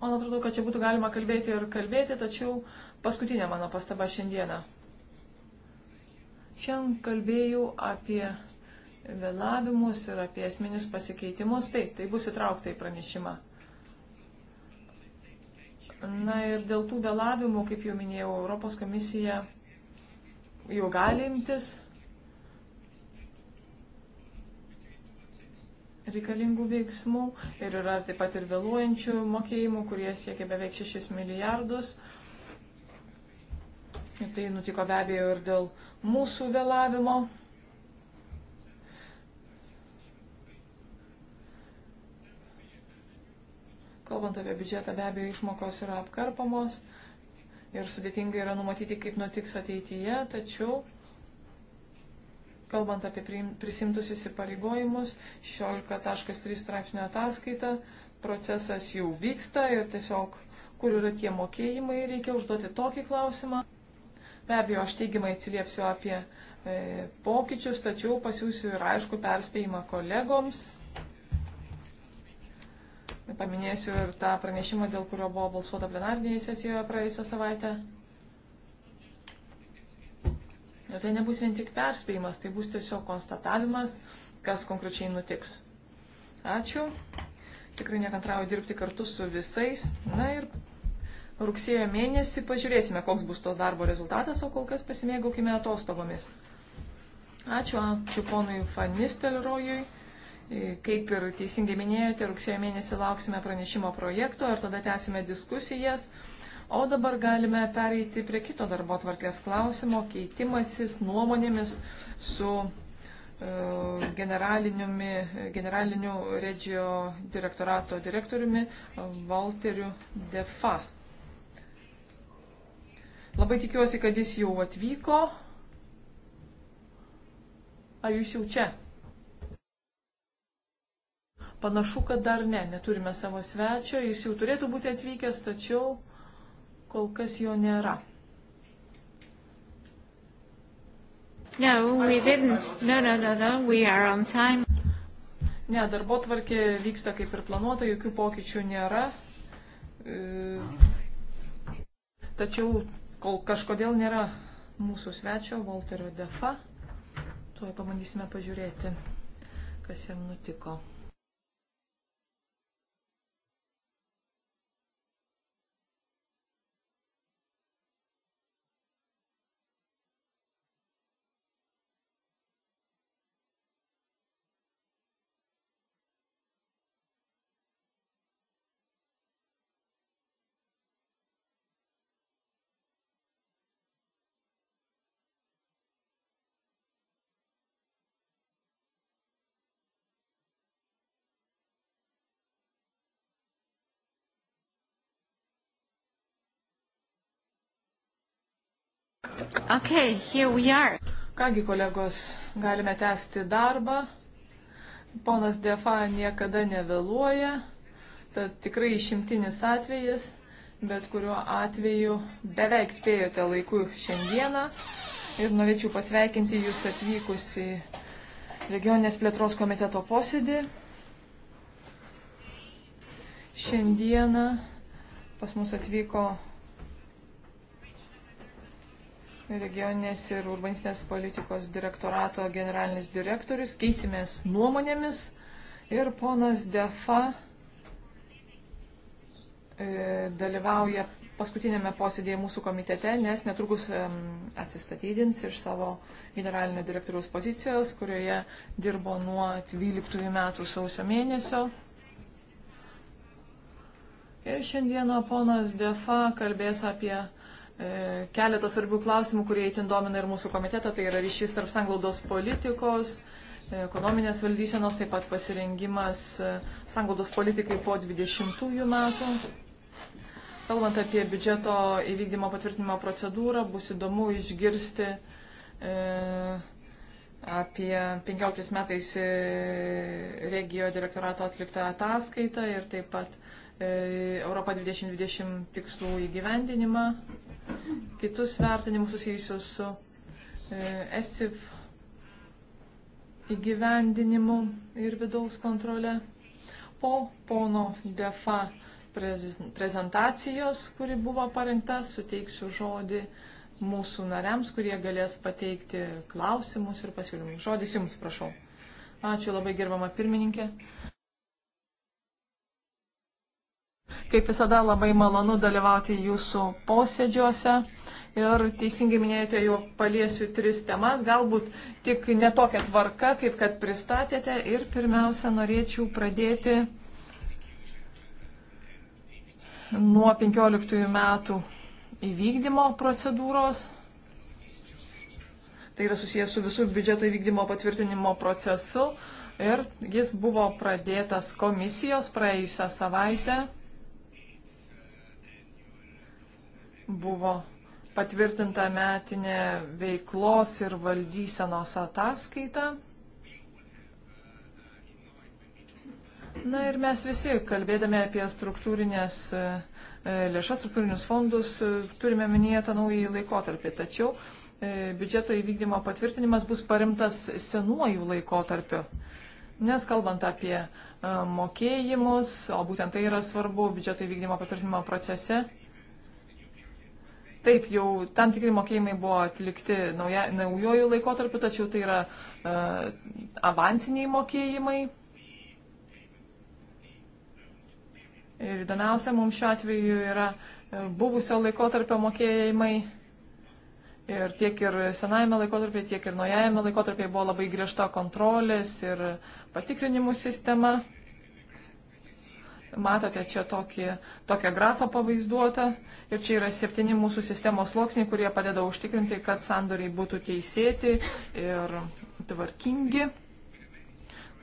C: Man atrodo, kad čia būtų galima kalbėti ir kalbėti, tačiau Paskutinė mano pastaba šiandieną. Šiandien kalbėjau apie vėlavimus ir apie esminius pasikeitimus. Taip, tai bus įtraukta į pranešimą. Na ir dėl tų vėlavimų, kaip jau minėjau, Europos komisija jau gali imtis reikalingų veiksmų ir yra taip pat ir vėluojančių mokėjimų, kurie siekia beveik 6 milijardus. Uh, Tai nutiko be abejo ir dėl mūsų vėlavimo. Kalbant apie biudžetą, be abejo, išmokos yra apkarpamos ir sudėtinga yra numatyti, kaip nutiks ateityje, tačiau kalbant apie prisimtus įsipareigojimus, 16.3 straipsnio ataskaita, procesas jau vyksta ir tiesiog, kur yra tie mokėjimai, reikia užduoti tokį klausimą. Be abejo, aš teigiamai atsiliepsiu apie e, pokyčius, tačiau pasiūsiu ir aišku perspėjimą kolegoms. Paminėsiu ir tą pranešimą, dėl kurio buvo balsuota plenarnėje sesijoje praėjusią savaitę. Ir tai nebus vien tik perspėjimas, tai bus tiesiog konstatavimas, kas konkrečiai nutiks. Ačiū. Tikrai nekantrauju dirbti kartu su visais. Na ir rugsėjo mėnesį pažiūrėsime, koks bus to darbo rezultatas, o kol kas pasimėgaukime atostogomis. Ačiū, ačiū ponui Fanistelrojui. Kaip ir teisingai minėjote, rugsėjo mėnesį lauksime pranešimo projekto ir tada tęsime diskusijas. O dabar galime pereiti prie kito darbo tvarkės klausimo, keitimasis nuomonėmis su e, generaliniu regio direktorato direktoriumi Walteriu Defa. Labai tikiuosi, kad jis jau atvyko. Ar jūs jau čia? Panašu, kad dar ne, neturime savo svečio, jis jau turėtų būti atvykęs, tačiau kol kas jo nėra. No, we didn't. No, no, no, no, we are on time. Ne, darbo tvarkė vyksta kaip ir planuota, jokių pokyčių nėra. E, tačiau kol kažkodėl nėra mūsų svečio Walterio Defa. Tuoj pabandysime pažiūrėti, kas jam nutiko. Okay, here we are. Kągi kolegos, galime tęsti darbą. Ponas Defa niekada nevėluoja, tad tikrai išimtinis atvejis, bet kuriuo atveju beveik spėjote laiku šiandieną. Ir norėčiau pasveikinti Jūs atvykus į regioninės plėtros komiteto posėdį. Šiandieną pas mus atvyko regioninės ir urbanistinės politikos direktorato generalinis direktorius, keisimės nuomonėmis ir ponas Defa e, dalyvauja paskutinėme posėdėje mūsų komitete, nes netrukus atsistatydins iš savo generalinio direktoriaus pozicijos, kurioje dirbo nuo 12 metų sausio mėnesio. Ir šiandieną ponas Defa kalbės apie E, keletą svarbių klausimų, kurie įtin domina ir mūsų komitetą, tai yra ryšys tarp sanglaudos politikos, e, ekonominės valdysenos, taip pat pasirengimas e, sanglaudos politikai po 20 metų. Kalbant apie biudžeto įvykdymo patvirtinimo procedūrą, bus įdomu išgirsti e, apie 15 metais regijo direktorato atliktą ataskaitą ir taip pat e, Europą 2020 tikslų įgyvendinimą kitus vertinimus susijusius su ESIF įgyvendinimu ir vidaus kontrole. Po pono Defa prezentacijos, kuri buvo parengta, suteiksiu žodį mūsų nariams, kurie galės pateikti klausimus ir pasiūlymus. Žodis jums, prašau. Ačiū labai gerbama pirmininkė. Kaip visada labai malonu dalyvauti jūsų posėdžiuose ir teisingai minėjote, jau paliesiu tris temas, galbūt tik netokia tvarka, kaip kad pristatėte ir pirmiausia norėčiau pradėti nuo 15 metų įvykdymo procedūros. Tai yra susijęs su visų biudžeto įvykdymo patvirtinimo procesu ir jis buvo pradėtas komisijos praėjusią savaitę. buvo patvirtinta metinė veiklos ir valdysenos ataskaita. Na ir mes visi, kalbėdami apie struktūrinės e, lėšas, struktūrinius fondus, e, turime minėtą naują laikotarpį. Tačiau e, biudžeto įvykdymo patvirtinimas bus paremtas senuoju laikotarpiu. Nes kalbant apie mokėjimus, o būtent tai yra svarbu biudžeto įvykdymo patvirtinimo procese, Taip, jau tam tikri mokėjimai buvo atlikti nauja, naujojų laikotarpiu, tačiau tai yra uh, avansiniai mokėjimai. Ir įdomiausia mums šiuo atveju yra e, buvusio laikotarpio mokėjimai. Ir tiek ir senajame laikotarpėje, tiek ir naujajame laikotarpėje buvo labai griežta kontrolės ir patikrinimų sistema. Uh, Matote čia tokį, tokią grafą pavaizduotą ir čia yra septyni mūsų sistemos sluoksniai, kurie padeda užtikrinti, kad sandoriai būtų teisėti ir tvarkingi.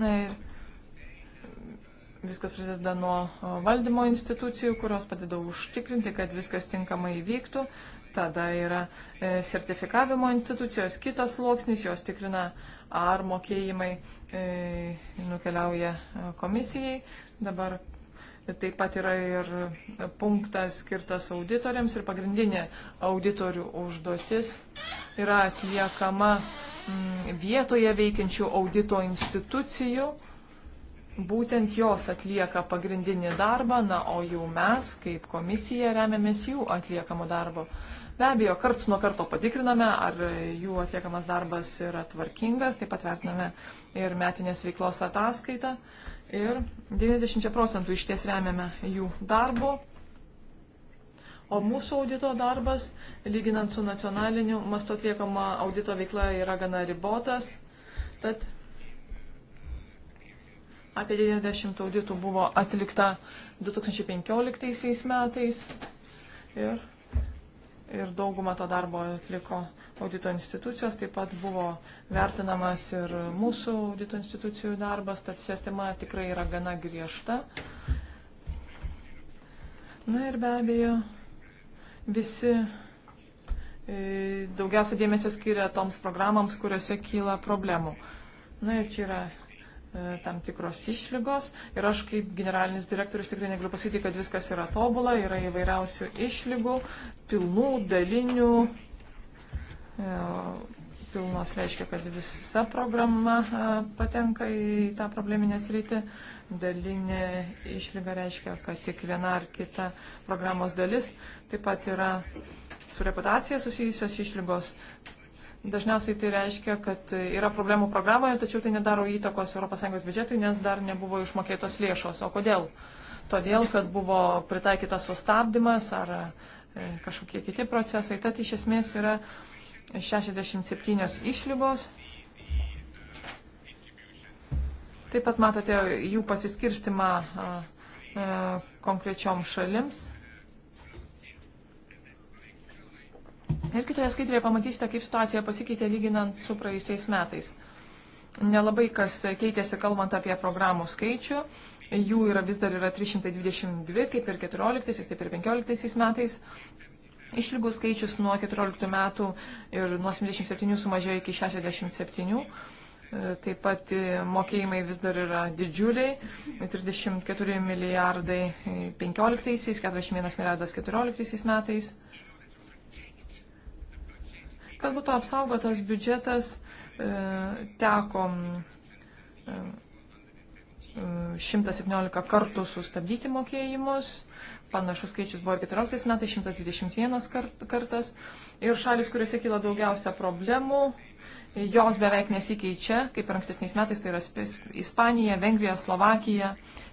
C: Na ir viskas prasideda nuo valdymo institucijų, kurios padeda užtikrinti, kad viskas tinkamai vyktų. Tada yra e, sertifikavimo institucijos, kitas sluoksnis, jos tikrina, ar mokėjimai e, nukeliauja e, komisijai. Dabar Taip pat yra ir punktas skirtas auditoriams ir pagrindinė auditorių užduotis yra atliekama mm, vietoje veikiančių audito institucijų. Būtent jos atlieka pagrindinį darbą, na, o jau mes, kaip komisija, remiamės jų atliekamo darbo. Be abejo, karts nuo karto patikriname, ar jų atliekamas darbas yra tvarkingas, taip pat vertiname ir metinės veiklos ataskaitą ir 90 procentų iš ties remiame jų darbu. O mūsų audito darbas, lyginant su nacionaliniu mastu atliekama audito veikla, yra gana ribotas. Tad apie 90 auditų buvo atlikta 2015 metais. Ir ir daugumą to darbo atliko audito institucijos, taip pat buvo vertinamas ir mūsų audito institucijų darbas, tad sistema tikrai yra gana griežta. Na ir be abejo, visi e, daugiausia dėmesio skiria toms programams, kuriuose kyla problemų. Na ir čia yra E, tam tikros išlygos ir aš kaip generalinis direktorius tikrai negaliu pasakyti, kad viskas yra tobula, yra įvairiausių išlygų, pilnų, dalinių. E, pilnos reiškia, kad visa programa e, patenka į tą probleminę sritį. Dalinė išlyga reiškia, kad tik viena ar kita programos dalis. Taip pat yra su reputacija susijusios išlygos, Dažniausiai tai reiškia, kad yra problemų programoje, tačiau tai nedaro įtakos ES biudžetui, nes dar nebuvo išmokėtos lėšos. O kodėl? Todėl, kad buvo pritaikytas sustabdymas ar e, kažkokie kiti procesai. Tad iš esmės yra 67 išlygos. Taip pat matote jų pasiskirstimą e, konkrečiom šalims. Ir kitoje skaidrėje pamatysite, kaip situacija pasikeitė lyginant su praėjusiais metais. Nelabai kas keitėsi, kalbant apie programų skaičių. Jų yra vis dar yra 322, kaip ir 14, taip ir 15 metais. Išlygų skaičius nuo 14 metų ir nuo 77 sumažėjo iki 67. Taip pat mokėjimai vis dar yra didžiuliai - 34 milijardai 15, 41 milijardas 14 metais. Kad būtų apsaugotas biudžetas, e, teko 117 e, kartų sustabdyti mokėjimus, panašus skaičius buvo 14 metais 121 kart, kartas ir šalis, kuriuose kyla daugiausia problemų, jos beveik nesikeičia, kaip ir ankstesniais metais, tai yra Ispanija, Vengrija, Slovakija,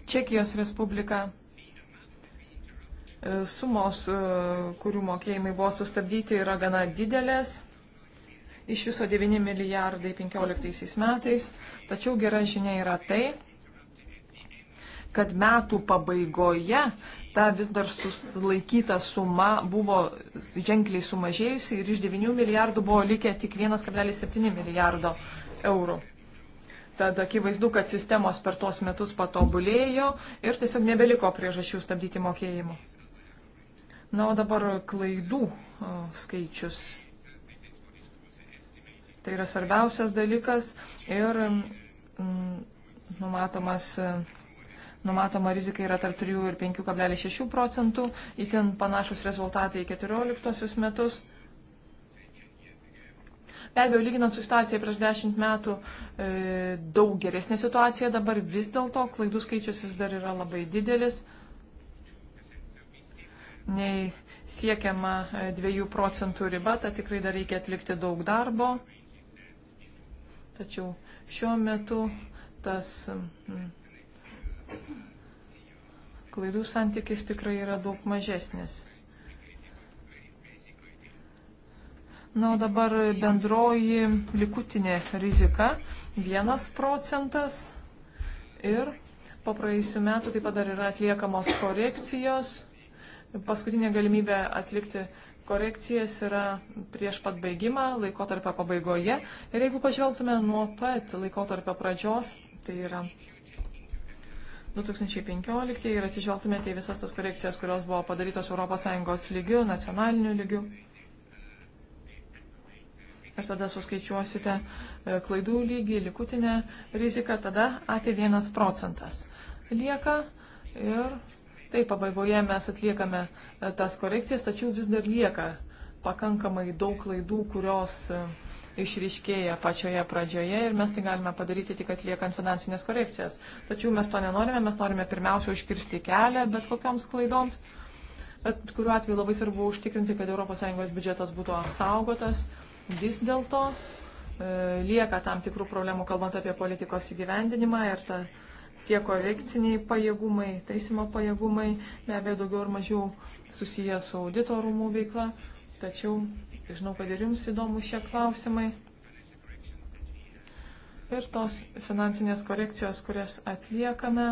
C: Čekijos Respublika. E, sumos, kurių mokėjimai buvo sustabdyti, yra gana didelės iš viso 9 milijardai 15 metais. Tačiau gera žinia yra tai, kad metų pabaigoje ta vis dar susilaikyta suma buvo ženkliai sumažėjusi ir iš 9 milijardų buvo likę tik 1,7 milijardo eurų. Tad akivaizdu, kad sistemos per tuos metus patobulėjo ir tiesiog nebeliko priežasčių stabdyti mokėjimų. Na, o dabar klaidų skaičius Tai yra svarbiausias dalykas ir mm, numatomas, numatoma rizika yra tarp 3 ir 5,6 procentų, itin panašus rezultatai 14 metus. Be abejo, lyginant su situacija prieš dešimt metų, e, daug geresnė situacija dabar vis dėlto, klaidų skaičius vis dar yra labai didelis. Nei siekiama 2 e, procentų riba, tai tikrai dar reikia atlikti daug darbo. Tačiau šiuo metu tas mm, klaidų santykis tikrai yra daug mažesnis. Na, o dabar bendroji likutinė rizika 1 procentas ir po praėjusiu metu taip pat dar yra atliekamos korekcijos. Paskutinė galimybė atlikti korekcijas yra prieš pat baigimą, laikotarpio pabaigoje. Ir jeigu pažvelgtume nuo pat laikotarpio pradžios, tai yra 2015 ir atsižvelgtumėte į visas tas korekcijas, kurios buvo padarytos ES lygių, nacionalinių lygių. Ir tada suskaičiuosite e, klaidų lygį, likutinę riziką, tada apie 1 procentas lieka ir Taip, pabaigoje mes atliekame e, tas korekcijas, tačiau vis dar lieka pakankamai daug klaidų, kurios e, išryškėja pačioje pradžioje ir mes tai galime padaryti tik atliekant finansinės korekcijas. Tačiau mes to nenorime, mes norime pirmiausia užkirsti kelią bet kokioms klaidoms, bet kuriuo atveju labai svarbu užtikrinti, kad ES biudžetas būtų apsaugotas. Vis dėlto e, lieka tam tikrų problemų, kalbant apie politikos įgyvendinimą ir ta, tie korekciniai pajėgumai, taisymo pajėgumai, be abejo, daugiau ar mažiau susiję su audito rūmų veikla, tačiau žinau, kad ir jums įdomu šie klausimai. Ir tos finansinės korekcijos, kurias atliekame,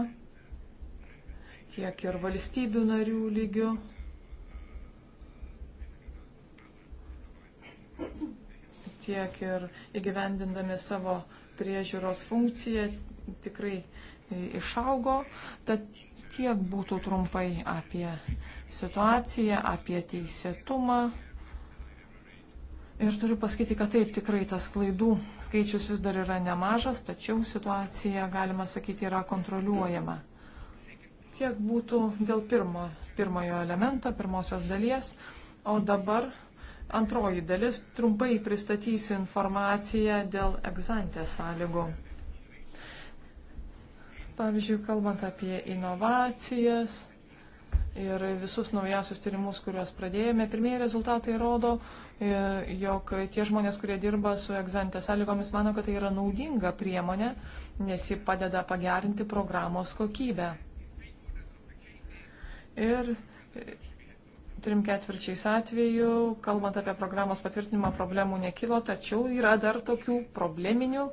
C: tiek ir valstybių narių lygių. tiek ir įgyvendindami savo priežiūros funkciją tikrai išaugo. Tad tiek būtų trumpai apie situaciją, apie teisėtumą. Ir turiu pasakyti, kad taip, tikrai tas klaidų skaičius vis dar yra nemažas, tačiau situacija, galima sakyti, yra kontroliuojama. Tiek būtų dėl pirmo, pirmojo elemento, pirmosios dalies. O dabar antroji dalis. Trumpai pristatysiu informaciją dėl egzantės sąlygų. Pavyzdžiui, kalbant apie inovacijas ir visus naujasius tyrimus, kuriuos pradėjome, pirmieji rezultatai rodo, e, jog tie žmonės, kurie dirba su egzantė sąlygomis, mano, kad tai yra naudinga priemonė, nes ji padeda pagerinti programos kokybę. Ir e, trim ketvirčiais atveju, kalbant apie programos patvirtinimą, problemų nekilo, tačiau yra dar tokių probleminių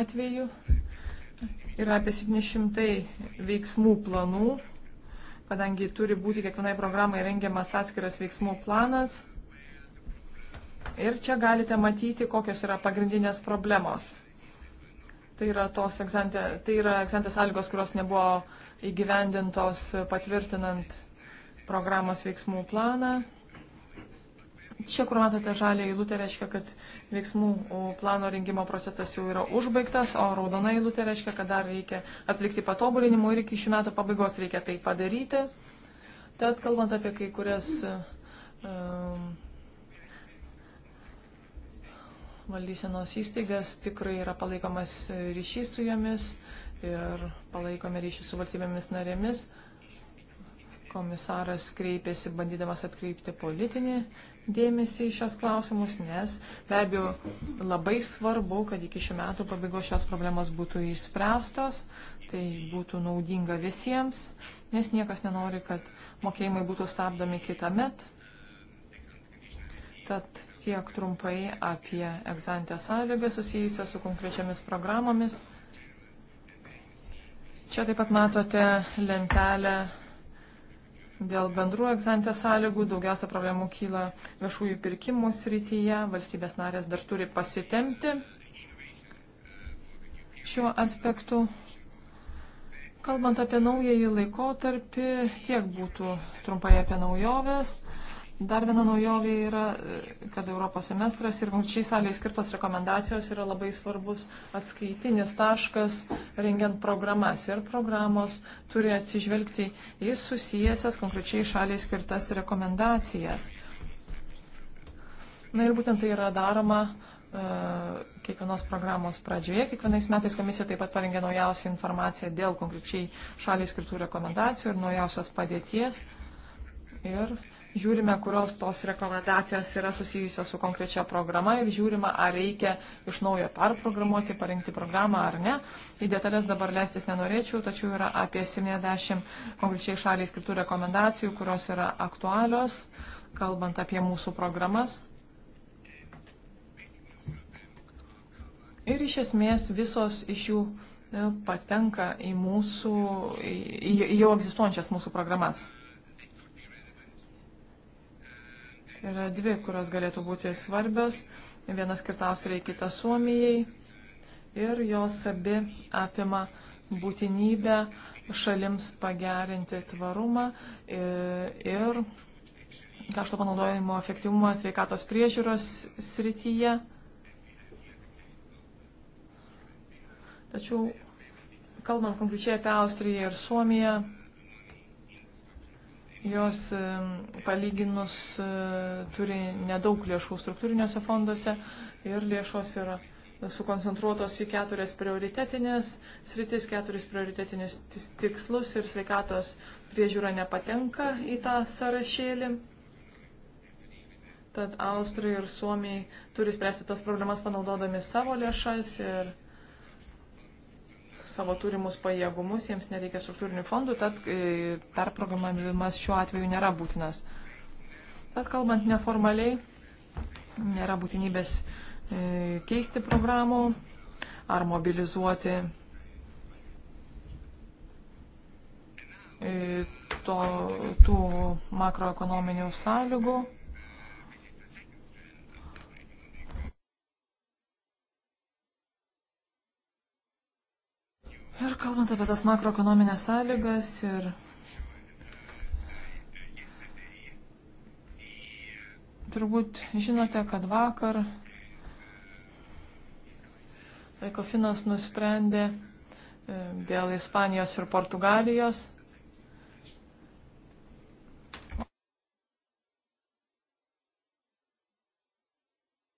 C: atvejų. Yra apie 700 veiksmų planų, kadangi turi būti kiekvienai programai rengiamas atskiras veiksmų planas. Ir čia galite matyti, kokios yra pagrindinės problemos. Tai yra tos egzantė, tai yra egzantės sąlygos, kurios nebuvo įgyvendintos patvirtinant programos veiksmų planą. Čia, kur matote žalę eilutę, reiškia, kad veiksmų plano rengimo procesas jau yra užbaigtas, o raudona eilutė reiškia, kad dar reikia atlikti patobulinimų ir iki šių metų pabaigos reikia tai padaryti. Tad kalbant apie kai kurias um, valdysenos įstaigas, tikrai yra palaikomas ryšys su jomis ir palaikome ryšį su valstybėmis narėmis. Komisaras kreipėsi bandydamas atkreipti politinį dėmesį į šios klausimus, nes be abejo labai svarbu, kad iki šių metų pabaigos šios problemos būtų išspręstos, tai būtų naudinga visiems, nes niekas nenori, kad mokėjimai būtų stabdomi kitą met. Tad tiek trumpai apie egzantę sąlygą susijusią su konkrečiamis programomis. Čia taip pat matote lentelę Dėl bendrų egzantės sąlygų daugiausia problemų kyla viešųjų pirkimų srityje, valstybės narės dar turi pasitemti šiuo aspektu. Kalbant apie naująjį laikotarpį, tiek būtų trumpai apie naujoves. Dar viena naujovė yra, e, kad Europos semestras ir konkrečiai salėje skirtos rekomendacijos yra labai svarbus atskaitinis taškas rengiant programas. Ir programos turi atsižvelgti į susijęsias konkrečiai šaliai skirtas rekomendacijas. Na ir būtent tai yra daroma e, kiekvienos programos pradžioje. Kiekvienais metais komisija taip pat parengė naujausią informaciją dėl konkrečiai šaliai skirtų rekomendacijų ir naujausios padėties. Ir žiūrime, kurios tos rekomendacijos yra susijusios su konkrečia programa ir žiūrime, ar reikia iš naujo perprogramuoti, parinkti programą ar ne. Į detalės dabar leistis nenorėčiau, tačiau yra apie 70 konkrečiai šaliai skirtų rekomendacijų, kurios yra aktualios, kalbant apie mūsų programas. Ir iš esmės visos iš jų e, patenka į mūsų, į, į jau egzistuojančias mūsų programas. yra dvi, kurios galėtų būti svarbios. Viena skirta Austrijai, kita Suomijai. Ir jos abi apima būtinybę šalims pagerinti tvarumą e, ir kašto panaudojimo efektyvumą sveikatos priežiūros srityje. Tačiau, kalbant konkrečiai apie Austriją ir Suomiją, Jos e, palyginus e, turi nedaug lėšų struktūrinėse fonduose ir lėšos yra sukoncentruotos į keturias prioritetinės sritis, keturis prioritetinius tikslus ir sveikatos priežiūra nepatenka į tą sąrašėlį. Tad Austrai ir Suomiai turi spręsti tas problemas panaudodami savo lėšas ir savo turimus pajėgumus, jiems nereikia struktūrinių fondų, tad e, perprogramavimas šiuo atveju nėra būtinas. Tad kalbant neformaliai, nėra būtinybės e, keisti programų ar mobilizuoti e, to, tų makroekonominių sąlygų. Ir kalbant apie tas makroekonominės sąlygas ir turbūt žinote, kad vakar Ekofinas nusprendė e, dėl Ispanijos ir Portugalijos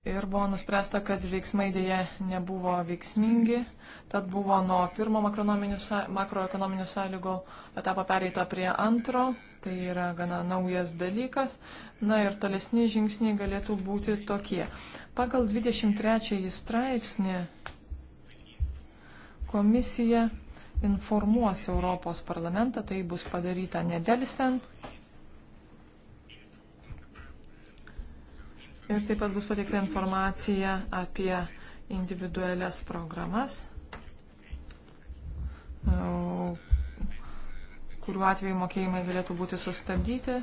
C: Ir buvo nuspręsta, kad veiksmai dėje nebuvo veiksmingi, tad buvo nuo pirmo makroekonominių sąlygų etapo pereita prie antro, tai yra gana naujas dalykas. Na ir tolesni žingsniai galėtų būti tokie. Pagal 23 straipsnį komisija informuos Europos parlamentą, tai bus padaryta nedelsiant Ir taip pat bus pateikta informacija apie individualias programas, e, kuriuo atveju mokėjimai galėtų būti sustabdyti.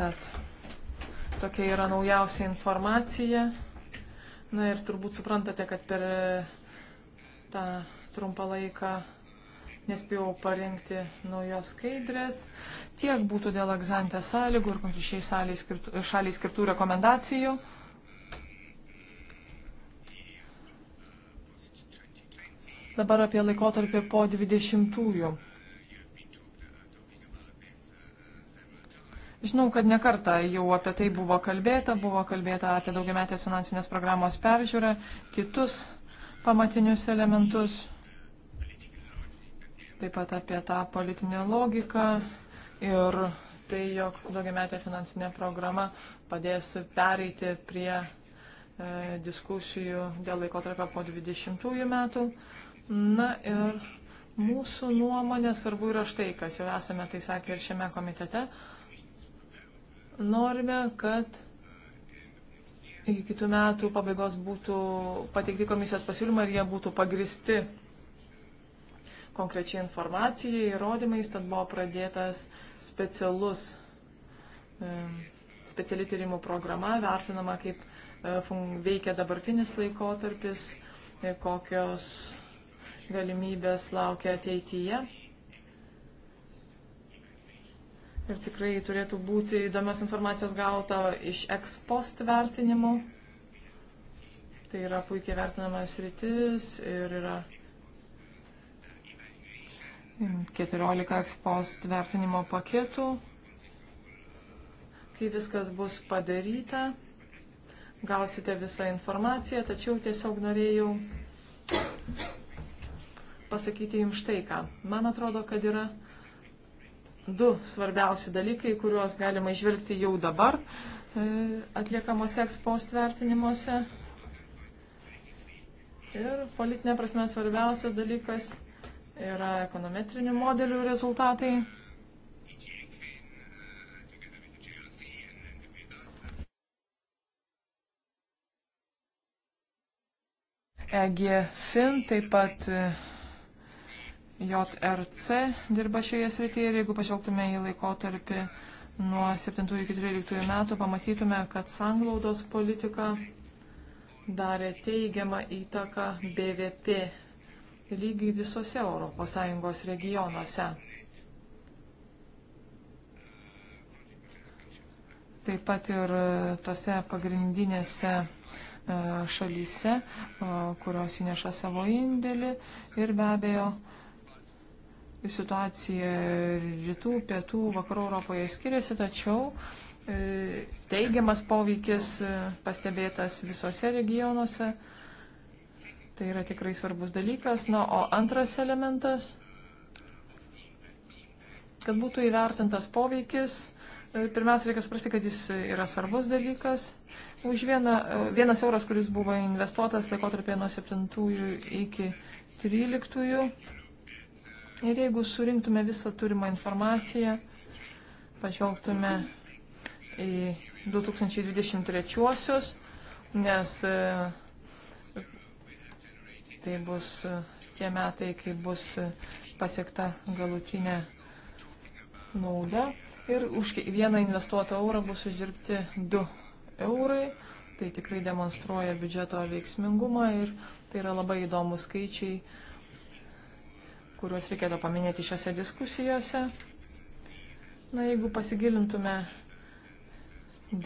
C: Tad tokia yra naujausia informacija. Na ir turbūt suprantate, kad per e, tą trumpą laiką nespėjau parengti naujos skaidrės. Tiek būtų dėl egzantės sąlygų ir konkrečiai šaliai skirtų rekomendacijų. dabar apie laikotarpį po 20-ųjų. Žinau, kad nekarta jau apie tai buvo kalbėta, buvo kalbėta apie daugiametės finansinės programos peržiūrą, kitus pamatinius elementus, taip pat apie tą politinę logiką ir tai, jog daugiametė finansinė programa padės pereiti prie e, diskusijų dėl laikotarpio po 20 metų. Na ir mūsų nuomonė svarbu yra štai, kas jau esame tai sakę ir šiame komitete. Norime, kad iki kitų metų pabaigos būtų pateikti komisijos pasiūlymai ir jie būtų pagristi konkrečiai informacijai, įrodymais, tad buvo pradėtas specialus, e, speciali tyrimų programa, vertinama, kaip e, veikia dabartinis laikotarpis, e, kokios galimybės laukia ateityje. Ir tikrai turėtų būti įdomios informacijos gauta iš ekspost vertinimų. Tai yra puikiai vertinamas rytis ir yra 14 ekspost vertinimo paketų. Kai viskas bus padaryta, gausite visą informaciją, tačiau tiesiog norėjau pasakyti jums štai ką. Man atrodo, kad yra du svarbiausi dalykai, kuriuos galima išvelgti jau dabar e, atliekamuose ekspost vertinimuose. Ir politinė prasme svarbiausias dalykas yra ekonometrinių modelių rezultatai. EGFIN taip pat e, JRC dirba šioje srityje ir jeigu pažvelgtume į laikotarpį nuo 7 iki 13 metų, pamatytume, kad sanglaudos politika darė teigiamą įtaką BVP lygiai visose ES regionuose. Taip pat ir e, tose pagrindinėse e, šalyse, kurios įneša savo indėlį ir be abejo situacija rytų, pietų, vakarų Europoje skiriasi, tačiau e, teigiamas poveikis e, pastebėtas visose regionuose. Tai yra tikrai svarbus dalykas. Na, o antras elementas, kad būtų įvertintas poveikis, e, pirmiausia, reikia suprasti, kad jis yra svarbus dalykas. Už vieną, vienas euras, kuris buvo investuotas laikotarpėje nuo 7 iki 13 Ir jeigu surinktume visą turimą informaciją, pažvelgtume į 2023-osius, nes e, tai bus e, tie metai, kai bus e, pasiekta galutinė nauda. Ir už vieną investuotą eurą bus uždirbti 2 eurai. Tai tikrai demonstruoja biudžeto veiksmingumą ir tai yra labai įdomus skaičiai kuriuos reikėtų paminėti šiuose diskusijose. Na, jeigu pasigilintume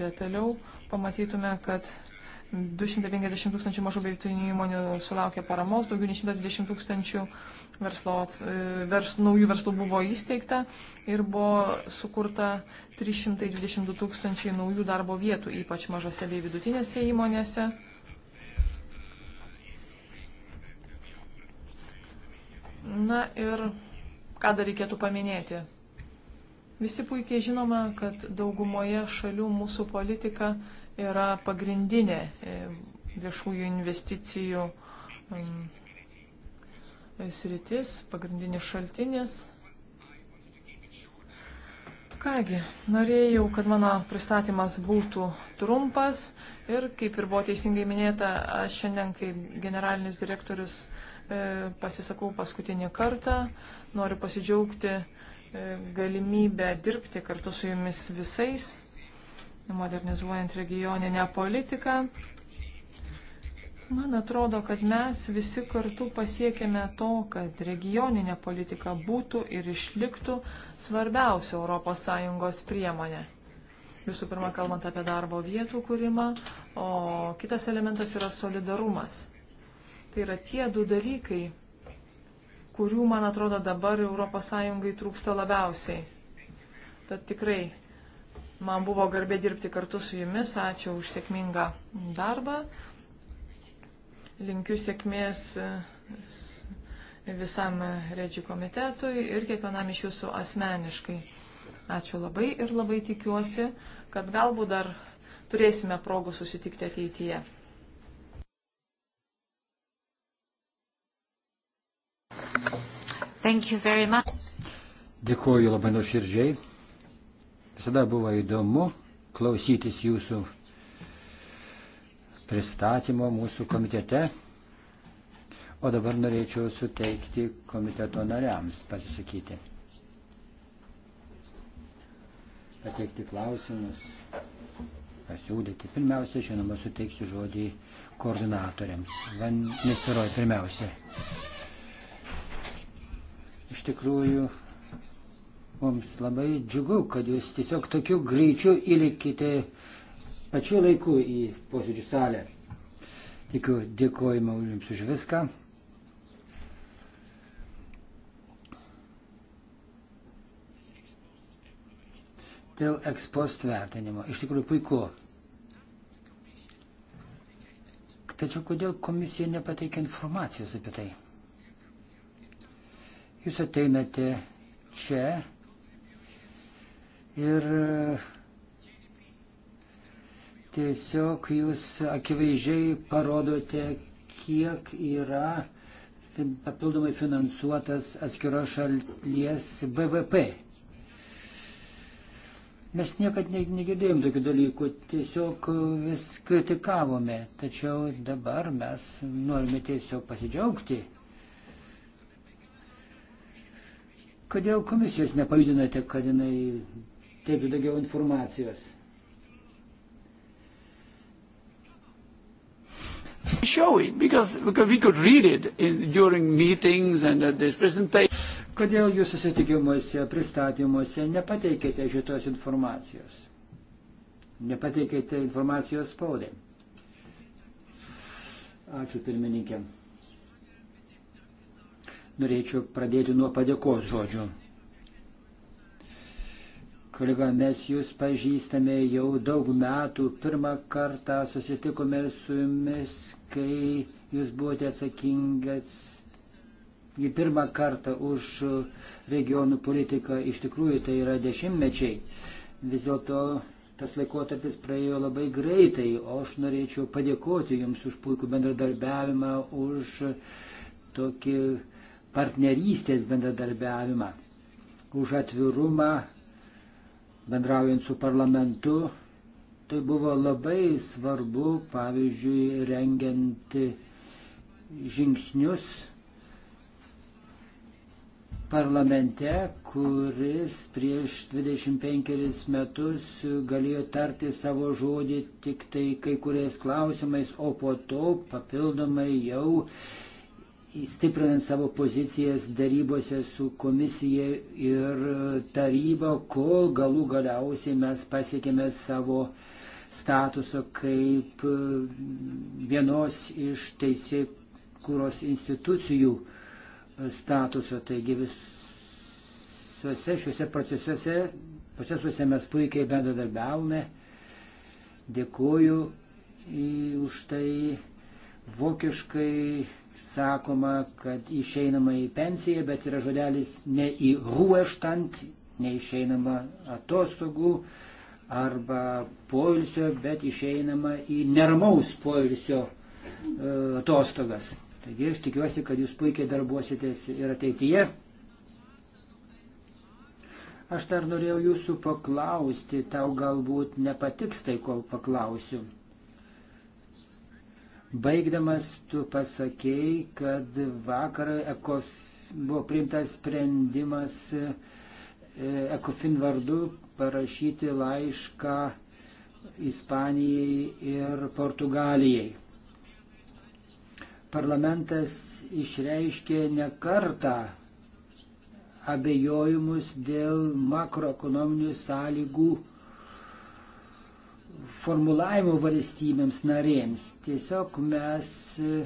C: detaliau, pamatytume, kad 250 tūkstančių mažų bei vidutinių įmonių sulaukė paramos, daugiau nei 120 tūkstančių verslo, vers, naujų verslų buvo įsteigta ir buvo sukurta 322 tūkstančiai naujų darbo vietų, ypač mažose bei vidutinėse įmonėse. Na ir ką dar reikėtų paminėti? Visi puikiai žinoma, kad daugumoje šalių mūsų politika yra pagrindinė e, viešųjų investicijų sritis, pagrindinis šaltinis. Kągi, norėjau, kad mano pristatymas būtų trumpas ir, kaip ir buvo teisingai minėta, aš šiandien kaip generalinis direktorius E, pasisakau paskutinį kartą. Noriu pasidžiaugti e, galimybę dirbti kartu su jumis visais, modernizuojant regioninę politiką. Man atrodo, kad mes visi kartu pasiekėme to, kad regioninė politika būtų ir išliktų svarbiausia ES priemonė. Visų pirma, kalbant apie darbo vietų kūrimą, o kitas elementas yra solidarumas. Tai yra tie du dalykai, kurių, man atrodo, dabar ES trūksta labiausiai. Tad tikrai man buvo garbė dirbti kartu su jumis. Ačiū už sėkmingą darbą. Linkiu sėkmės e, visam Redžių komitetui ir kiekvienam iš jūsų asmeniškai. Ačiū labai ir labai tikiuosi, kad galbūt dar turėsime progų susitikti ateityje.
B: Dėkuoju labai nuoširdžiai. Visada buvo įdomu klausytis jūsų pristatymo mūsų komitete. O dabar norėčiau suteikti komiteto nariams pasisakyti. Pateikti klausimus, pasiūlyti. Pirmiausia, žinoma, suteiksiu žodį koordinatoriams. Van Nisteroj, pirmiausia. Iš tikrųjų, mums labai džiugu, kad jūs tiesiog tokiu greičiu įlikite pačiu laiku į posėdžių salę. Tikiu, dėkojimą jums už viską. dėl ekspost vertinimo. Iš tikrųjų puiku. Tačiau kodėl komisija nepateikia informacijos apie tai? Jūs ateinate čia ir tiesiog jūs akivaizdžiai parodote, kiek yra papildomai finansuotas atskiros šalies BVP. Mes niekad negirdėjom tokių dalykų, tiesiog vis kritikavome, tačiau dabar mes norime tiesiog pasidžiaugti Kodėl komisijos nepajudinote, kad jinai teiktų daugiau informacijos? Show it because, because we could read it in, during meetings and at uh, this presentation. Kodėl jūs susitikimuose, pristatymuose nepateikėte šitos informacijos? Nepateikėte informacijos spaudai. Ačiū pirmininkė norėčiau pradėti nuo padėkos žodžių. Kolega, mes jūs pažįstame jau daug metų. Pirmą kartą susitikome su jumis, kai jūs buvote atsakingas į pirmą kartą už regionų politiką. Iš tikrųjų, tai yra dešimtmečiai. Vis dėlto tas laikotarpis praėjo labai greitai, o aš norėčiau padėkoti Jums už puikų bendradarbiavimą, už tokį uh, partnerystės bendradarbiavimą, už atvirumą bendraujant su parlamentu. Tai buvo labai svarbu, pavyzdžiui, rengiant žingsnius parlamente, kuris prieš 25 metus galėjo tarti savo žodį tik tai kai kuriais klausimais, o po to papildomai jau stiprinant savo pozicijas darybose su komisija ir taryba, kol galų galiausiai mes pasiekėme savo statuso kaip vienos iš teisė kūros institucijų statuso. Taigi visuose šiuose procesuose, procesuose mes puikiai bendradarbiavome. Dėkuoju už tai vokiškai sakoma, kad išeinama į pensiją, bet yra žodelis ne į ruoštant, neišeinama atostogų arba poilsio, bet išeinama į nermaus poilsio e, atostogas. Taigi aš tikiuosi, kad jūs puikiai darbuositės ir ateityje. Aš dar norėjau jūsų paklausti, tau galbūt nepatiks tai, ko paklausiu. Baigdamas tu pasakėjai, kad vakar ekos, buvo priimtas sprendimas ECOFIN vardu parašyti laišką Ispanijai ir Portugalijai. Parlamentas išreiškė nekartą abejojimus dėl makroekonominių sąlygų formulavimu valstybėms narėms. Tiesiog mes e,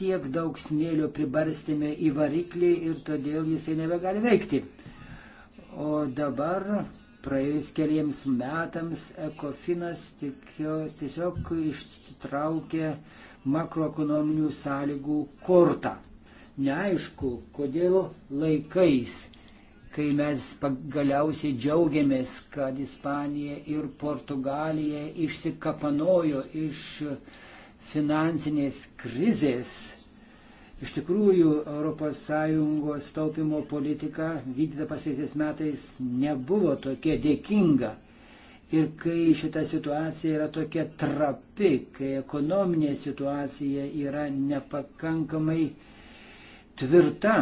B: tiek daug smėlio pribarstėme į variklį ir todėl jisai nebegali veikti. O dabar, praėjus keliems metams, ekofinas tiesiog ištraukė makroekonominių sąlygų kortą. Neaišku, kodėl laikais kai mes galiausiai džiaugiamės, kad Ispanija ir Portugalija išsikapanojo iš finansinės krizės. Iš tikrųjų, ES taupimo politika vykdyta pasveisiais metais nebuvo tokia dėkinga. Ir kai šita situacija yra tokia trapi, kai ekonominė situacija yra nepakankamai tvirta,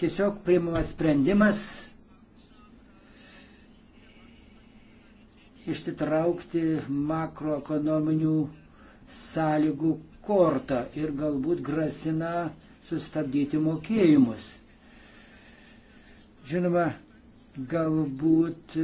B: tiesiog priimamas sprendimas išsitraukti makroekonominių sąlygų kortą ir galbūt grasina sustabdyti mokėjimus. Žinoma, Galbūt e,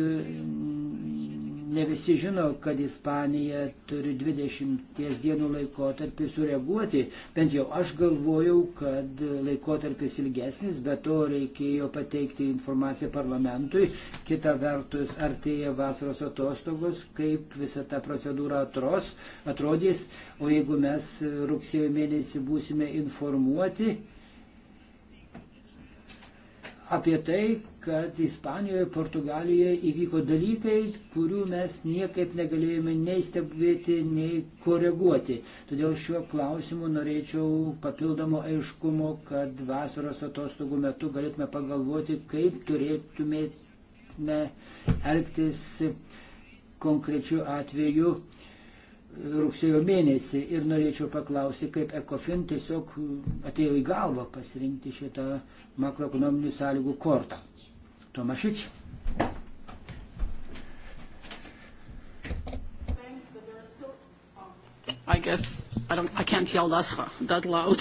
B: ne visi žino, kad Ispanija turi 20 dienų laikotarpį sureaguoti. Bent jau aš galvojau, kad laikotarpis ilgesnis, bet to reikėjo pateikti informaciją parlamentui. Kita vertus, artėja vasaros atostogos, kaip visa ta procedūra atros, atrodys. O jeigu mes rugsėjo mėnesį būsime informuoti, apie tai, kad Ispanijoje, Portugalijoje įvyko dalykai, kurių mes niekaip negalėjome nei stebėti, nei koreguoti. Todėl šiuo klausimu norėčiau papildomo aiškumo, kad vasaros atostogų metu galėtume pagalvoti, kaip turėtume elgtis konkrečiu atveju rugsėjo mėnesį. Ir norėčiau paklausti, kaip ECOFIN tiesiog atėjo į galvą pasirinkti šitą makroekonominių sąlygų kortą. Tomašič.
C: I guess I don't I can't yell that that loud.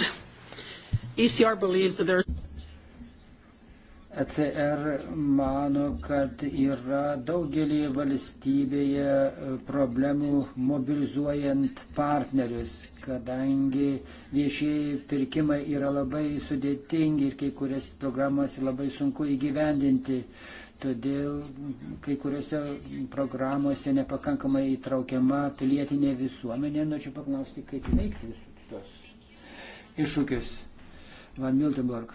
C: ECR
B: believes that there ECR mano, kad yra daugelį valstybėje e, problemų mobilizuojant partnerius, kadangi viešieji pirkimai yra labai sudėtingi ir kai kurias programas labai sunku įgyvendinti. Todėl kai kuriuose programuose nepakankamai įtraukiama pilietinė visuomenė. Norėčiau paklausti, kaip veikti visus tos iššūkius. Van Miltenburg.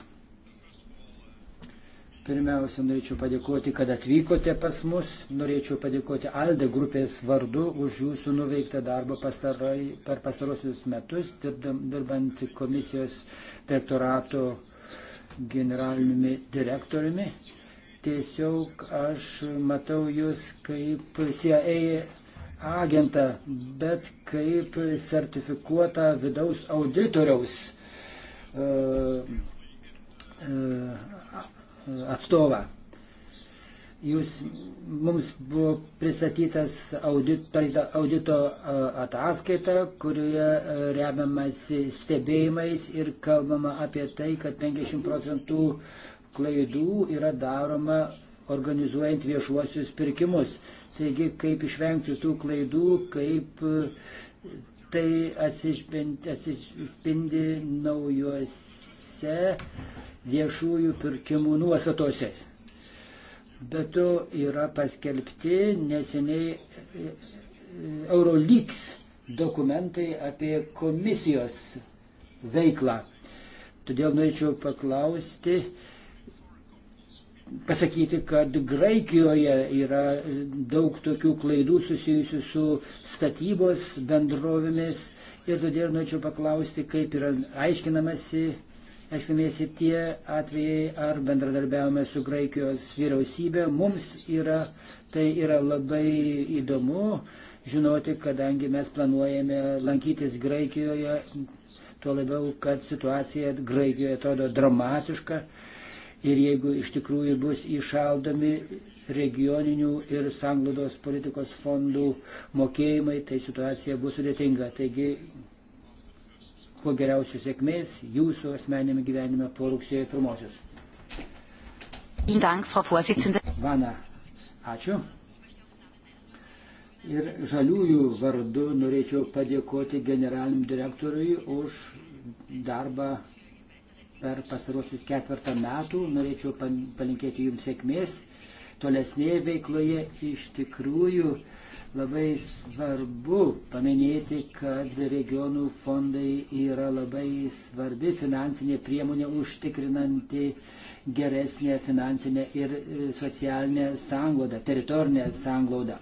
B: Pirmiausia, norėčiau padėkoti, kad atvykote pas mus. Norėčiau padėkoti Alde grupės vardu už jūsų nuveiktą darbą pastarai, per pastarosius metus, dirbant komisijos direktorato generaliniumi direktoriumi. Tiesiog aš matau jūs kaip CIA agentą, bet kaip sertifikuotą vidaus auditoriaus. Uh, uh, atstovą. Jūs mums buvo pristatytas audito, audito ataskaita, kurioje remiamasi stebėjimais ir kalbama apie tai, kad 50 procentų klaidų yra daroma organizuojant viešuosius pirkimus. Taigi, kaip išvengti tų klaidų, kaip e, tai atsispindi naujuose visose viešųjų pirkimų nuostatose. Bet to yra paskelbti neseniai e, e, Eurolyks dokumentai apie komisijos veiklą. Todėl norėčiau paklausti, pasakyti, kad Graikijoje yra daug tokių klaidų susijusių su statybos bendrovėmis ir todėl norėčiau paklausti, kaip yra aiškinamasi nagrinėsi tie atvejai ar bendradarbiavome su Graikijos vyriausybė. Mums yra, tai yra labai įdomu žinoti, kadangi mes planuojame lankytis Graikijoje, tuo labiau, kad situacija Graikijoje atrodo dramatiška. Ir jeigu iš tikrųjų bus įšaldomi regioninių ir sanglaudos politikos fondų mokėjimai, tai situacija bus sudėtinga. Taigi kuo geriausių sėkmės jūsų asmenėme gyvenime po rugsėjo pirmosios. Vana, ačiū. Ir žaliųjų vardu norėčiau padėkoti generaliniam direktoriui už darbą per pastarosius ketvirtą metų. Norėčiau palinkėti jums sėkmės tolesnėje veikloje. Iš tikrųjų, Labai svarbu paminėti, kad regionų fondai yra labai svarbi finansinė priemonė užtikrinanti geresnę finansinę ir e, socialinę sąnglaudą, teritorinę sąnglaudą.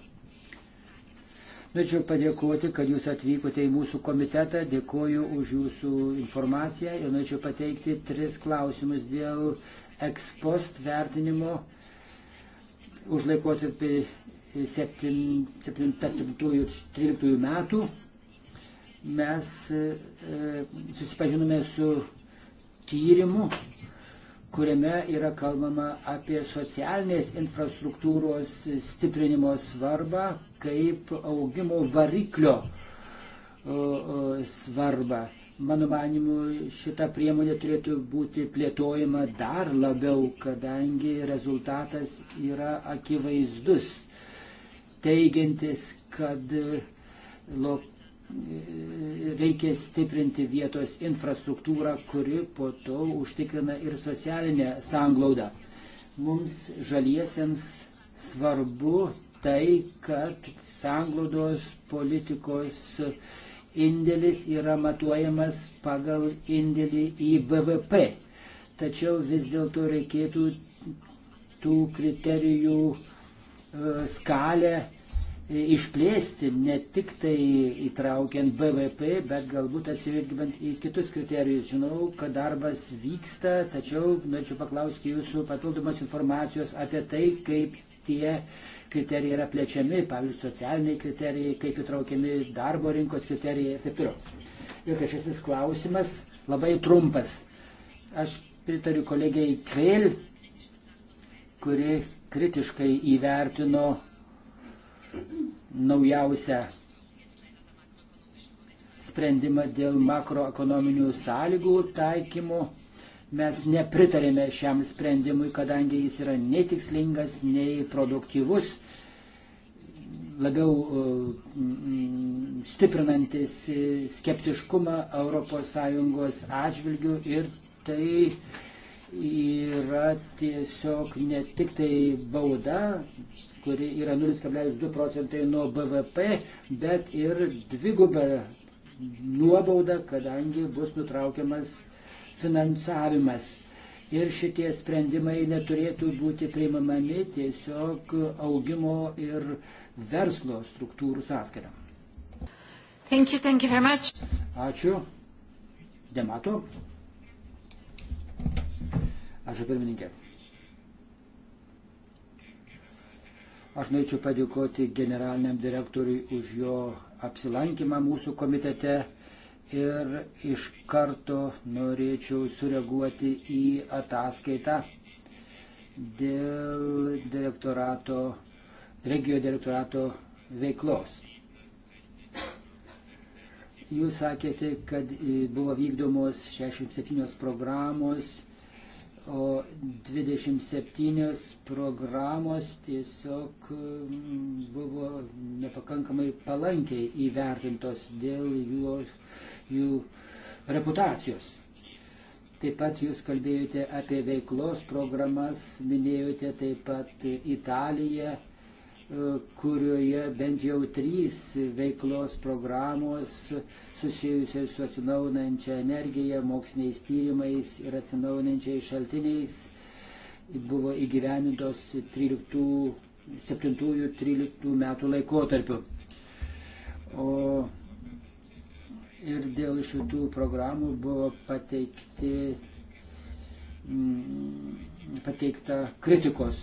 B: Norėčiau padėkoti, kad jūs atvykote į mūsų komitetą. Dėkoju už jūsų informaciją ir norėčiau pateikti tris klausimus dėl ekspost vertinimo už laikotarpį 2007-2013 tai metų mes e, susipažinome su tyrimu, kuriame yra kalbama apie socialinės infrastruktūros stiprinimo svarbą kaip augimo variklio svarbą. Mano manimu, šita priemonė turėtų būti plėtojama dar labiau, kadangi rezultatas yra akivaizdus teigiantis, kad e, lo, e, reikia stiprinti vietos infrastruktūrą, kuri po to užtikrina ir socialinę sanglaudą. Mums žaliesiems svarbu tai, kad sanglaudos politikos indėlis yra matuojamas pagal indėlį į BVP. Tačiau vis dėlto reikėtų tų kriterijų uh, skalę e, išplėsti ne tik tai įtraukiant BVP, bet galbūt atsižvelgiant į kitus kriterijus. Žinau, kad darbas vyksta, tačiau norėčiau paklausti jūsų papildomos informacijos apie tai, kaip tie kriterijai yra plečiami, pavyzdžiui, socialiniai kriterijai, kaip įtraukiami darbo rinkos kriterijai ir taip toliau. Ir trečiasis klausimas labai trumpas. Aš pritariu kolegiai Kveil, kuri kritiškai įvertino naujausią sprendimą dėl makroekonominių sąlygų taikymo. Mes nepritarėme šiam sprendimui, kadangi jis yra netikslingas, nei produktyvus, labiau e, stiprinantis skeptiškumą ES atžvilgių ir tai yra tiesiog ne tik tai bauda, kuri yra 0,2 procentai nuo BVP, bet ir dvigubą nuobaudą, kadangi bus nutraukiamas finansavimas. Ir šitie sprendimai neturėtų būti priimami tiesiog augimo ir verslo struktūrų sąskaitą. Thank
C: you,
A: thank you very much.
B: Ačiū. Demato. Ačiū pirmininkė. Aš norėčiau padėkoti generaliniam direktoriui už jo apsilankymą mūsų komitete ir iš karto norėčiau sureaguoti į ataskaitą dėl direktorato, regio direktorato veiklos. Jūs sakėte, kad e, buvo vykdomos 67 programos o 27 programos tiesiog mm, buvo nepakankamai palankiai įvertintos dėl jų, jų reputacijos. Taip pat jūs kalbėjote apie veiklos programas, minėjote taip pat Italiją, kurioje bent jau trys veiklos programos susijusios su atsinaunančia energija, moksliniais tyrimais ir atsinaunančiais šaltiniais buvo įgyvenintos 7-13 metų laikotarpiu. O ir dėl šitų programų buvo pateikti, mm, pateikta kritikos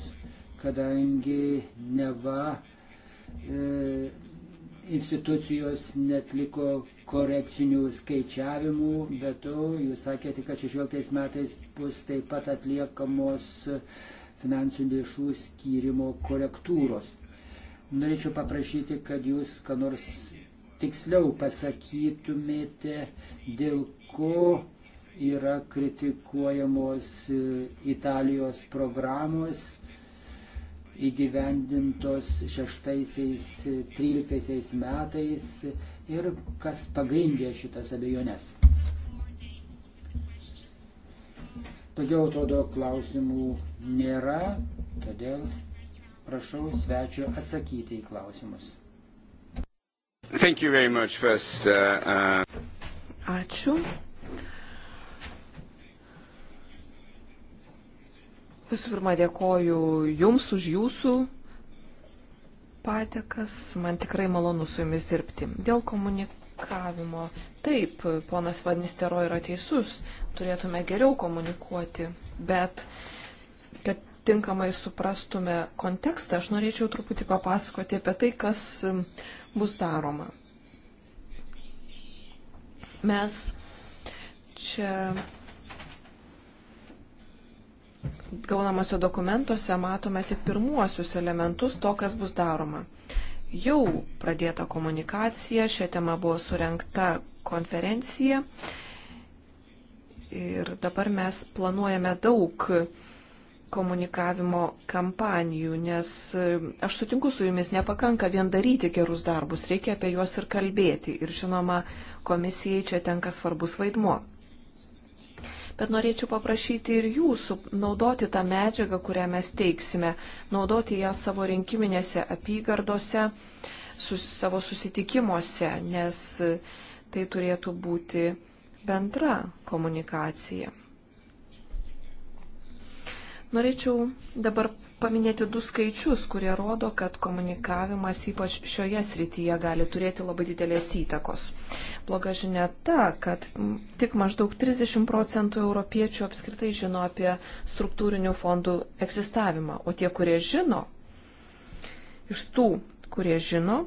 B: kadangi neva e, institucijos netliko korekcinių skaičiavimų, bet to jūs sakėte, kad 16 metais bus taip pat atliekamos finansinių lėšų skyrimo korektūros. Norėčiau paprašyti, kad jūs, ką nors tiksliau pasakytumėte, dėl ko yra kritikuojamos e, Italijos programos įgyvendintos 6-13 metais ir kas pagrindė šitas abejonės. Todėl atrodo klausimų nėra, todėl prašau svečio atsakyti į klausimus. First, uh, uh... Ačiū.
A: Visų pirma, dėkoju Jums už Jūsų patekas. Man tikrai malonu su Jumis dirbti. Dėl komunikavimo. Taip, ponas Vadnistero yra teisus. Turėtume geriau komunikuoti. Bet, kad tinkamai suprastume kontekstą, aš norėčiau truputį papasakoti apie tai, kas bus daroma. Mes čia gaunamose dokumentuose matome tik pirmuosius elementus to, kas bus daroma. Jau pradėta komunikacija, šią temą buvo surenkta konferencija ir dabar mes planuojame daug komunikavimo kampanijų, nes e, aš sutinku su jumis, nepakanka vien daryti gerus darbus, reikia apie juos ir kalbėti. Ir žinoma, komisijai čia tenka svarbus vaidmo bet norėčiau paprašyti ir jūsų naudoti tą medžiagą, kurią mes teiksime, naudoti ją savo rinkiminėse apygardose, su, savo susitikimuose, nes tai turėtų būti bendra komunikacija. Norėčiau dabar paminėti du skaičius, kurie rodo, kad komunikavimas ypač šioje srityje gali turėti labai didelės įtakos. Bloga žinia ta, kad tik maždaug 30 procentų europiečių apskritai žino apie struktūrinių fondų egzistavimą, o tie, kurie žino, iš tų, kurie žino,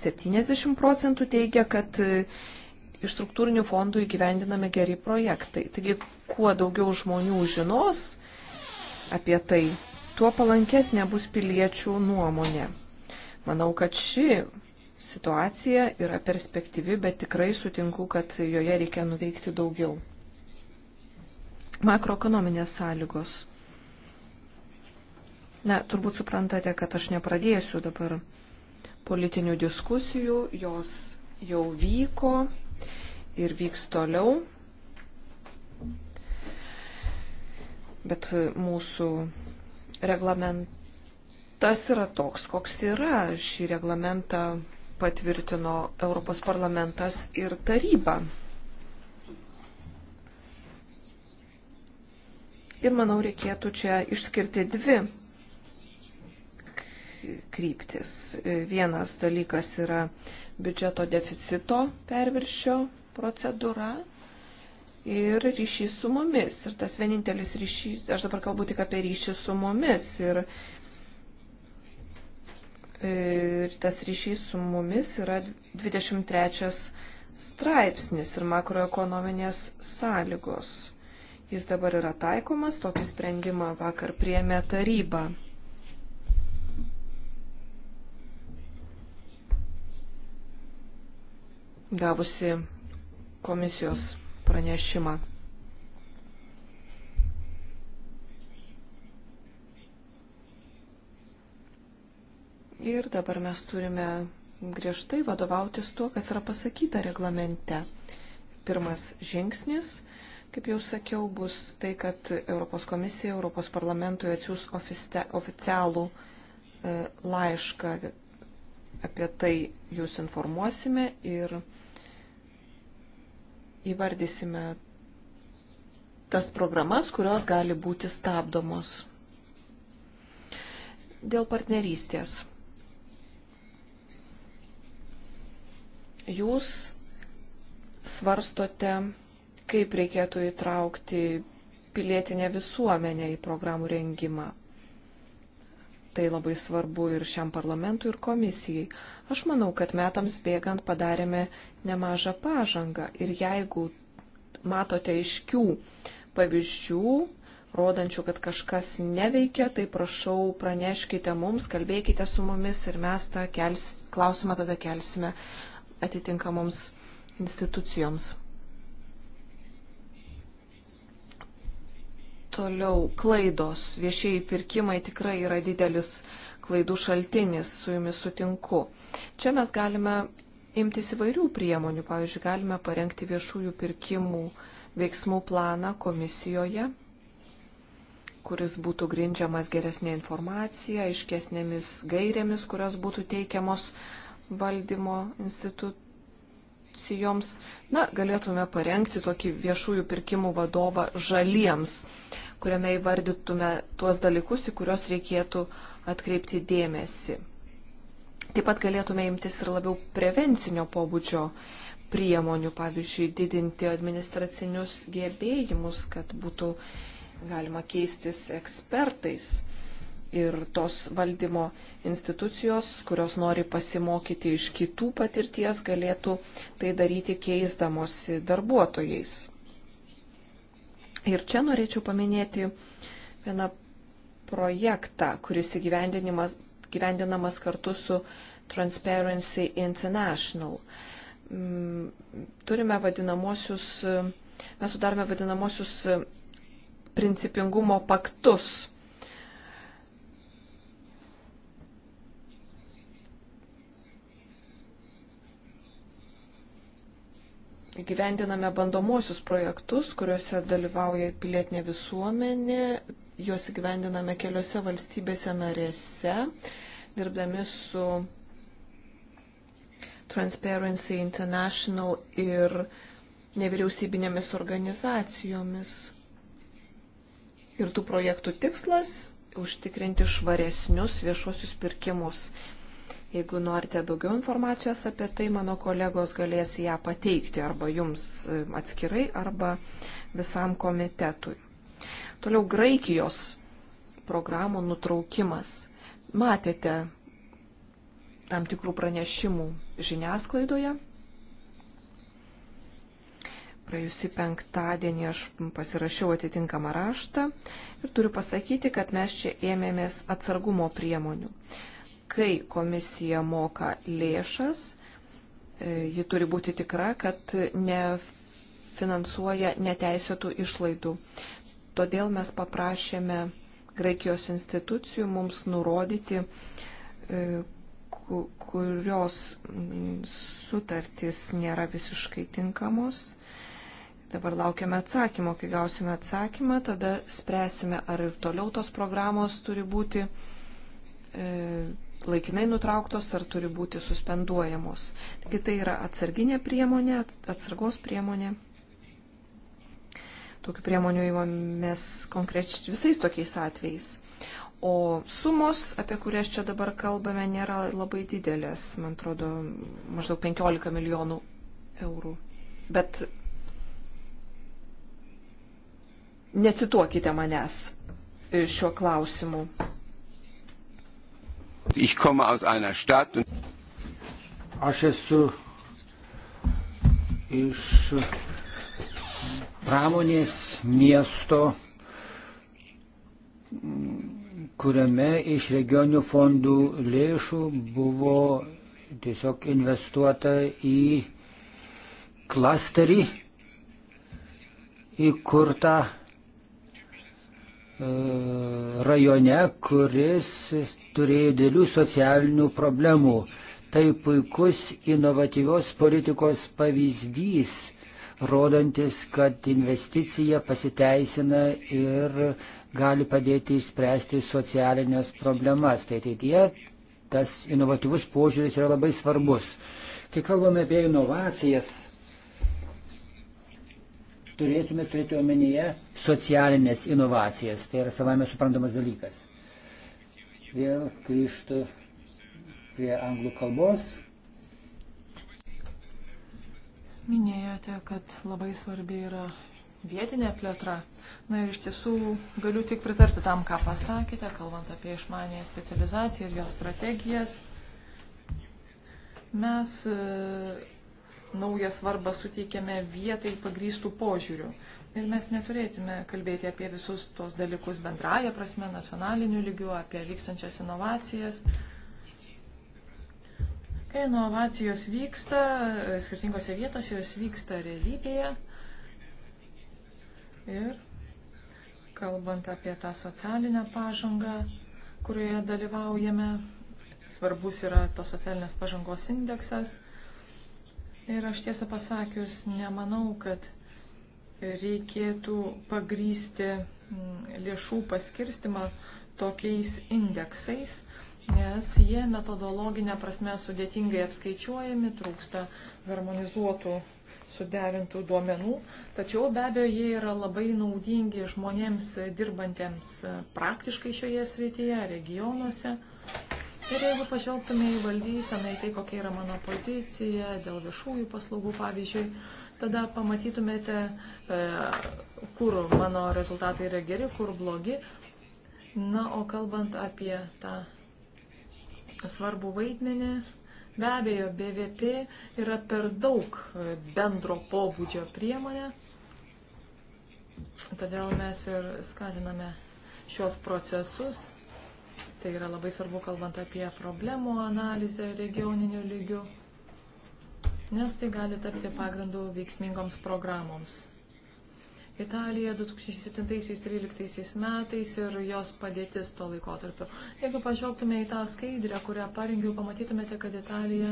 A: 70 procentų teigia, kad e, iš struktūrinių fondų įgyvendinami geri projektai. Taigi, kuo daugiau žmonių žinos apie tai, tuo palankesnė bus piliečių nuomonė. Manau, kad ši situacija yra perspektyvi, bet tikrai sutinku, kad joje reikia nuveikti daugiau. Makroekonominės sąlygos. Na, turbūt suprantate, kad aš nepradėsiu dabar politinių diskusijų, jos jau vyko ir vyks toliau. Bet mūsų Reglamentas yra toks, koks yra. Šį reglamentą patvirtino Europos parlamentas ir taryba. Ir manau, reikėtų čia išskirti dvi kryptis. Vienas dalykas yra biudžeto deficito perviršio procedūra, ir ryšys su mumis. Ir tas vienintelis ryšys, aš dabar kalbu tik apie ryšį su mumis. Ir, ir tas ryšys su mumis yra 23 straipsnis ir makroekonominės sąlygos. Jis dabar yra taikomas, tokį sprendimą vakar priemė taryba. Gavusi komisijos pranešimą. Ir dabar mes turime griežtai vadovautis tuo, kas yra pasakyta reglamente. Pirmas žingsnis, kaip jau sakiau, bus tai, kad Europos komisija Europos parlamentui atsiūs ofiste, oficialų e, laišką. Apie tai jūs informuosime ir įvardysime tas programas, kurios gali būti stabdomos. Dėl partnerystės. Jūs svarstote, kaip reikėtų įtraukti pilietinę visuomenę į programų rengimą. Tai labai svarbu ir šiam parlamentui, ir komisijai. Aš manau, kad metams bėgant padarėme nemažą pažangą. Ir jeigu matote iškių pavyzdžių, rodančių, kad kažkas neveikia, tai prašau praneškite mums, kalbėkite su mumis ir mes tą kels, klausimą tada kelsime atitinkamoms institucijoms. Toliau klaidos. Viešieji pirkimai tikrai yra didelis klaidų šaltinis, su jumis sutinku. Čia mes galime imtis įvairių priemonių. Pavyzdžiui, galime parengti viešųjų pirkimų veiksmų planą komisijoje, kuris būtų grindžiamas geresnė informacija, aiškesnėmis gairėmis, kurios būtų teikiamos valdymo institucijoms. Na, galėtume parengti tokį viešųjų pirkimų vadovą žaliems. Uh, kuriame įvardytume tuos dalykus, į kuriuos reikėtų atkreipti dėmesį. Taip pat galėtume imtis ir labiau prevencinio pobūdžio priemonių, pavyzdžiui, didinti administracinius gebėjimus, kad būtų galima keistis ekspertais. Ir tos valdymo institucijos, kurios nori pasimokyti iš kitų patirties, galėtų tai daryti keisdamosi darbuotojais. Ir čia norėčiau paminėti vieną projektą, kuris įgyvendinamas kartu su Transparency International. Mm, turime vadinamosius, mes sudarome vadinamosius e, principingumo paktus gyvendiname bandomuosius projektus, kuriuose dalyvauja pilietinė visuomenė, juos gyvendiname keliose valstybėse narėse, dirbdami su Transparency International ir nevyriausybinėmis organizacijomis. Ir tų projektų tikslas - užtikrinti švaresnius viešuosius pirkimus. Jeigu norite daugiau informacijos apie tai, mano kolegos galės ją pateikti arba jums e, atskirai, arba visam komitetui. Toliau Graikijos programų nutraukimas. Matėte tam tikrų pranešimų žiniasklaidoje. Praėjusį penktadienį aš pasirašiau atitinkamą raštą ir turiu pasakyti, kad mes čia ėmėmės atsargumo priemonių kai komisija moka lėšas, e, ji turi būti tikra, kad nefinansuoja neteisėtų išlaidų. Todėl mes paprašėme Graikijos institucijų mums nurodyti, e, kurios sutartys nėra visiškai tinkamos. Dabar laukiame atsakymo. Kai gausime atsakymą, tada spręsime, ar ir toliau tos programos turi būti e, laikinai nutrauktos ar turi būti suspenduojamos. Taigi tai yra atsarginė priemonė, atsargos priemonė. Tokių priemonių įmamės konkrečiai visais tokiais atvejais. O sumos, apie kurias čia dabar kalbame, nėra labai didelės, man atrodo, maždaug 15 milijonų eurų. Bet necituokite manęs e, šiuo klausimu.
B: Aš esu iš pramonės miesto, kuriame iš regionių fondų lėšų buvo tiesiog investuota į klasterį įkurtą E, rajone, kuris turėjo dėlių socialinių problemų. Tai puikus inovatyvios politikos pavyzdys, rodantis, kad investicija pasiteisina ir gali padėti išspręsti socialinės problemas. Tai ateityje tas inovatyvus požiūris yra labai svarbus. Kai kalbame apie inovacijas, turėtume turėti omenyje socialinės inovacijas. Tai yra savame suprantamas dalykas. Vėl grįžtu prie anglų kalbos.
C: Minėjote, kad labai svarbi yra vietinė plėtra. Na ir iš tiesų galiu tik pritarti tam, ką pasakėte, kalbant apie išmanę specializaciją ir jos strategijas. Mes naują svarbą suteikiame vietai pagrįstų požiūrių. Ir mes neturėtume kalbėti apie visus tos dalykus bendraja prasme, nacionaliniu lygiu, apie vykstančias inovacijas. Kai inovacijos vyksta, skirtingose vietose jos vyksta realybėje. Ir kalbant apie tą socialinę pažangą, kurioje dalyvaujame, svarbus yra tos socialinės pažangos indeksas. Ir aš tiesą pasakius, nemanau, kad reikėtų pagrysti mm, lėšų paskirstimą tokiais indeksais, nes jie metodologinė prasme sudėtingai apskaičiuojami, trūksta harmonizuotų suderintų duomenų, tačiau be abejo jie yra labai naudingi žmonėms dirbantiems praktiškai šioje srityje, regionuose. Ir jeigu pažvelgtume į valdyseną, į tai, kokia yra mano pozicija dėl viešųjų paslaugų, pavyzdžiui, tada pamatytumėte, e, kur mano rezultatai yra geri, kur blogi. Na, o kalbant apie tą svarbų vaidmenį, be abejo, BVP yra per daug bendro pobūdžio priemonė. Todėl mes ir skatiname šios procesus Tai yra labai svarbu, kalbant apie problemų analizę regioninių lygių, nes tai gali tapti pagrindų veiksmingoms programoms. Italija 2007-2013 metais ir jos padėtis to laikotarpio. Jeigu pažvelgtume į tą skaidrę, kurią parengiau, pamatytumėte, kad Italija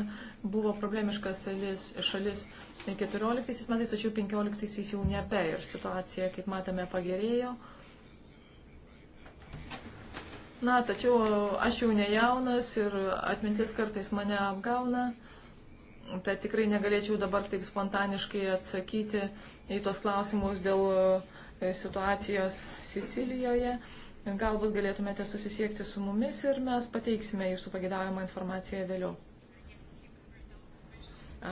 C: buvo problemiška šalis, šalis 14 metais, tačiau 15 jau nebe ir situacija, kaip matome, pagerėjo. Na, tačiau aš jau ne jaunas ir atmintis kartais mane apgauna. Tai tikrai negalėčiau dabar taip spontaniškai atsakyti į tos klausimus dėl e, situacijos Sicilijoje. Galbūt galėtumėte susisiekti su mumis ir mes pateiksime jūsų pagėdavimą informaciją vėliau.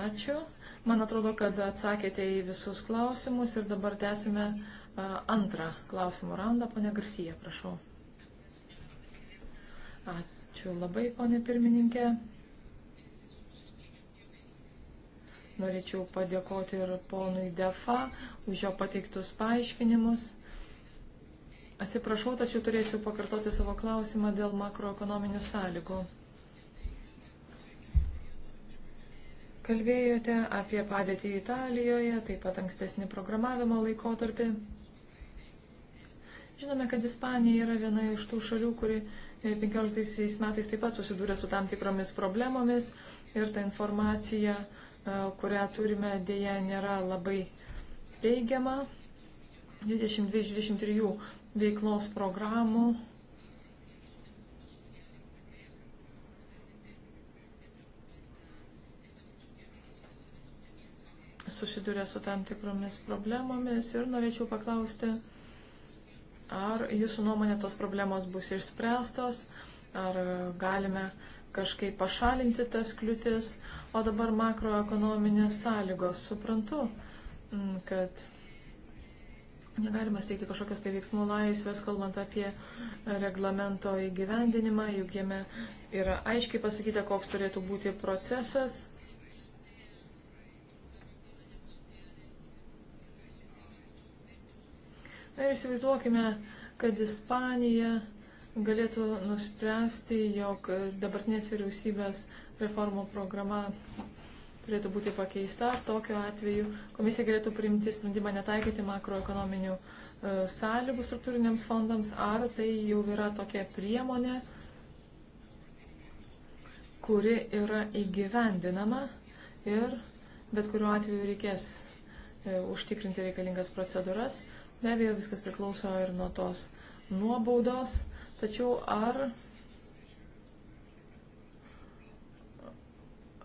C: Ačiū. Man atrodo, kad atsakėte į visus klausimus ir dabar tęsime e, antrą klausimų raundą. Pone Garsyje, prašau. Ačiū labai, ponė pirmininkė. Norėčiau padėkoti ir ponui Defa už jo pateiktus paaiškinimus. Atsiprašau, tačiau turėsiu pakartoti savo klausimą dėl makroekonominių sąlygų. Kalbėjote apie padėtį Italijoje, taip pat ankstesnį programavimo laikotarpį. Žinome, kad Ispanija yra viena iš tų šalių, kuri 15 e, metais taip pat susidūrė su tam tikromis problemomis ir ta informacija, e, kurią turime, dėja nėra labai teigiama. 22-23 veiklos programų. susiduria su tam tikromis problemomis ir norėčiau paklausti, Ar jūsų nuomonė tos problemos bus išspręstos, ar galime kažkaip pašalinti tas kliūtis, o dabar makroekonominės sąlygos. Suprantu, mm, kad negalima steigti kažkokios tai veiksmų laisvės, kalbant apie reglamento įgyvendinimą, juk jame yra aiškiai pasakyta, koks turėtų būti procesas. Na ir įsivaizduokime, kad Ispanija galėtų nuspręsti, jog dabartinės vyriausybės reformų programa turėtų būti pakeista. Tokiu atveju komisija galėtų priimti sprendimą netaikyti makroekonominių e, sąlygų struktūriniams fondams, ar tai jau yra tokia priemonė, kuri yra įgyvendinama ir bet kuriuo atveju reikės e, užtikrinti reikalingas procedūras. Be abejo, viskas priklauso ir nuo tos nuobaudos, tačiau ar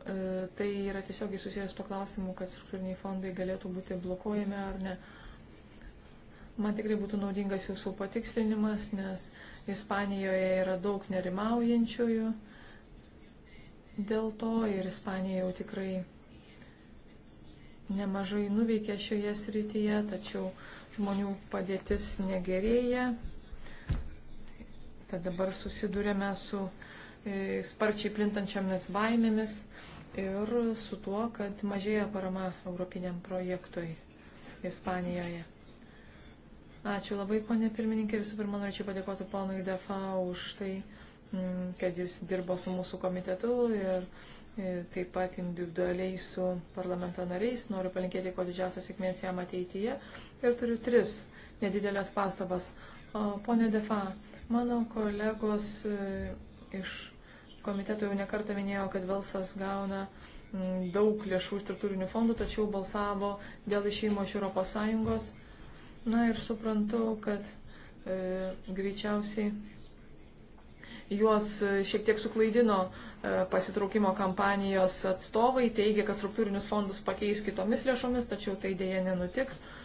C: e, tai yra tiesiogiai susijęs to klausimu, kad struktūriniai fondai galėtų būti blokuojami ar ne. Man tikrai būtų naudingas jūsų patikslinimas, nes Ispanijoje yra daug nerimaujančiųjų dėl to ir Ispanija jau tikrai nemažai nuveikė šioje srityje, tačiau žmonių padėtis negerėja. Tad dabar susidurėme su e, sparčiai plintančiamis baimėmis ir su tuo, kad mažėja parama europiniam projektui Ispanijoje. Ačiū labai, ponė pirmininkė. Visų pirma, norėčiau padėkoti ponui Defa už tai, mm, kad jis dirbo su mūsų komitetu ir e, taip pat individualiai su parlamento nariais. Noriu palinkėti kuo didžiausios sėkmės jam ateityje ir turiu tris nedidelės pastabas. Pone Defa, mano kolegos e, iš komiteto jau nekartą minėjo, kad Velsas gauna daug lėšų struktūrinių fondų, tačiau balsavo dėl išėjimo iš Europos Sąjungos. Na ir suprantu, kad e, greičiausiai juos e, šiek tiek suklaidino e, pasitraukimo kampanijos atstovai, teigia, kad struktūrinius fondus pakeis kitomis lėšomis, tačiau tai dėje nenutiks. E,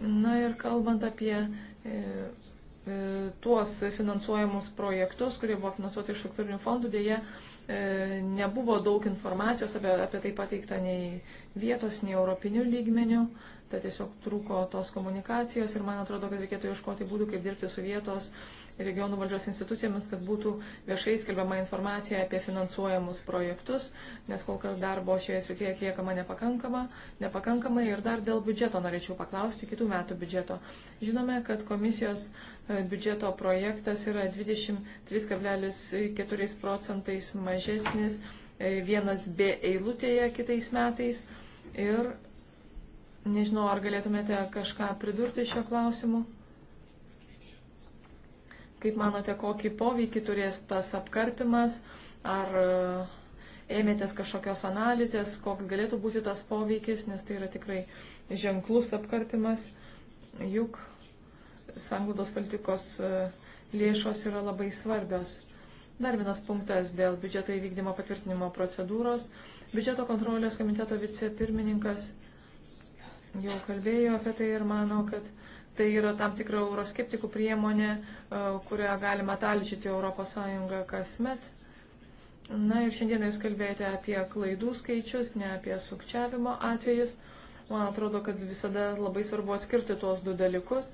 C: Na ir kalbant apie e, e, tuos finansuojamus projektus, kurie buvo finansuoti iš struktūrinių fondų, dėje nebuvo daug informacijos apie, apie tai pateikta nei vietos, nei europinių lygmenių, tai tiesiog trūko tos komunikacijos ir man atrodo, kad reikėtų ieškoti būdų, kaip dirbti su vietos regionų valdžios institucijomis, kad būtų viešai skelbiama informacija apie finansuojamus projektus, nes kol kas darbo šioje srityje atliekama nepakankama, nepakankamai. Ir dar dėl biudžeto norėčiau paklausti, kitų metų biudžeto. Žinome, kad komisijos e, biudžeto projektas yra 23,4 procentais mažesnis, e, vienas B eilutėje kitais metais. Ir nežinau, ar galėtumėte kažką pridurti šio klausimu. Kaip manote, kokį poveikį turės tas apkarpimas? Ar e, ėmėtės kažkokios analizės, koks galėtų būti tas poveikis, nes tai yra tikrai ženklus apkarpimas. Juk sanglaudos politikos e, lėšos yra labai svarbios. Dar vienas punktas dėl biudžeto įvykdymo patvirtinimo procedūros. Biudžeto kontrolės komiteto vicepirmininkas jau kalbėjo apie tai ir mano, kad Tai yra tam tikra euroskeptikų priemonė, e, kurią galima talžyti ES kasmet. Na ir šiandieną jūs kalbėjote apie klaidų skaičius, ne apie sukčiavimo atvejus. Man atrodo, kad visada labai svarbu atskirti tuos du dalykus.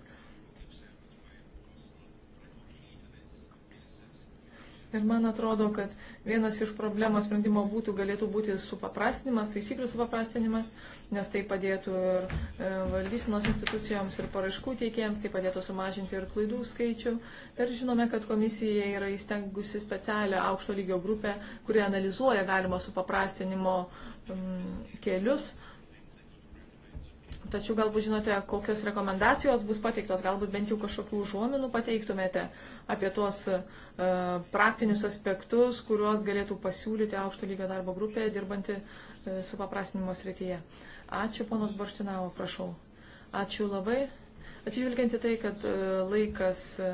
C: Ir man atrodo, kad vienas iš problemos sprendimo būtų galėtų būti supaprastinimas, taisyklių supaprastinimas. Uh, nes tai padėtų ir e, valdysinos institucijoms, ir paraiškų teikėjams, tai padėtų sumažinti ir klaidų skaičių. Ir žinome, kad komisija yra įstengusi specialią aukšto lygio grupę, kuri analizuoja galima supaprastinimo kelius. Tačiau galbūt žinote, kokios rekomendacijos bus pateiktos, galbūt bent jau kažkokių užuominų pateiktumėte apie tuos e, praktinius aspektus, kuriuos galėtų pasiūlyti aukšto lygio darbo grupė dirbanti e, su paprastinimo srityje. Ačiū, ponas Borštinavo, prašau. Ačiū labai. Atsižvelgiant į tai, kad e, laikas e,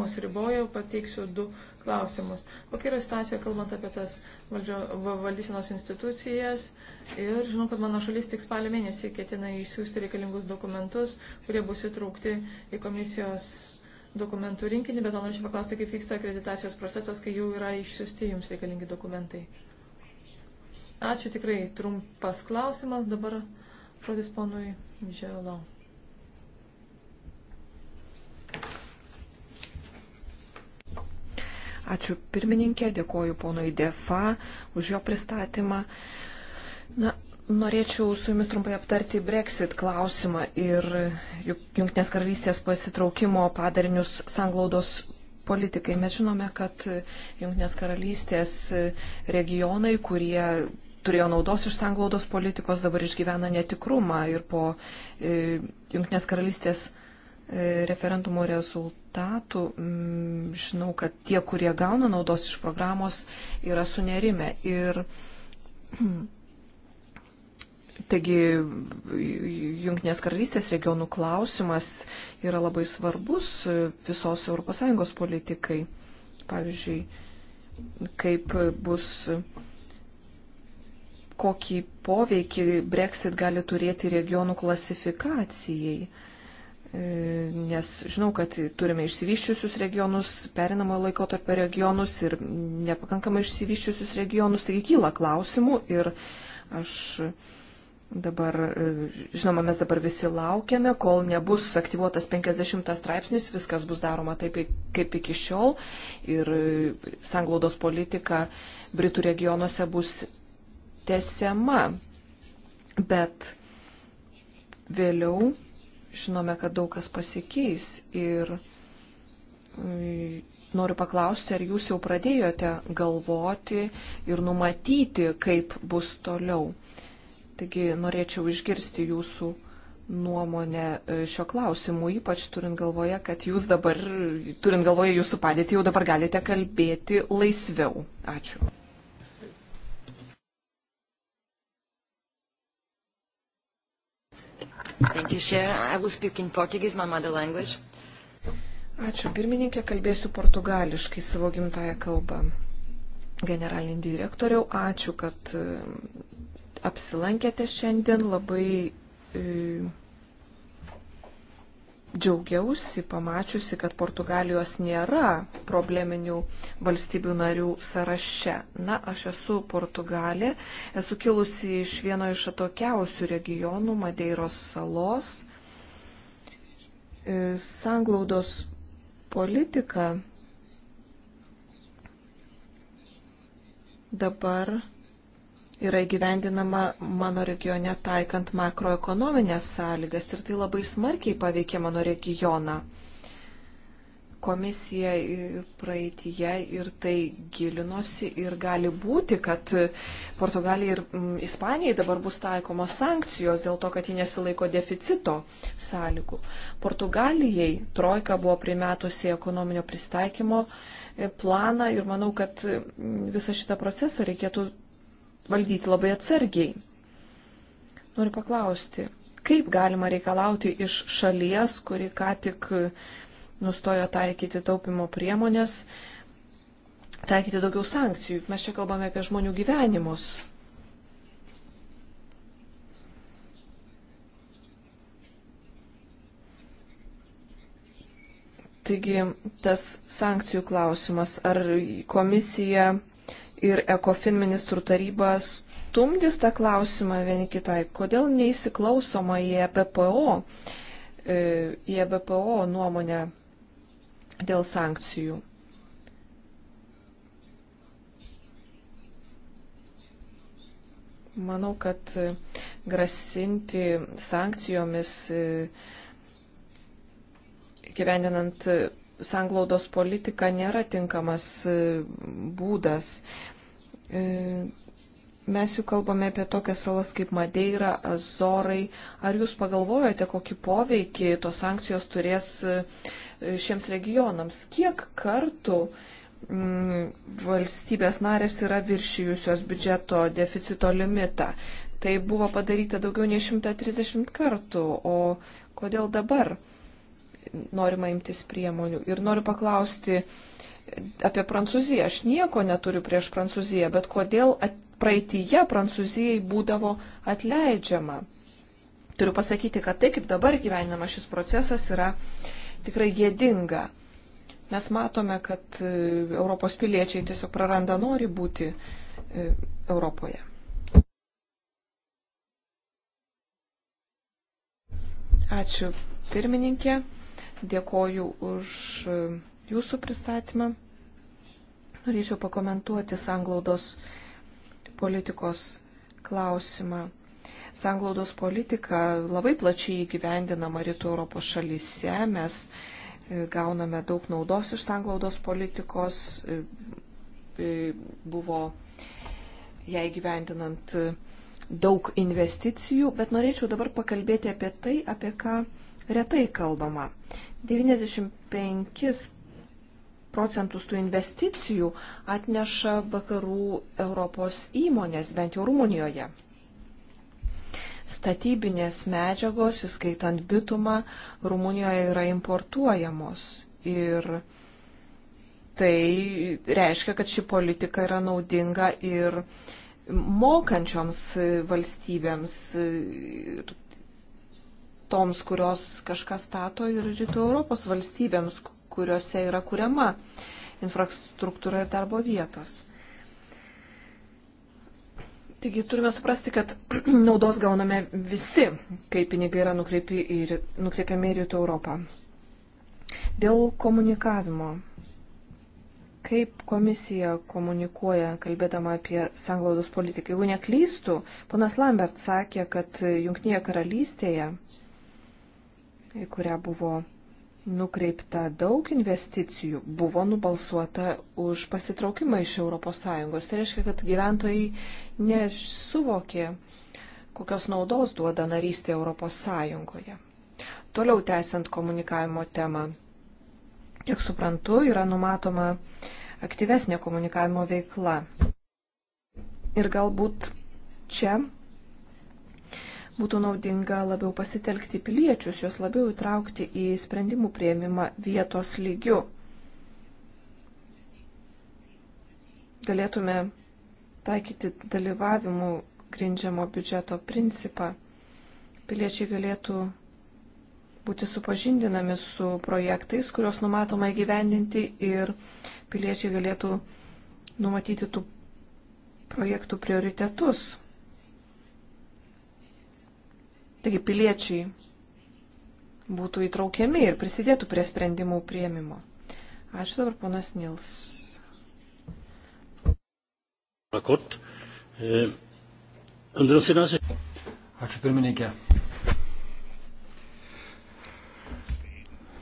C: mus riboja, pateiksiu du klausimus. Kokia yra situacija, kalbant apie tas valdžio, valdysenos institucijas? Ir žinau, kad mano šalis tik spalio mėnesį ketina išsiųsti reikalingus dokumentus, kurie bus įtraukti į komisijos dokumentų rinkinį, bet norėčiau paklausti, kaip vyksta akreditacijos procesas, kai jau yra išsiųsti jums reikalingi dokumentai. Ačiū tikrai trumpas klausimas. Dabar žodis ponui Žėlo.
A: Ačiū pirmininkė, dėkoju ponui Defa už jo pristatymą. Na, norėčiau su jumis trumpai aptarti Brexit klausimą ir Junktinės karalystės pasitraukimo padarinius sanglaudos politikai. Mes žinome, kad Junktinės karalystės regionai, kurie turėjo naudos iš sanglaudos politikos, dabar išgyvena netikrumą ir po e, Junktinės karalystės e, referendumo rezultatų m, žinau, kad tie, kurie gauna naudos iš programos, yra sunerime. Ir taigi Junktinės karalystės regionų klausimas yra labai svarbus visos ES politikai. Pavyzdžiui, kaip bus kokį poveikį Brexit gali turėti regionų klasifikacijai. E, nes žinau, kad turime išsivyščiusius regionus, perinamojo laiko tarp regionus ir nepakankamai išsivyščiusius regionus, taigi kyla klausimų ir aš dabar, e, žinoma, mes dabar visi laukiame, kol nebus aktyvuotas 50 straipsnis, viskas bus daroma taip, kaip iki šiol ir e, sanglaudos politika Britų regionuose bus tesiama. Bet vėliau žinome, kad daug kas pasikeis ir mm, noriu paklausti, ar jūs jau pradėjote galvoti ir numatyti, kaip bus toliau. Taigi norėčiau išgirsti jūsų nuomonę e, šio klausimu, ypač turint galvoje, kad jūs dabar, turint galvoje jūsų padėtį, jau dabar galite kalbėti laisviau. Ačiū.
B: Thank you, Chair. I will speak in Portuguese, my mother language.
A: Ačiū pirmininkė, kalbėsiu portugališkai savo gimtają kalbą. Generalinį direktoriau, ačiū, kad e, apsilankėte šiandien. Labai e, džiaugiausi pamačiusi, kad Portugalijos nėra probleminių valstybių narių sąraše. Na, aš esu Portugalė, esu kilusi iš vieno iš atokiausių regionų, Madeiros salos. E, sanglaudos politika dabar yra įgyvendinama mano regione taikant makroekonominės sąlygas ir tai labai smarkiai paveikė mano regioną. Komisija praeitie ir tai gilinosi ir gali būti, kad Portugalijai ir mm, Ispanijai dabar bus taikomos sankcijos dėl to, kad ji nesilaiko deficito sąlygų. Portugalijai trojka buvo primetusi ekonominio pristaikymo e, planą ir manau, kad mm, visą šitą procesą reikėtų valdyti labai atsargiai. Noriu paklausti, kaip galima reikalauti iš šalies, kuri ką tik nustojo taikyti taupimo priemonės, taikyti daugiau sankcijų. Mes čia kalbame apie žmonių gyvenimus. Taigi tas sankcijų klausimas, ar komisija ir ECOFIN ministrų taryba stumdys tą klausimą vieni kitai. Kodėl neįsiklausoma į EBPO, e, į EBPO nuomonę dėl sankcijų? Manau, kad e, grasinti sankcijomis e, gyvendinant sanglaudos politika nėra tinkamas e, būdas. E, mes jau kalbame apie tokias salas kaip Madeira, Azorai. Ar jūs pagalvojate, kokį poveikį tos sankcijos turės e, šiems regionams? Kiek kartų mm, valstybės narės yra viršijusios biudžeto deficito limitą? Tai buvo padaryta daugiau nei 130 kartų, o kodėl dabar? norima imtis priemonių. Ir noriu paklausti apie Prancūziją. Aš nieko neturiu prieš Prancūziją, bet kodėl praeitįje Prancūzijai būdavo atleidžiama? Turiu pasakyti, kad tai, kaip dabar gyvenama šis procesas, yra tikrai gėdinga. Mes matome, kad e, Europos piliečiai tiesiog praranda nori būti e, Europoje. Ačiū pirmininkė. Dėkoju už e, jūsų pristatymą. Norėčiau pakomentuoti sanglaudos politikos klausimą. Sanglaudos politika labai plačiai įgyvendinama rytų Europos šalyse. Mes e, gauname daug naudos iš sanglaudos politikos. E, buvo ją įgyvendinant daug investicijų, bet norėčiau dabar pakalbėti apie tai, apie ką retai kalbama. 95 procentus tų investicijų atneša vakarų Europos įmonės, bent jau Rumunijoje. Statybinės medžiagos, įskaitant bitumą, Rumunijoje yra importuojamos. Ir tai reiškia, kad ši politika yra naudinga ir mokančioms valstybėms. Ir toms, kurios kažką stato ir rytų Europos valstybėms, kuriuose yra kuriama infrastruktūra ir darbo vietos. Taigi turime suprasti, kad naudos gauname visi, kai pinigai yra nukreipiami į rytų Europą. Dėl komunikavimo. Kaip komisija komunikuoja, kalbėdama apie sanglaudos politiką? Jeigu neklystų, ponas Lambert sakė, kad Junktinėje karalystėje į kurią buvo nukreipta daug investicijų, buvo nubalsuota už pasitraukimą iš ES. Tai reiškia, kad gyventojai nesuvokė, kokios naudos duoda narystė ES. Toliau tęsiant komunikavimo temą. Kiek suprantu, yra numatoma aktyvesnė komunikavimo veikla. Ir galbūt čia Būtų naudinga labiau pasitelkti piliečius, juos labiau įtraukti į sprendimų prieimimą vietos lygiu. Galėtume taikyti dalyvavimų grindžiamo biudžeto principą. Piliečiai galėtų būti supažindinami su projektais, kuriuos numatoma įgyvendinti ir piliečiai galėtų numatyti tų projektų prioritetus. Taigi piliečiai būtų įtraukiami ir prisidėtų prie sprendimų prieimimo. Ačiū dabar ponas Nils.
B: Eh, Ačiū pirmininkė.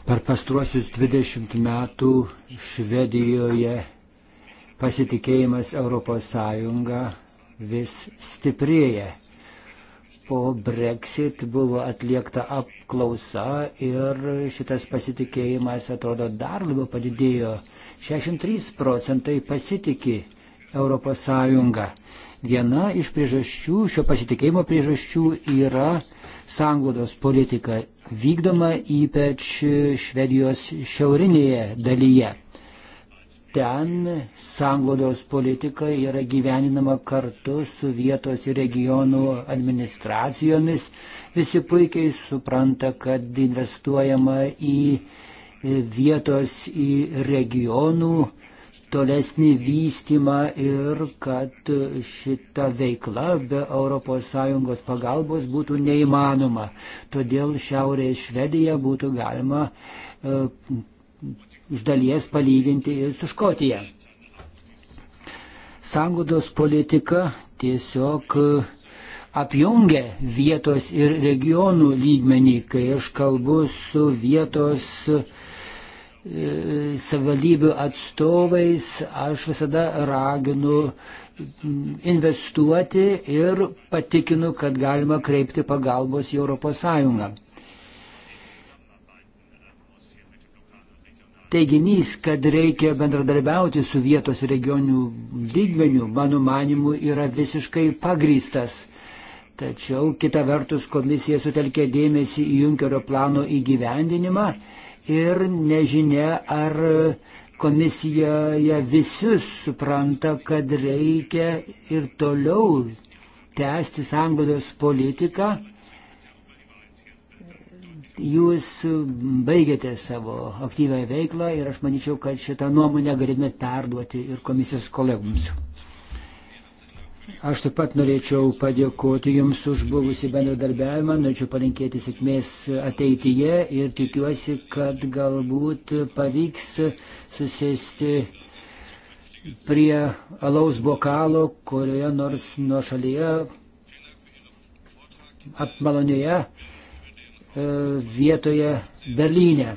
B: Per pastruosius 20 metų Švedijoje pasitikėjimas ES vis stiprėja po Brexit buvo atliekta apklausa ir šitas pasitikėjimas atrodo dar labiau padidėjo. 63 procentai pasitikė ES. Viena iš priežasčių, šio pasitikėjimo priežasčių yra sanglodos politika vykdoma ypač Švedijos šiaurinėje dalyje ten sanglodos politika yra gyveninama kartu su vietos ir regionų administracijomis. Visi puikiai supranta, kad investuojama į vietos, į regionų tolesnį vystimą ir kad šita veikla be ES pagalbos būtų neįmanoma. Todėl Šiaurės Švedija būtų galima e, iš dalies palyginti su Škotija. Sangudos politika tiesiog e, apjungia vietos ir regionų lygmenį, kai aš kalbu su vietos e, savivalybių atstovais, aš visada raginu mm, investuoti ir patikinu, kad galima kreipti pagalbos į ES. teiginys, kad reikia bendradarbiauti su vietos regionių lygmeniu, mano manimu, yra visiškai pagrystas. Tačiau kita vertus komisija sutelkė dėmesį į Junkerio plano įgyvendinimą ir nežinia, ar komisijoje visi supranta, kad reikia ir toliau tęsti sanglodos politiką Jūs baigėte savo aktyvę veiklą ir aš manyčiau, kad šitą nuomonę galėtume perduoti ir komisijos kolegoms. Aš taip pat norėčiau padėkoti Jums už buvusi bendradarbiavimą, norėčiau palinkėti sėkmės ateityje ir tikiuosi, kad galbūt pavyks susėsti prie alaus bokalo, kurioje nors nuo šalyje apmalonėje E, vietoje Berlyne.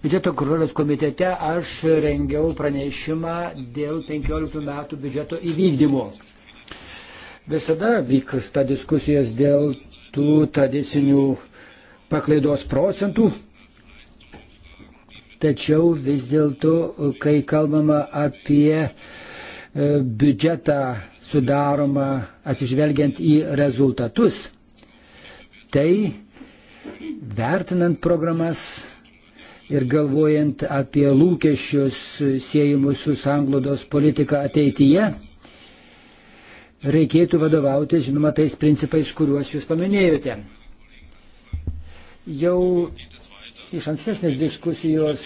B: Biudžeto kontrolės komitete aš rengiau pranešimą dėl 15 metų biudžeto įvykdymo. Visada vyksta diskusijos dėl tų tradicinių paklaidos procentų, tačiau vis dėlto, kai kalbama apie e, biudžetą sudaromą atsižvelgiant į rezultatus, tai, vertinant programas ir galvojant apie lūkesčius siejimus su sanglodos politika ateityje, reikėtų vadovautis, žinoma, tais principais, kuriuos jūs paminėjote. Jau iš ankstesnės diskusijos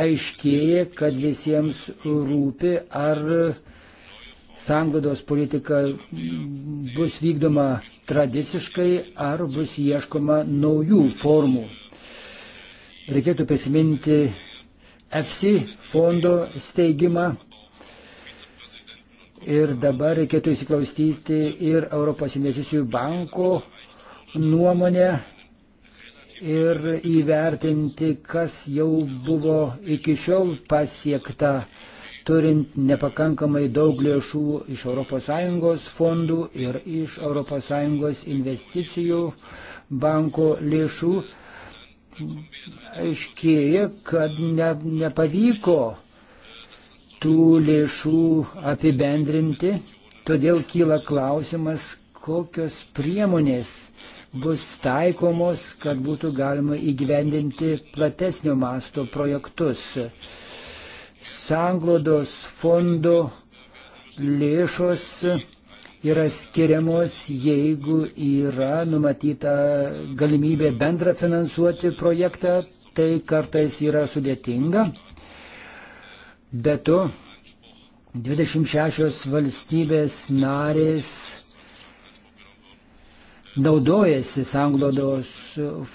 B: aiškėja, kad visiems rūpi, ar sanglodos politika bus vykdoma tradiciškai, ar bus ieškoma naujų formų. Reikėtų prisiminti FC fondo steigimą ir dabar reikėtų įsiklausyti ir Europos investicijų banko nuomonę ir įvertinti, kas jau buvo iki šiol pasiekta turint nepakankamai daug lėšų iš ES fondų ir iš ES investicijų banko lėšų, aiškėja, kad ne, nepavyko tų lėšų apibendrinti, todėl kyla klausimas, kokios priemonės bus taikomos, kad būtų galima įgyvendinti platesnio masto projektus sanglodos fondo lėšos yra skiriamos, jeigu yra numatyta galimybė bendra finansuoti projektą, tai kartais yra sudėtinga. Be to, 26 valstybės narės naudojasi sanglodos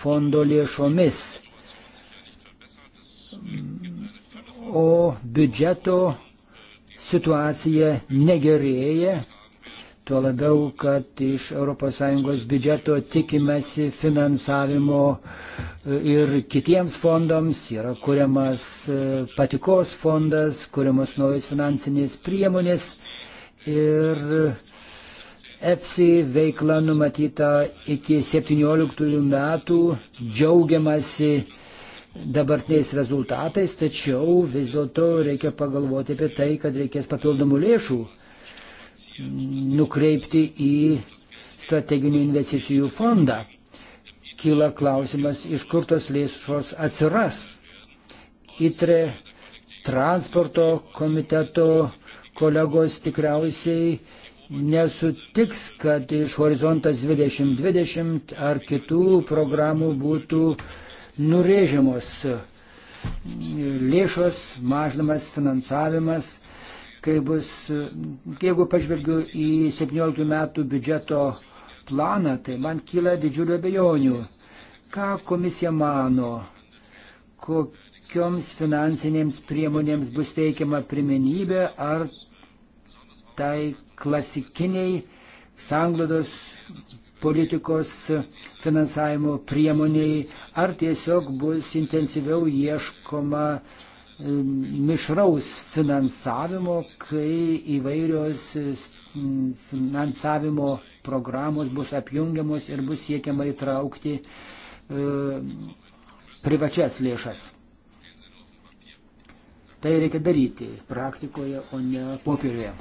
B: fondo lėšomis o biudžeto situacija negerėja, tuo labiau, kad iš ES biudžeto tikimasi finansavimo e, ir kitiems fondams, yra kuriamas e, patikos fondas, kuriamas naujas finansinės priemonės ir EFSI veikla numatyta iki 17 metų, džiaugiamasi dabartiniais rezultatais, tačiau vis dėlto reikia pagalvoti apie tai, kad reikės papildomų lėšų nukreipti į strateginių investicijų fondą. Kyla klausimas, iš kur tos lėšos atsiras. ITRE transporto komiteto kolegos tikriausiai nesutiks, kad iš horizontas 2020 ar kitų programų būtų uh, nurėžiamos lėšos, mažinamas finansavimas. Kai bus, jeigu pažvelgiu į 17 metų biudžeto planą, tai man kyla didžiulio abejonių. Ką komisija mano, kokioms finansinėms priemonėms bus teikiama priminybė, ar tai klasikiniai sanglodos politikos finansavimo priemoniai, ar tiesiog bus intensyviau ieškoma mišraus finansavimo, kai įvairios finansavimo programos bus apjungiamos ir bus siekiama įtraukti e, privačias lėšas. Tai reikia daryti praktikoje, o ne popieriuje.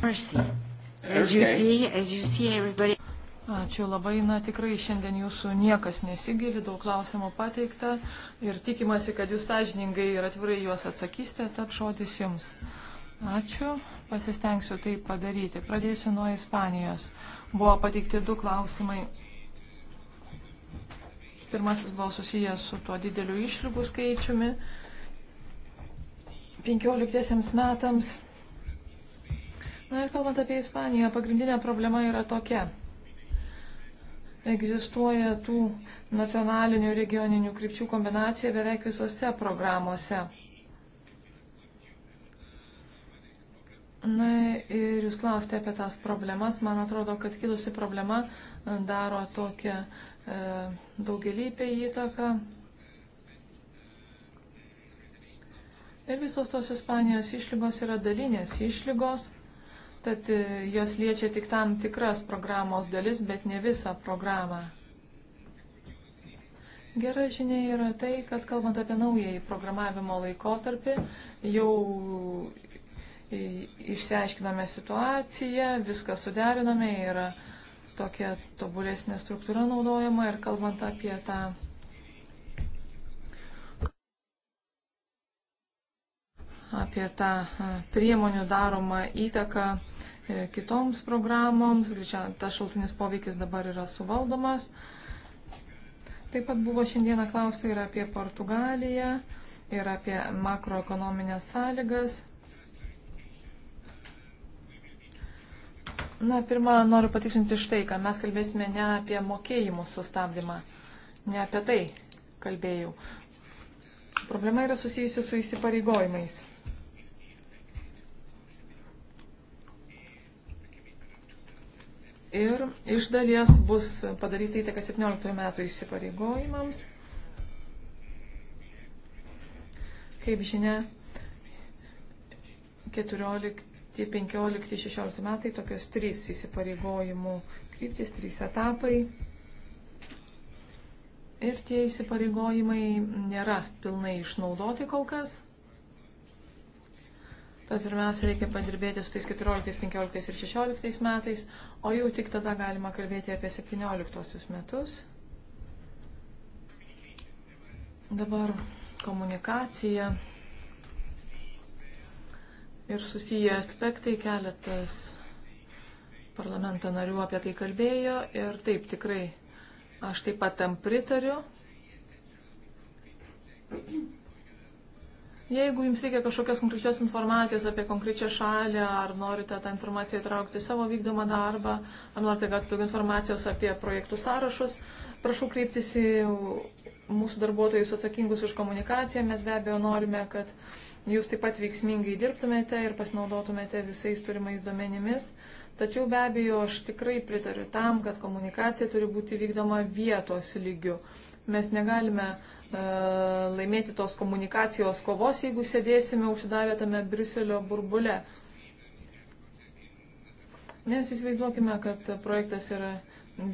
B: Okay.
C: Ačiū labai, na tikrai šiandien jūsų niekas nesigili, daug klausimų pateikta ir tikimasi, kad jūs sąžiningai ir atvirai juos atsakysite, tad žodis jums. Ačiū, pasistengsiu tai padaryti. Pradėsiu nuo Ispanijos. Buvo pateikti du klausimai. Pirmasis buvo susijęs su tuo dideliu išlygų skaičiumi 15 metams. Na ir kalbant apie Ispaniją, pagrindinė problema yra tokia egzistuoja tų nacionalinių regioninių krypčių kombinacija beveik visose programuose. Na ir jūs klausite apie tas problemas. Man atrodo, kad kilusi problema e, daro tokią e, daugelįpę įtaką. Ir visos tos Ispanijos išlygos yra dalinės išlygos tad e, jos liečia tik tam tikras programos dalis, bet ne visą programą. Gera žinia yra tai, kad kalbant apie naująjį programavimo laikotarpį, jau e, išsiaiškinome situaciją, viską suderinome, yra tokia tobulesnė struktūra naudojama ir kalbant apie tą apie tą e, priemonių daromą įtaką e, kitoms programoms. Greičiausiai tas šaltinis poveikis dabar yra suvaldomas. Taip pat buvo šiandieną klausta ir apie Portugaliją, ir apie makroekonominės sąlygas. Na, pirmą noriu patikrinti štai, kad mes kalbėsime ne apie mokėjimų sustabdymą. Ne apie tai kalbėjau. Problema yra susijusi su įsipareigojimais. ir iš dalies bus padaryta įtaka 17 metų įsipareigojimams. Kaip žinia, 14, 15, 16 metai tokios trys įsipareigojimų kryptis, trys etapai. Ir tie įsipareigojimai nėra pilnai išnaudoti kol kas. Tad pirmiausia, reikia padirbėti su tais 14, 15 ir 16 metais, o jau tik tada galima kalbėti apie 17 metus. Dabar komunikacija ir susiję aspektai keletas parlamento narių apie tai kalbėjo ir taip tikrai aš taip pat tam pritariu. Jeigu jums reikia kažkokios konkrečios informacijos apie konkrečią šalį, ar norite tą informaciją įtraukti į savo vykdomą darbą, ar norite gauti daugiau informacijos apie projektų sąrašus, prašau kreiptis į mūsų darbuotojus atsakingus už komunikaciją. Mes be abejo norime, kad jūs taip pat veiksmingai dirbtumėte ir pasinaudotumėte visais turimais duomenimis. Tačiau be abejo, aš tikrai pritariu tam, kad komunikacija turi būti vykdoma vietos lygiu. Mes negalime uh, E, laimėti tos komunikacijos kovos, jeigu sėdėsime užsidarę tame Briuselio burbule. Nes įsivaizduokime, kad projektas yra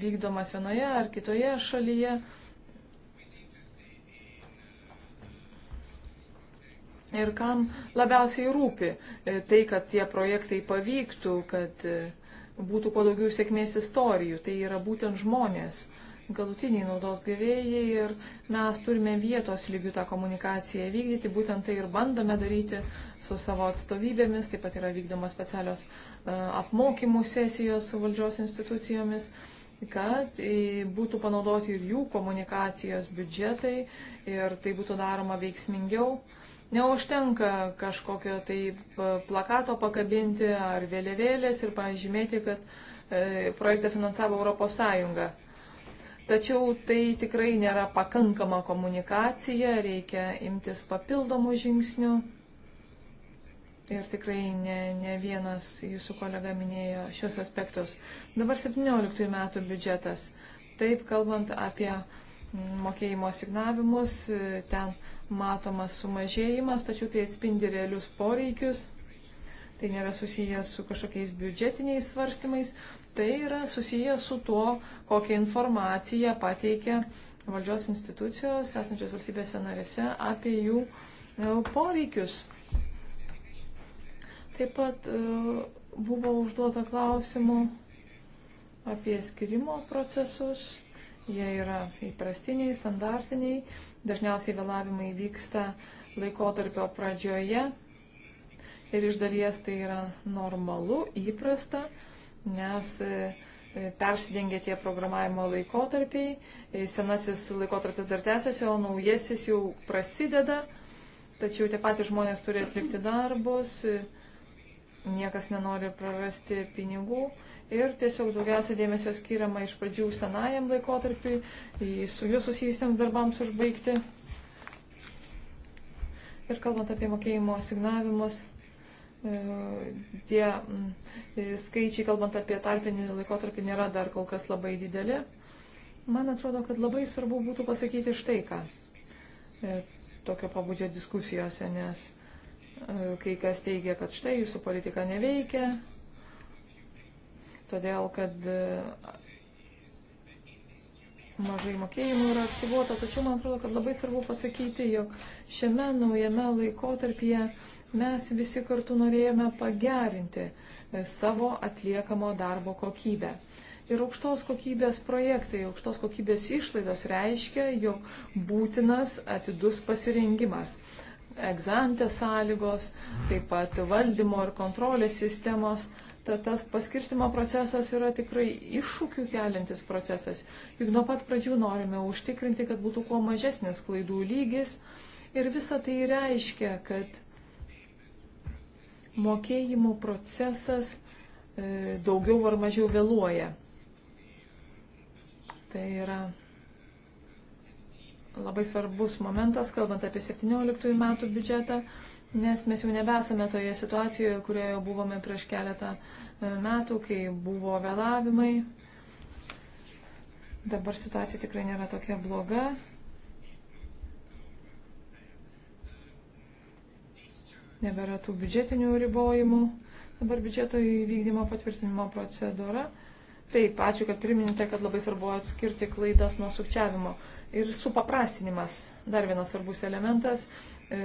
C: vykdomas vienoje ar kitoje šalyje. Ir kam labiausiai rūpi e, tai, kad tie projektai pavyktų, kad e, būtų kuo daugiau sėkmės istorijų. Tai yra būtent žmonės galutiniai naudos gavėjai ir mes turime vietos lygių tą komunikaciją vykdyti, būtent tai ir bandome daryti su savo atstovybėmis, taip pat yra vykdomos specialios e, apmokymų sesijos su valdžios institucijomis kad e, būtų panaudoti ir jų komunikacijos biudžetai ir tai būtų daroma veiksmingiau. Neužtenka kažkokio tai e, plakato pakabinti ar vėliavėlės ir pažymėti, kad projektą finansavo Europos Sąjunga. Tačiau tai tikrai nėra pakankama komunikacija, reikia imtis papildomų žingsnių. Ir tikrai ne, ne vienas jūsų kolega minėjo šios aspektus. Dabar 17 metų biudžetas. Taip, kalbant apie mokėjimo signavimus, ten matomas sumažėjimas, tačiau tai atspindi realius poreikius. Tai nėra susijęs su kažkokiais biudžetiniais svarstymais. Tai yra susiję su tuo, kokią informaciją pateikia valdžios institucijos esančios valstybėse narėse apie jų e, poreikius. Taip pat e, buvo užduota klausimų apie skirimo procesus. Jie yra įprastiniai, standartiniai. Dažniausiai vėlavimai vyksta laikotarpio pradžioje. Ir iš dalies tai yra normalu, įprasta nes e, persidengia tie programavimo laikotarpiai, e, senasis laikotarpis dar tęsiasi, o naujasis jau prasideda, tačiau tie patys žmonės turi atlikti darbus, e, niekas nenori prarasti pinigų ir tiesiog daugiausia dėmesio skiriama iš pradžių senajam laikotarpiui, su juo susijusiems darbams užbaigti. Ir kalbant apie mokėjimo asignavimus, tie mm, skaičiai, kalbant apie tarpinį laikotarpį, nėra dar kol kas labai dideli. Man atrodo, kad labai svarbu būtų pasakyti štai ką e, tokio pabudžio diskusijose, nes e, kai kas teigia, kad štai jūsų politika neveikia, todėl kad e, mažai mokėjimų yra aktyvuota, tačiau man atrodo, kad labai svarbu pasakyti, jog šiame naujame laikotarpyje Mes visi kartu norėjome pagerinti e, savo atliekamo darbo kokybę. Ir aukštos kokybės projektai, aukštos kokybės išlaidos reiškia, jog būtinas atidus pasirengimas. Egzantės sąlygos, taip pat valdymo ir kontrolės sistemos ta, tas paskirstimo procesas yra tikrai iššūkių keliantis procesas. Juk nuo pat pradžių norime užtikrinti, kad būtų kuo mažesnis klaidų lygis. Ir visa tai reiškia, kad mokėjimų procesas e, daugiau ar mažiau vėluoja. Tai yra labai svarbus momentas, kalbant apie 17 metų biudžetą, nes mes jau nebesame toje situacijoje, kurioje buvome prieš keletą e, metų, kai buvo vėlavimai. Dabar situacija tikrai nėra tokia bloga. nebėra tų biudžetinių ribojimų. Dabar biudžeto įvykdymo patvirtinimo procedūra. Taip, ačiū, kad priminėte, kad labai svarbu atskirti klaidas nuo sukčiavimo. Ir supaprastinimas, dar vienas svarbus elementas. E,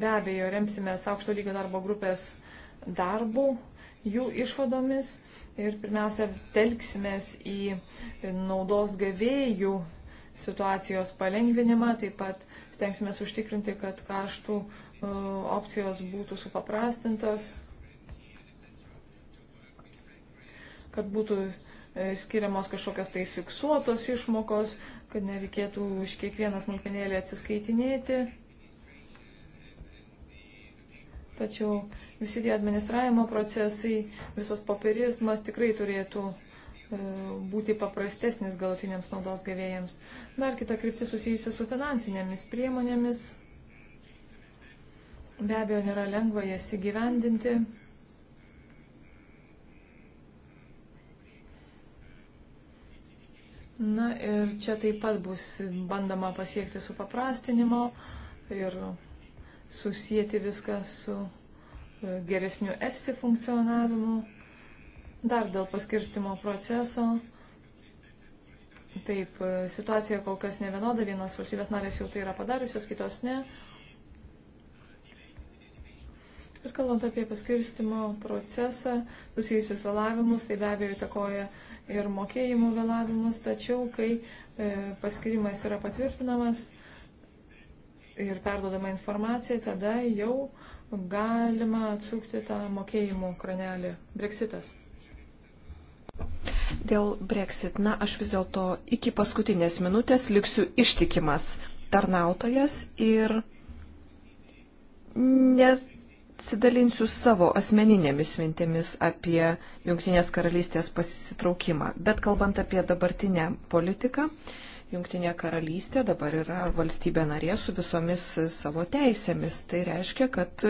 C: be abejo, remsime aukšto lygio darbo grupės darbų, jų išvadomis ir pirmiausia, telksimės į naudos gavėjų situacijos palengvinimą, taip pat stengsime užtikrinti, kad kaštų opcijos būtų supaprastintos, kad būtų e, skiriamos kažkokios tai fiksuotos išmokos, kad nereikėtų už kiekvieną smulkmenėlį atsiskaitinėti. Tačiau visi tie administravimo procesai, visas papirizmas tikrai turėtų e, būti paprastesnis galutiniams naudos gavėjams. Dar kita kryptis susijusi su finansinėmis priemonėmis. Be abejo, nėra lengva jas įgyvendinti. Na ir čia taip pat bus bandoma pasiekti supaprastinimo ir susijęti viską su e, geresniu EFSI funkcionavimu. Dar dėl paskirstimo proceso. Taip, e, situacija kol kas ne vienoda, vienas valstybės narės jau tai yra padariusios, kitos ne. Ir kalbant apie paskirstimo procesą, susijusius vėlavimus, tai be abejo įtakoja ir mokėjimų vėlavimus, tačiau kai e, paskirimas yra patvirtinamas ir perdodama informacija, tada jau galima atsukti tą mokėjimų kranelį. Brexitas.
A: Dėl Brexit, na, aš vis dėlto iki paskutinės minutės liksiu ištikimas tarnautojas ir nes pasidalinsiu savo asmeninėmis mintimis apie Junktinės karalystės pasitraukimą. Bet kalbant apie dabartinę politiką, Junktinė karalystė dabar yra valstybė narė su visomis savo teisėmis. Tai reiškia, kad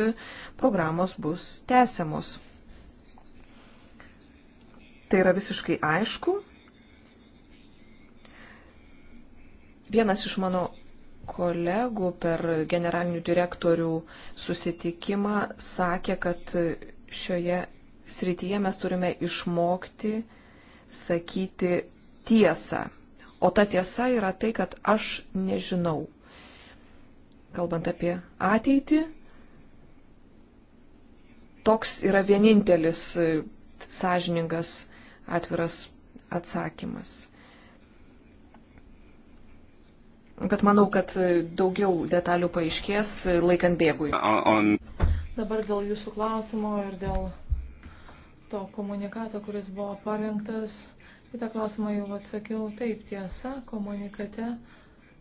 A: programos bus tęsiamos. Tai yra visiškai aišku. Vienas iš mano kolegų per generalinių direktorių susitikimą sakė, kad šioje srityje mes turime išmokti sakyti tiesą. O ta tiesa yra tai, kad aš nežinau. Kalbant apie ateitį, toks yra vienintelis sąžiningas atviras atsakymas. bet manau, kad daugiau detalių paaiškės e, laikant bėgui.
C: Dabar dėl jūsų klausimo ir dėl to komunikato, kuris buvo parengtas, į tą klausimą jau atsakiau, taip tiesa, komunikate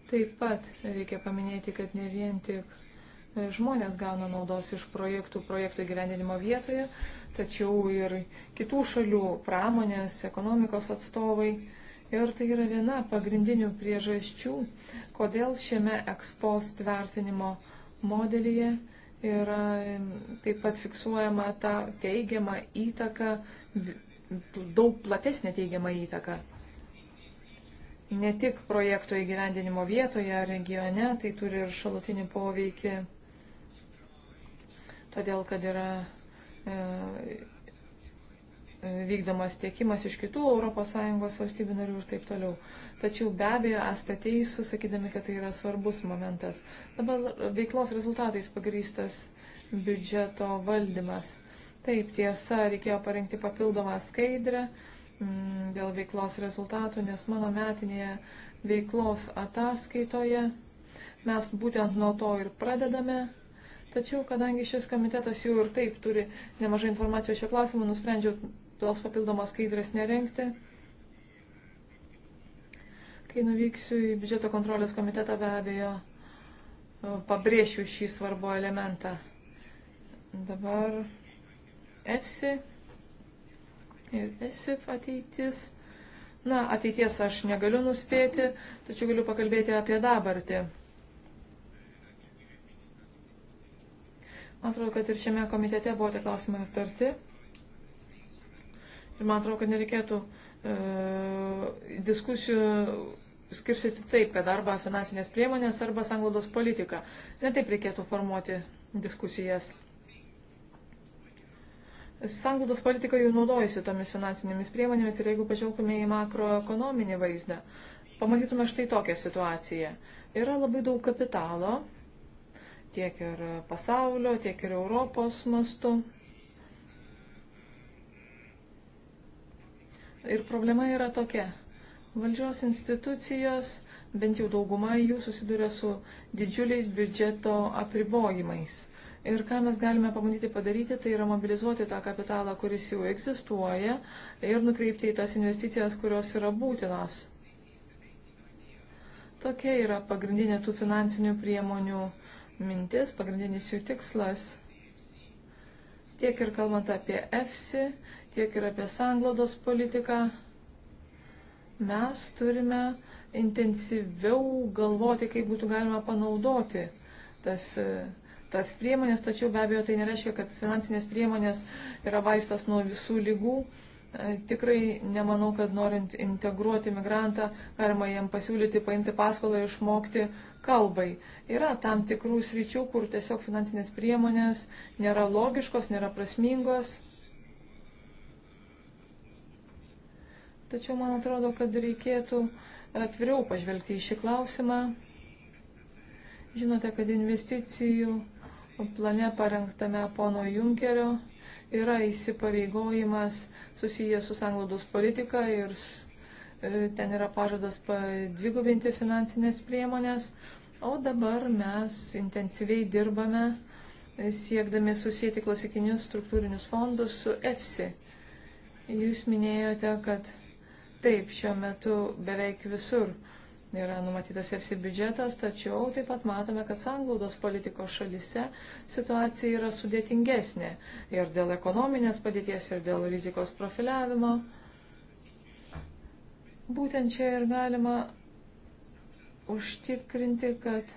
C: taip pat reikia paminėti, kad ne vien tik e, žmonės gauna naudos iš projektų, projektų gyvendinimo vietoje, tačiau ir kitų šalių pramonės, ekonomikos atstovai Ir tai yra viena pagrindinių priežasčių, kodėl šiame ekspost vertinimo modelyje yra taip pat fiksuojama ta teigiama įtaka, daug platesnė teigiama įtaka. Ne tik projekto įgyvendinimo vietoje ar regione, tai turi ir šalutinį poveikį, todėl kad yra e, vykdomas tiekimas iš kitų ES valstybių narių ir taip toliau. Tačiau be abejo esate teisūs, sakydami, kad tai yra svarbus momentas. Dabar veiklos rezultatais pagrystas biudžeto valdymas. Taip, tiesa, reikėjo parengti papildomą skaidrę m, mm, dėl veiklos rezultatų, nes mano metinėje veiklos ataskaitoje mes būtent nuo to ir pradedame Tačiau, kadangi šis komitetas jau ir taip turi nemažai informacijos šio klausimu, nusprendžiau tos papildomas skaidrės nerenkti. Kai nuvyksiu į biudžeto kontrolės komitetą, be abejo, pabrėšiu šį svarbų elementą. Dabar EFSI ir ESIF ateitis. Na, ateities aš negaliu nuspėti, tačiau galiu pakalbėti apie dabartį. Man atrodo, kad ir šiame komitete buvo tie klausimai aptarti. Ir man atrodo, kad nereikėtų e, diskusijų skirsiasi taip, kad arba finansinės priemonės, arba sanglaudos politika. Netaip reikėtų formuoti diskusijas. Sanglaudos politika jau naudojasi tomis finansinėmis priemonėmis ir jeigu pažvelgtume į makroekonominį vaizdą, pamatytume štai tokią situaciją. Yra labai daug kapitalo, tiek ir pasaulio, tiek ir Europos mastu. Ir problema yra tokia. Valdžios institucijos, bent jau dauguma jų susiduria su didžiuliais biudžeto apribojimais. Ir ką mes galime pamatyti padaryti, tai yra mobilizuoti tą kapitalą, kuris jau egzistuoja ir nukreipti į tas investicijas, kurios yra būtinos. Tokia yra pagrindinė tų finansinių priemonių mintis, pagrindinis jų tikslas. Tiek ir kalbant apie EFSI, tiek ir apie sanglodos politiką, mes turime intensyviau galvoti, kaip būtų galima panaudoti tas, tas priemonės, tačiau be abejo tai nereiškia, kad finansinės priemonės yra vaistas nuo visų lygų. E, tikrai nemanau, kad norint integruoti migrantą, galima jam pasiūlyti paimti paskolą ir išmokti kalbai. Yra tam tikrų sričių, kur tiesiog finansinės priemonės nėra logiškos, nėra prasmingos. Tačiau man atrodo, kad reikėtų atviriau pažvelgti į šį klausimą. Žinote, kad investicijų plane parengtame pono Junkerio yra įsipareigojimas susijęs su sanglaudos politika ir e, ten yra pažadas padvigubinti finansinės priemonės, o dabar mes intensyviai dirbame e, siekdami susijęti klasikinius struktūrinius fondus su EFSI. Jūs minėjote, kad Taip, šiuo metu beveik visur yra numatytas EFSI biudžetas, tačiau taip pat matome, kad sanglaudos politikos šalise situacija yra sudėtingesnė ir dėl ekonominės padėties, ir dėl rizikos profiliavimo. Būtent čia ir galima užtikrinti, kad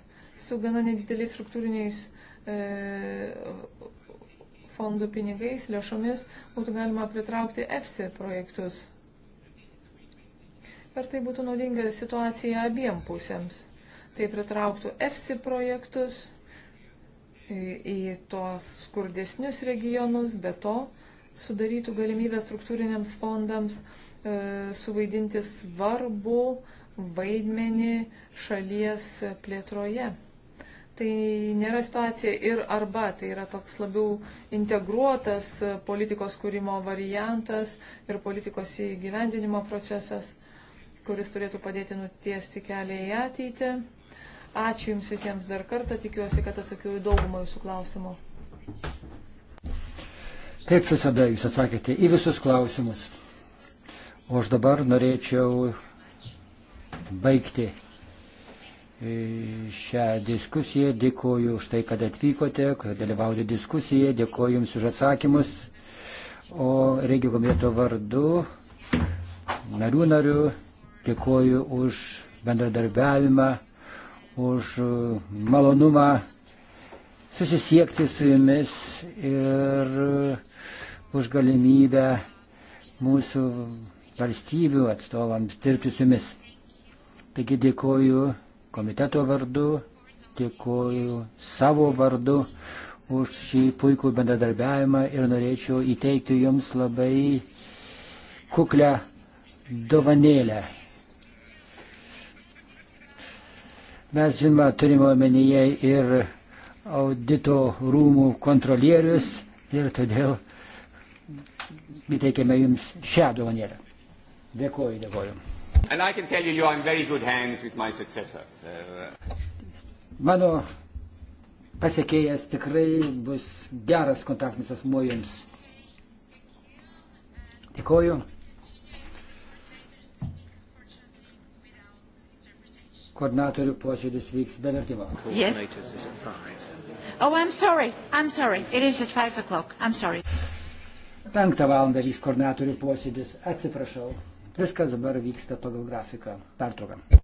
C: su gana nedideliais struktūriniais e, fondų pinigais, lėšomis būtų galima pritraukti EFSI projektus. Ir tai būtų naudinga situacija abiem pusėms. Tai pritrauktų EFSI projektus į, į tos skurdesnius regionus, be to sudarytų galimybę struktūriniams fondams e, suvaidinti svarbu vaidmenį šalies plėtroje tai nėra situacija ir arba, tai yra toks labiau integruotas politikos kūrimo variantas ir politikos įgyvendinimo procesas kuris turėtų padėti nutiesti kelią į ateitį. Ačiū Jums visiems dar kartą, tikiuosi, kad atsakiau į daugumą Jūsų klausimų.
B: Taip visada Jūs atsakėte į visus klausimus. O aš dabar norėčiau baigti e, šią diskusiją. Dėkuoju už tai, kad atvykote, kad dalyvaujate diskusijoje. Dėkuoju Jums už atsakymus. O Regio komiteto vardu, narių narių, Dėkuoju už bendradarbiavimą, už e, malonumą susisiekti su jumis ir e, už galimybę mūsų valstybių atstovams dirbti su jumis. Taigi dėkoju komiteto vardu, dėkoju savo vardu už šį puikų bendradarbiavimą ir norėčiau įteikti jums labai kuklę dovanėlę. Mes, žinoma, turime omenyje ir audito rūmų kontrolierius ir todėl įteikėme jums šią dovanėlę. Dėkuoju, dėkuoju. You, so... Uh, Mano pasiekėjas tikrai bus geras kontaktinis asmuo jums. Dėkuoju. koordinatorių posėdis vyks be vertimo. Yeah.
A: Oh, I'm sorry. I'm sorry. It is at 5 o'clock. I'm sorry.
B: Penktą valandą vyks koordinatorių posėdis. Atsiprašau. Viskas dabar vyksta pagal grafiką. Pertrauka.